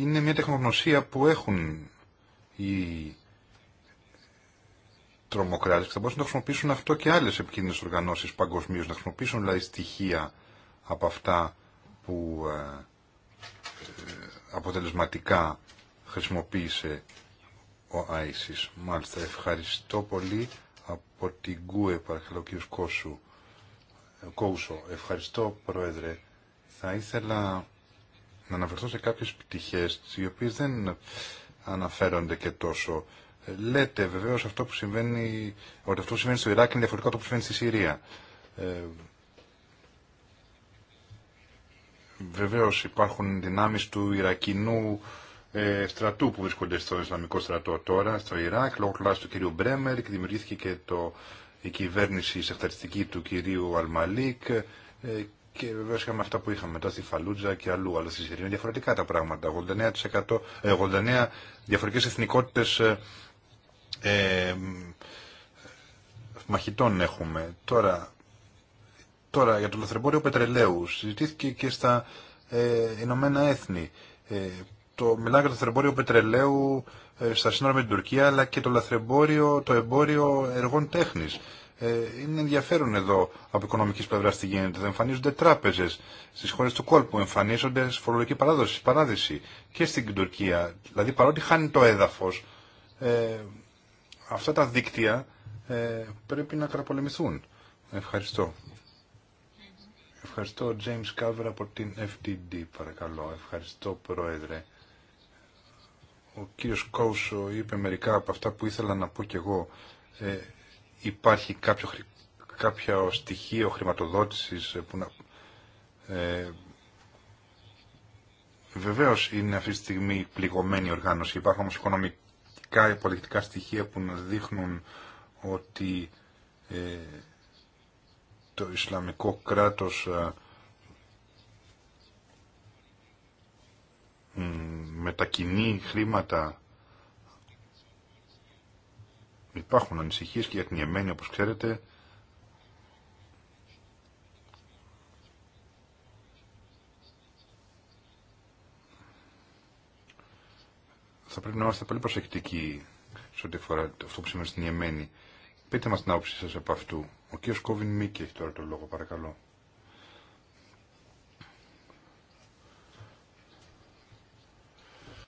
είναι μια τεχνογνωσία που έχουν οι τρομοκράτες και θα μπορούσαν να χρησιμοποιήσουν αυτό και άλλες επικίνδυνες οργανώσεις παγκοσμίω, να χρησιμοποιήσουν δηλαδή στοιχεία από αυτά που ε, ε, αποτελεσματικά χρησιμοποίησε ο Άισις. Μάλιστα, ευχαριστώ πολύ από την ΚΟΕ, παρακαλώ Κόουσο, ε, ευχαριστώ πρόεδρε. Θα ήθελα να αναφερθώ σε κάποιες πτυχές, οι οποίες δεν αναφέρονται και τόσο. Ε, λέτε βεβαίως αυτό που συμβαίνει, ότι αυτό που συμβαίνει στο Ιράκ είναι διαφορετικό από που συμβαίνει στη Συρία. Ε, βεβαίως υπάρχουν δυνάμεις του Ιρακινού ε, στρατού που βρίσκονται στο Ισλαμικό στρατό τώρα, στο Ιράκ, λόγω τουλάχιστον του κυρίου Μπρέμερ και δημιουργήθηκε και το, η κυβέρνηση σεχταριστική του κυρίου Αλμαλίκ ε, και βεβαίω είχαμε αυτά που είχαμε μετά στη Φαλούτζα και αλλού. Αλλά στη Συρία είναι διαφορετικά τα πράγματα. 89%, 89 ε, διαφορετικές εθνικότητες ε, ε, μαχητών έχουμε. Τώρα, τώρα για το λαθρεμπόριο πετρελαίου συζητήθηκε και στα ε, Ηνωμένα Έθνη. Ε, το, μιλάμε για το λαθρεμπόριο πετρελαίου στα σύνορα με την Τουρκία αλλά και το λαθρεμπόριο, το εμπόριο εργών τέχνης. Ε, είναι ενδιαφέρον εδώ από οικονομική πλευρά τι γίνεται. Εμφανίζονται τράπεζε στι χώρε του κόλπου, εμφανίζονται σε φορολογική παράδοση, παράδειση και στην Τουρκία. Δηλαδή παρότι χάνει το έδαφο, ε, αυτά τα δίκτυα ε, πρέπει να καταπολεμηθούν. Ευχαριστώ. Ευχαριστώ, James Cover από την FTD, παρακαλώ. Ευχαριστώ, Πρόεδρε. Ο κύριος Κόουσο είπε μερικά από αυτά που ήθελα να πω κι εγώ. Ε, υπάρχει κάποιο, κάποιο στοιχείο χρηματοδότησης ε, που να... Ε, Βεβαίω είναι αυτή τη στιγμή πληγωμένη η οργάνωση. Υπάρχουν όμως οικονομικά πολιτικά στοιχεία που να δείχνουν ότι ε, το Ισλαμικό κράτος ε, μετακινεί χρήματα Υπάρχουν ανησυχίες και για την Ιεμένη, όπως ξέρετε. Θα πρέπει να είμαστε πολύ προσεκτικοί σε ό,τι αφορά αυτό που σημαίνει στην Ιεμένη. Πείτε μας την άποψή σας από αυτού. Ο κ. Κόβιν Μίκη έχει τώρα το λόγο, παρακαλώ.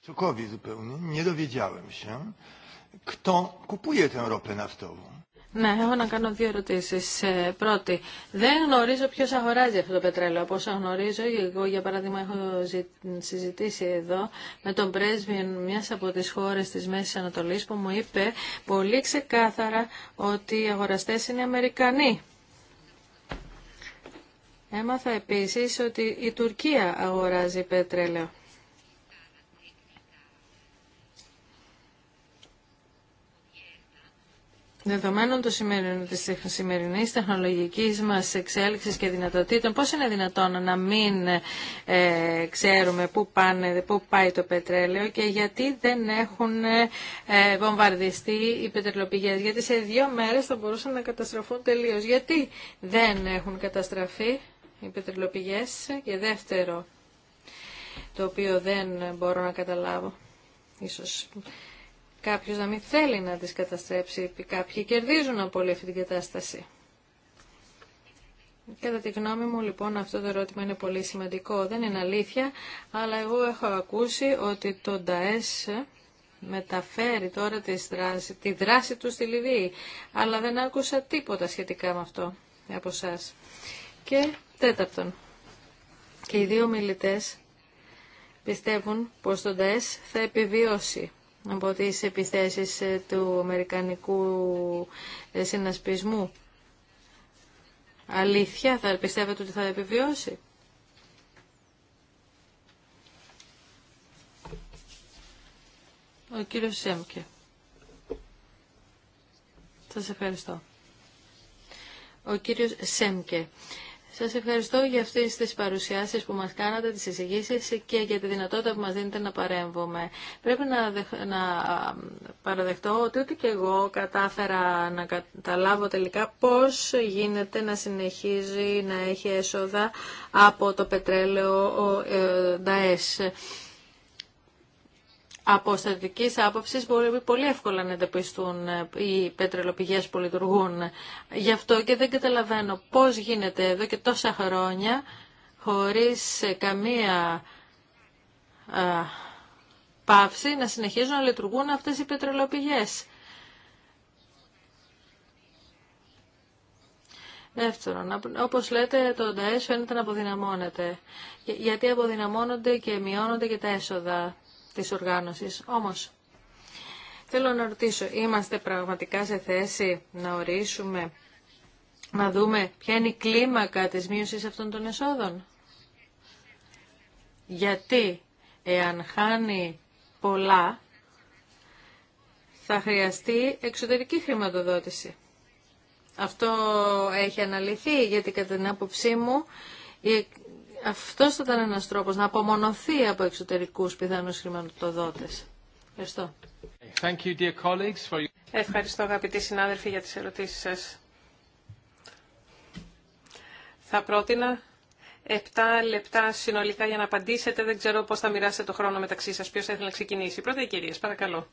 cokolwiek zupełnie, nie dowiedziałem się, ναι, έχω να κάνω δύο ερωτήσει. Ε, πρώτη, δεν γνωρίζω ποιο αγοράζει αυτό το πετρέλαιο. Όπω γνωρίζω, εγώ για παράδειγμα έχω συζητήσει εδώ με τον πρέσβη μια από τι χώρε τη Μέση Ανατολή που μου είπε πολύ ξεκάθαρα ότι οι αγοραστέ είναι Αμερικανοί. Έμαθα επίσης ότι η Τουρκία αγοράζει πετρέλαιο. Δεδομένων τη σημερινή της σημερινής τεχνολογικής μας εξέλιξης και δυνατοτήτων, πώς είναι δυνατόν να μην ε, ξέρουμε πού, πάνε, πού πάει το πετρέλαιο και γιατί δεν έχουν ε, βομβαρδιστεί οι πετρελοπηγές. Γιατί σε δύο μέρες θα μπορούσαν να καταστραφούν τελείως. Γιατί δεν έχουν καταστραφεί οι πετρελοπηγές και δεύτερο, το οποίο δεν μπορώ να καταλάβω ίσως κάποιος να μην θέλει να τις καταστρέψει. Κάποιοι κερδίζουν από όλη αυτή την κατάσταση. Κατά τη γνώμη μου λοιπόν αυτό το ερώτημα είναι πολύ σημαντικό. Δεν είναι αλήθεια, αλλά εγώ έχω ακούσει ότι το ΝΤΑΕΣ μεταφέρει τώρα τη δράση, τη δράση του στη Λιβύη. Αλλά δεν άκουσα τίποτα σχετικά με αυτό από εσά. Και τέταρτον, και οι δύο μιλητές πιστεύουν πως το ΝΤΑΕΣ θα επιβιώσει από τις επιθέσεις ε, του Αμερικανικού ε, συνασπισμού. Αλήθεια, θα πιστεύετε ότι θα επιβιώσει. Ο κύριος Σέμκε. Σας ευχαριστώ. Ο κύριος Σέμκε. Σας ευχαριστώ για αυτές τις παρουσιάσεις που μας κάνατε, τις εισηγήσεις και για τη δυνατότητα που μας δίνετε να παρέμβουμε. Πρέπει να, παραδεχτώ ότι ούτε και εγώ κατάφερα να καταλάβω τελικά πώς γίνεται να συνεχίζει να έχει έσοδα από το πετρέλαιο ο, ε, από στατικής άποψη μπορεί πολύ εύκολα να εντοπιστούν ε, οι πετρελοπηγές που λειτουργούν. Γι' αυτό και δεν καταλαβαίνω πώς γίνεται εδώ και τόσα χρόνια χωρίς καμία α, πάυση να συνεχίζουν να λειτουργούν αυτές οι πετρελοπηγές. Δεύτερον, όπως λέτε, το ΝΤΑΕΣ φαίνεται να αποδυναμώνεται. Γιατί αποδυναμώνονται και μειώνονται και τα έσοδα της οργάνωσης. Όμως, θέλω να ρωτήσω, είμαστε πραγματικά σε θέση να ορίσουμε, να δούμε ποια είναι η κλίμακα της μείωσης αυτών των εσόδων. Γιατί, εάν χάνει πολλά, θα χρειαστεί εξωτερική χρηματοδότηση. Αυτό έχει αναλυθεί, γιατί κατά την άποψή μου αυτό θα ήταν ένα τρόπο να απομονωθεί από εξωτερικού πιθανού χρηματοδότε. Ευχαριστώ. Thank you, dear colleagues, for... Ευχαριστώ αγαπητοί συνάδελφοι για τις ερωτήσεις σα. Θα πρότεινα 7 λεπτά συνολικά για να απαντήσετε. Δεν ξέρω πώς θα μοιράσετε το χρόνο μεταξύ σα, Ποιος θα ήθελε να ξεκινήσει. Πρώτα οι παρακαλώ.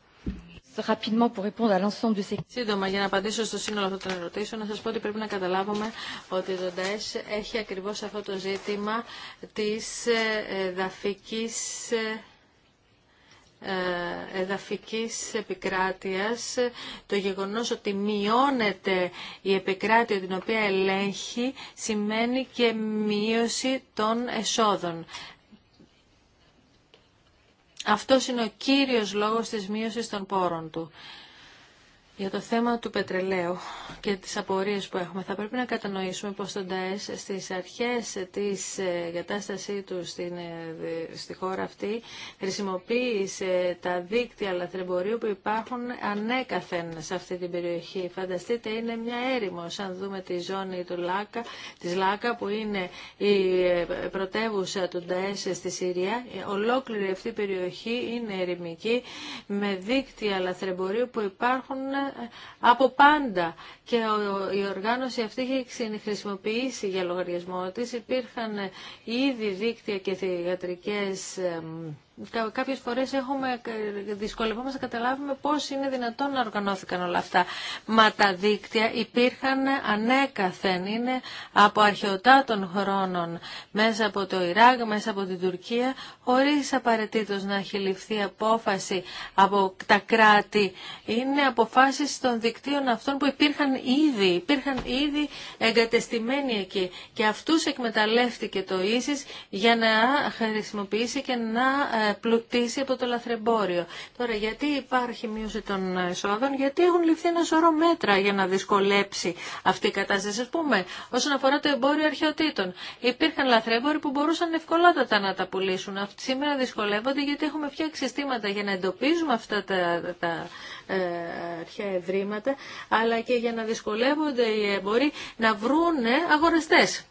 Σύντομα, για να απαντήσω στο σύνολο αυτών των ερωτήσεων, να σας πω ότι πρέπει να καταλάβουμε ότι το ΝΤΑΕΣ έχει ακριβώς αυτό το ζήτημα της ε, εδαφική ε, ε, εδαφικής επικράτειας το γεγονός ότι μειώνεται η επικράτεια την οποία ελέγχει σημαίνει και μείωση των εσόδων αυτός είναι ο κύριος λόγος της μείωσης των πόρων του. Για το θέμα του πετρελαίου και τις απορίες που έχουμε, θα πρέπει να κατανοήσουμε πως το ΝΤΑΕΣ στις αρχές της ε, κατάστασή του στην, ε, στη χώρα αυτή χρησιμοποίησε τα δίκτυα λαθρεμπορίου που υπάρχουν ανέκαθεν σε αυτή την περιοχή. Φανταστείτε είναι μια έρημος αν δούμε τη ζώνη του Λάκα, της Λάκα που είναι η ε, πρωτεύουσα του ΝΤΑΕΣ στη Συρία. Ολόκληρη αυτή η περιοχή είναι ερημική με δίκτυα λαθρεμπορίου που υπάρχουν από πάντα. Και η οργάνωση αυτή είχε χρησιμοποιήσει για λογαριασμό της. Υπήρχαν ήδη δίκτυα και θηγατρικές Κάποιε φορέ έχουμε, δυσκολευόμαστε να καταλάβουμε πώς είναι δυνατόν να οργανώθηκαν όλα αυτά. Μα τα δίκτυα υπήρχαν ανέκαθεν, είναι από αρχαιοτά των χρόνων, μέσα από το Ιράκ, μέσα από την Τουρκία, χωρίς απαραίτητο να έχει ληφθεί απόφαση από τα κράτη. Είναι αποφάσει των δικτύων αυτών που υπήρχαν ήδη, υπήρχαν ήδη εγκατεστημένοι εκεί. Και αυτούς εκμεταλλεύτηκε το Ίσις για να χρησιμοποιήσει και να ε, πλουτίσει από το λαθρεμπόριο. Τώρα, γιατί υπάρχει μείωση των εσόδων, γιατί έχουν ληφθεί ένα σωρό μέτρα για να δυσκολέψει αυτή η κατάσταση. Α πούμε, όσον αφορά το εμπόριο αρχαιοτήτων, υπήρχαν λαθρέμποροι που μπορούσαν ευκολότατα να τα πουλήσουν. Αυτή σήμερα δυσκολεύονται γιατί έχουμε φτιάξει συστήματα για να εντοπίζουμε αυτά τα, τα, τα ε, αρχαία ευρήματα, αλλά και για να δυσκολεύονται οι εμποροί να βρούνε αγοραστές.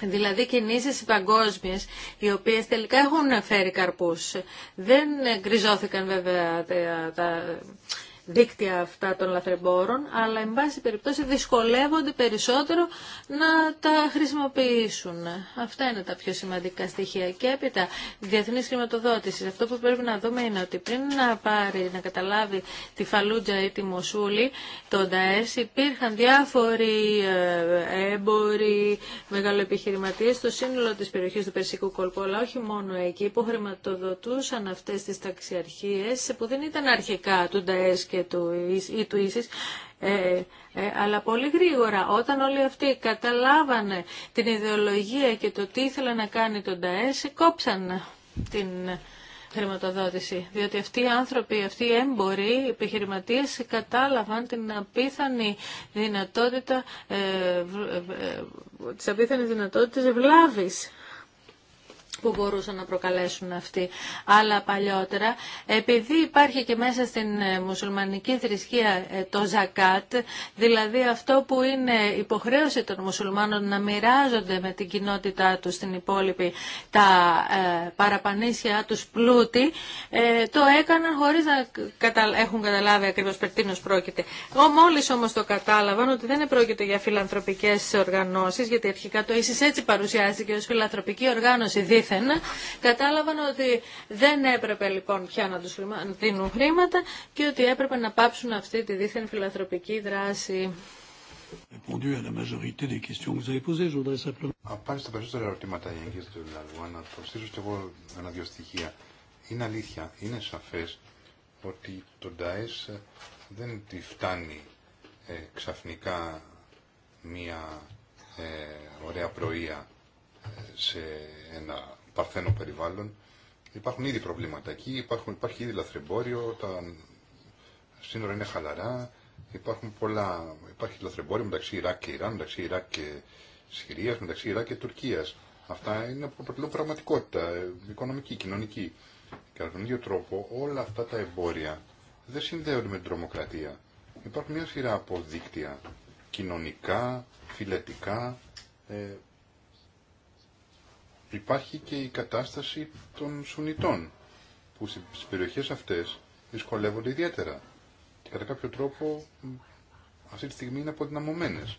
Δηλαδή κινήσεις παγκόσμιες, οι οποίες τελικά έχουν φέρει καρπούς. Δεν γκριζώθηκαν βέβαια τα, δίκτυα αυτά των λαθρεμπόρων, αλλά εν πάση περιπτώσει δυσκολεύονται περισσότερο να τα χρησιμοποιήσουν. Αυτά είναι τα πιο σημαντικά στοιχεία. Και έπειτα, διεθνή χρηματοδότηση. Αυτό που πρέπει να δούμε είναι ότι πριν να πάρει, να καταλάβει τη Φαλούτζα ή τη Μοσούλη, τον ΝΤΑΕΣ υπήρχαν διάφοροι ε, έμποροι, μεγαλοεπιχειρηματίε στο σύνολο τη περιοχή του Περσικού Κόλπου, αλλά όχι μόνο εκεί, που χρηματοδοτούσαν αυτέ τι ταξιαρχίε που δεν ήταν αρχικά του ΤΑΕΣ και του, ή του ε, ε, αλλά πολύ γρήγορα όταν όλοι αυτοί καταλάβανε την ιδεολογία και το τι ήθελαν να κάνει τον ΤΑΕΣ, κόψαν την χρηματοδότηση. Διότι αυτοί οι άνθρωποι, αυτοί οι έμποροι, οι επιχειρηματίες κατάλαβαν την απίθανη δυνατότητα, ε, ε, ε τις βλάβης που μπορούσαν να προκαλέσουν αυτοί. Αλλά παλιότερα, επειδή υπάρχει και μέσα στην ε, μουσουλμανική θρησκεία ε, το ζακάτ, δηλαδή αυτό που είναι υποχρέωση των μουσουλμάνων να μοιράζονται με την κοινότητά τους στην υπόλοιπη τα ε, παραπανήσια τους πλούτη, ε, το έκαναν χωρίς να έχουν καταλάβει ακριβώς περί τίνος πρόκειται. Εγώ μόλις όμως το κατάλαβαν ότι δεν πρόκειται για φιλανθρωπικές οργανώσεις, γιατί αρχικά το ίσως έτσι παρουσιάστηκε ως φιλανθρωπική οργάνωση δήθεν. Κατάλαβαν ότι δεν έπρεπε λοιπόν πια να τους δίνουν χρήματα και ότι έπρεπε να πάψουν αυτή τη δήθεν φιλανθρωπική δράση. Απάντησε στα περισσότερα ερωτήματα η Αγγλική του Λαλουά. Να προσθέσω και εγώ ένα-δύο στοιχεία. Είναι αλήθεια, είναι σαφέ ότι το ΝΤΑΕΣ δεν τη φτάνει ε, ξαφνικά μία ε, ωραία πρωία σε ένα παρθένο περιβάλλον. Υπάρχουν ήδη προβλήματα εκεί, υπάρχουν, υπάρχει ήδη λαθρεμπόριο, τα σύνορα είναι χαλαρά, υπάρχουν πολλά, υπάρχει λαθρεμπόριο μεταξύ Ιράκ και Ιράν, μεταξύ Ιράκ και Συρία, μεταξύ Ιράκ και Τουρκίας. Αυτά είναι αποτελούν πραγματικότητα, οικονομική, κοινωνική. και από τον ίδιο τρόπο όλα αυτά τα εμπόρια δεν συνδέονται με την τρομοκρατία. Υπάρχουν μια σειρά από δίκτυα κοινωνικά, φιλετικά, ε, Υπάρχει και η κατάσταση των Σουνιτών, που στις περιοχές αυτές δυσκολεύονται ιδιαίτερα και κατά κάποιο τρόπο αυτή τη στιγμή είναι αποδυναμωμένες.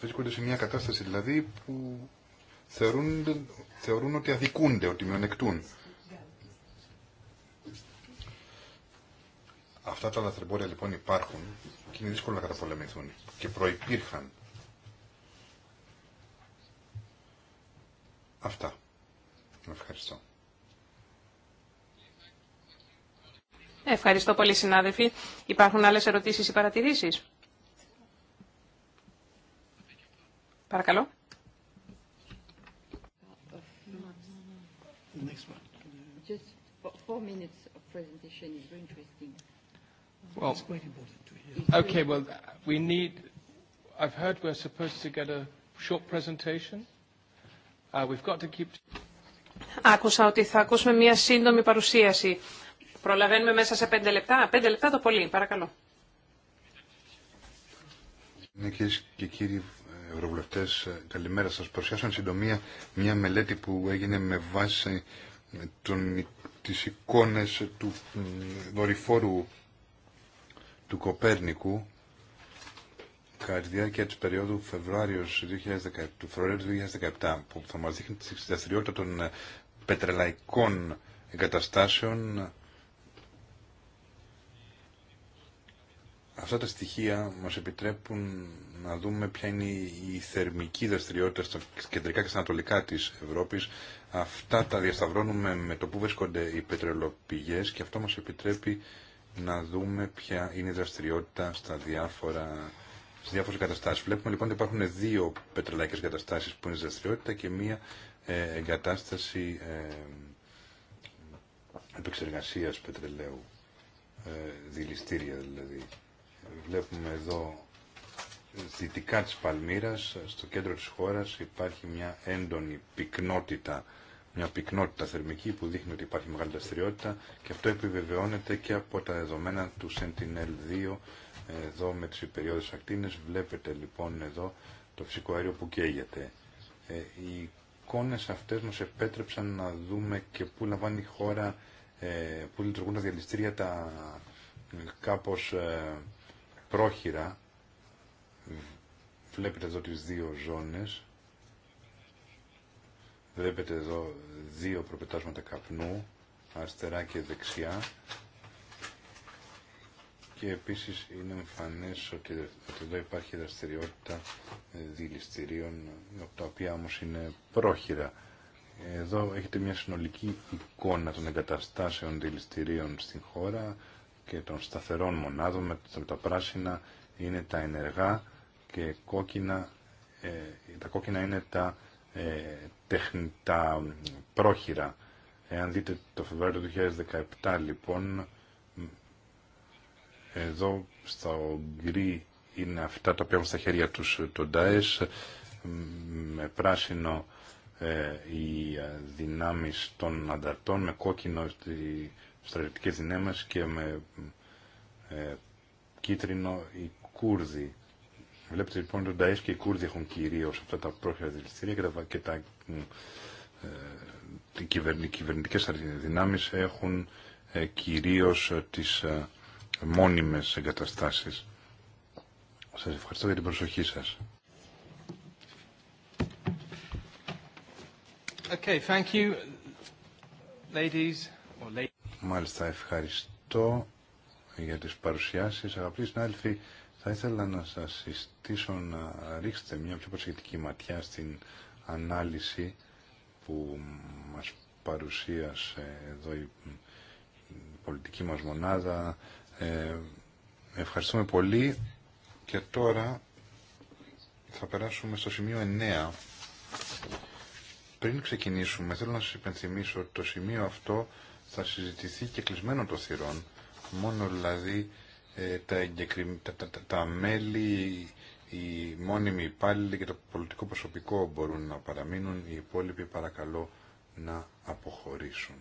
Βρίσκονται σε μια κατάσταση δηλαδή που θεωρούν, θεωρούν ότι αδικούνται, ότι μειονεκτούν. Αυτά τα λαθρεμπόρια λοιπόν υπάρχουν και είναι δύσκολο να καταπολεμηθούν και προϋπήρχαν Αυτά. Ευχαριστώ. Ευχαριστώ πολύ συνάδελφοι. Υπάρχουν άλλες ερωτήσεις ή παρατηρήσεις. Παρακαλώ. Well, okay, well, we need, I've heard we're supposed to get a short presentation. Uh, Άκουσα ότι θα ακούσουμε μία σύντομη παρουσίαση. Προλαβαίνουμε μέσα σε πέντε λεπτά. Πέντε λεπτά το πολύ, παρακαλώ. Κυρίε και κύριοι Ευρωβουλευτέ, καλημέρα σα. Παρουσιάσω εν συντομία μια μελέτη που έγινε με βάση ε, τι εικόνε του δορυφόρου του Κοπέρνικου κατά τη διάρκεια της περίοδου Φεβρουάριο του 2017 που θα μας δείχνει τη δραστηριότητα των ε, πετρελαϊκών εγκαταστάσεων Αυτά τα στοιχεία μας επιτρέπουν να δούμε ποια είναι η θερμική δραστηριότητα στα κεντρικά και στα ανατολικά της Ευρώπης. Αυτά τα διασταυρώνουμε με το που βρίσκονται οι πετρελοπηγές και αυτό μας επιτρέπει να δούμε ποια είναι η δραστηριότητα στα διάφορα σε διάφορε καταστάσει. Βλέπουμε λοιπόν ότι υπάρχουν δύο πετρελαϊκέ καταστάσεις που είναι δραστηριότητα και μία ε, εγκατάσταση ε, επεξεργασία πετρελαίου. Ε, δηληστήρια δηλαδή. Βλέπουμε εδώ δυτικά της Παλμύρας, στο κέντρο της χώρας υπάρχει μια εγκατασταση ε επεξεργασια πετρελαιου ε δηληστηρια δηλαδη βλεπουμε πυκνότητα, μια πυκνότητα θερμική που δείχνει ότι υπάρχει μεγάλη δραστηριότητα και αυτό επιβεβαιώνεται και από τα δεδομένα του Sentinel-2 εδώ με τις υπεριόδες ακτίνες βλέπετε λοιπόν εδώ το φυσικό αέριο που καίγεται. Ε, οι εικόνες αυτές μας επέτρεψαν να δούμε και πού λαμβάνει η χώρα, ε, πού λειτουργούν τα διαλυστήρια τα ε, κάπως ε, πρόχειρα. Βλέπετε εδώ τις δύο ζώνες. Βλέπετε εδώ δύο προπετάσματα καπνού, αριστερά και δεξιά και επίσης είναι εμφανές ότι, εδώ υπάρχει δραστηριότητα δηληστηρίων τα οποία όμως είναι πρόχειρα. Εδώ έχετε μια συνολική εικόνα των εγκαταστάσεων δηληστηρίων στην χώρα και των σταθερών μονάδων με τα πράσινα είναι τα ενεργά και κόκκινα, ε, τα κόκκινα είναι ε, τα, πρόχειρα. Εάν δείτε το Φεβρουάριο του 2017 λοιπόν εδώ στα γκρι είναι αυτά τα οποία έχουν στα χέρια τους ε, το ΝΤΑΕΣ με πράσινο ε, οι ε, δυνάμεις των ανταρτών, με κόκκινο οι στρατιωτικές δυνάμεις και με κίτρινο οι Κούρδοι. Βλέπετε λοιπόν το ΝΤΑΕΣ και οι Κούρδοι έχουν κυρίως αυτά τα πρόχειρα δηληστήρια και τα, και τα οι κυβερνητικές δυνάμεις έχουν κυρίως τις μόνιμες εγκαταστάσεις. Σας ευχαριστώ για την προσοχή σας. Okay, thank you. Ladies, or ladies. Μάλιστα, ευχαριστώ για τις παρουσιάσεις. Αγαπητοί συνάδελφοι, θα ήθελα να σας συστήσω να ρίξετε μια πιο προσεκτική ματιά στην ανάλυση που μας παρουσίασε εδώ η πολιτική μας μονάδα, ε, ευχαριστούμε πολύ και τώρα θα περάσουμε στο σημείο 9. Πριν ξεκινήσουμε, θέλω να σας υπενθυμίσω ότι το σημείο αυτό θα συζητηθεί και κλεισμένο το θυρών, μόνο δηλαδή ε, τα, τα, τα, τα, μέλη, οι μόνιμοι υπάλληλοι και το πολιτικό προσωπικό μπορούν να παραμείνουν, οι υπόλοιποι παρακαλώ να αποχωρήσουν.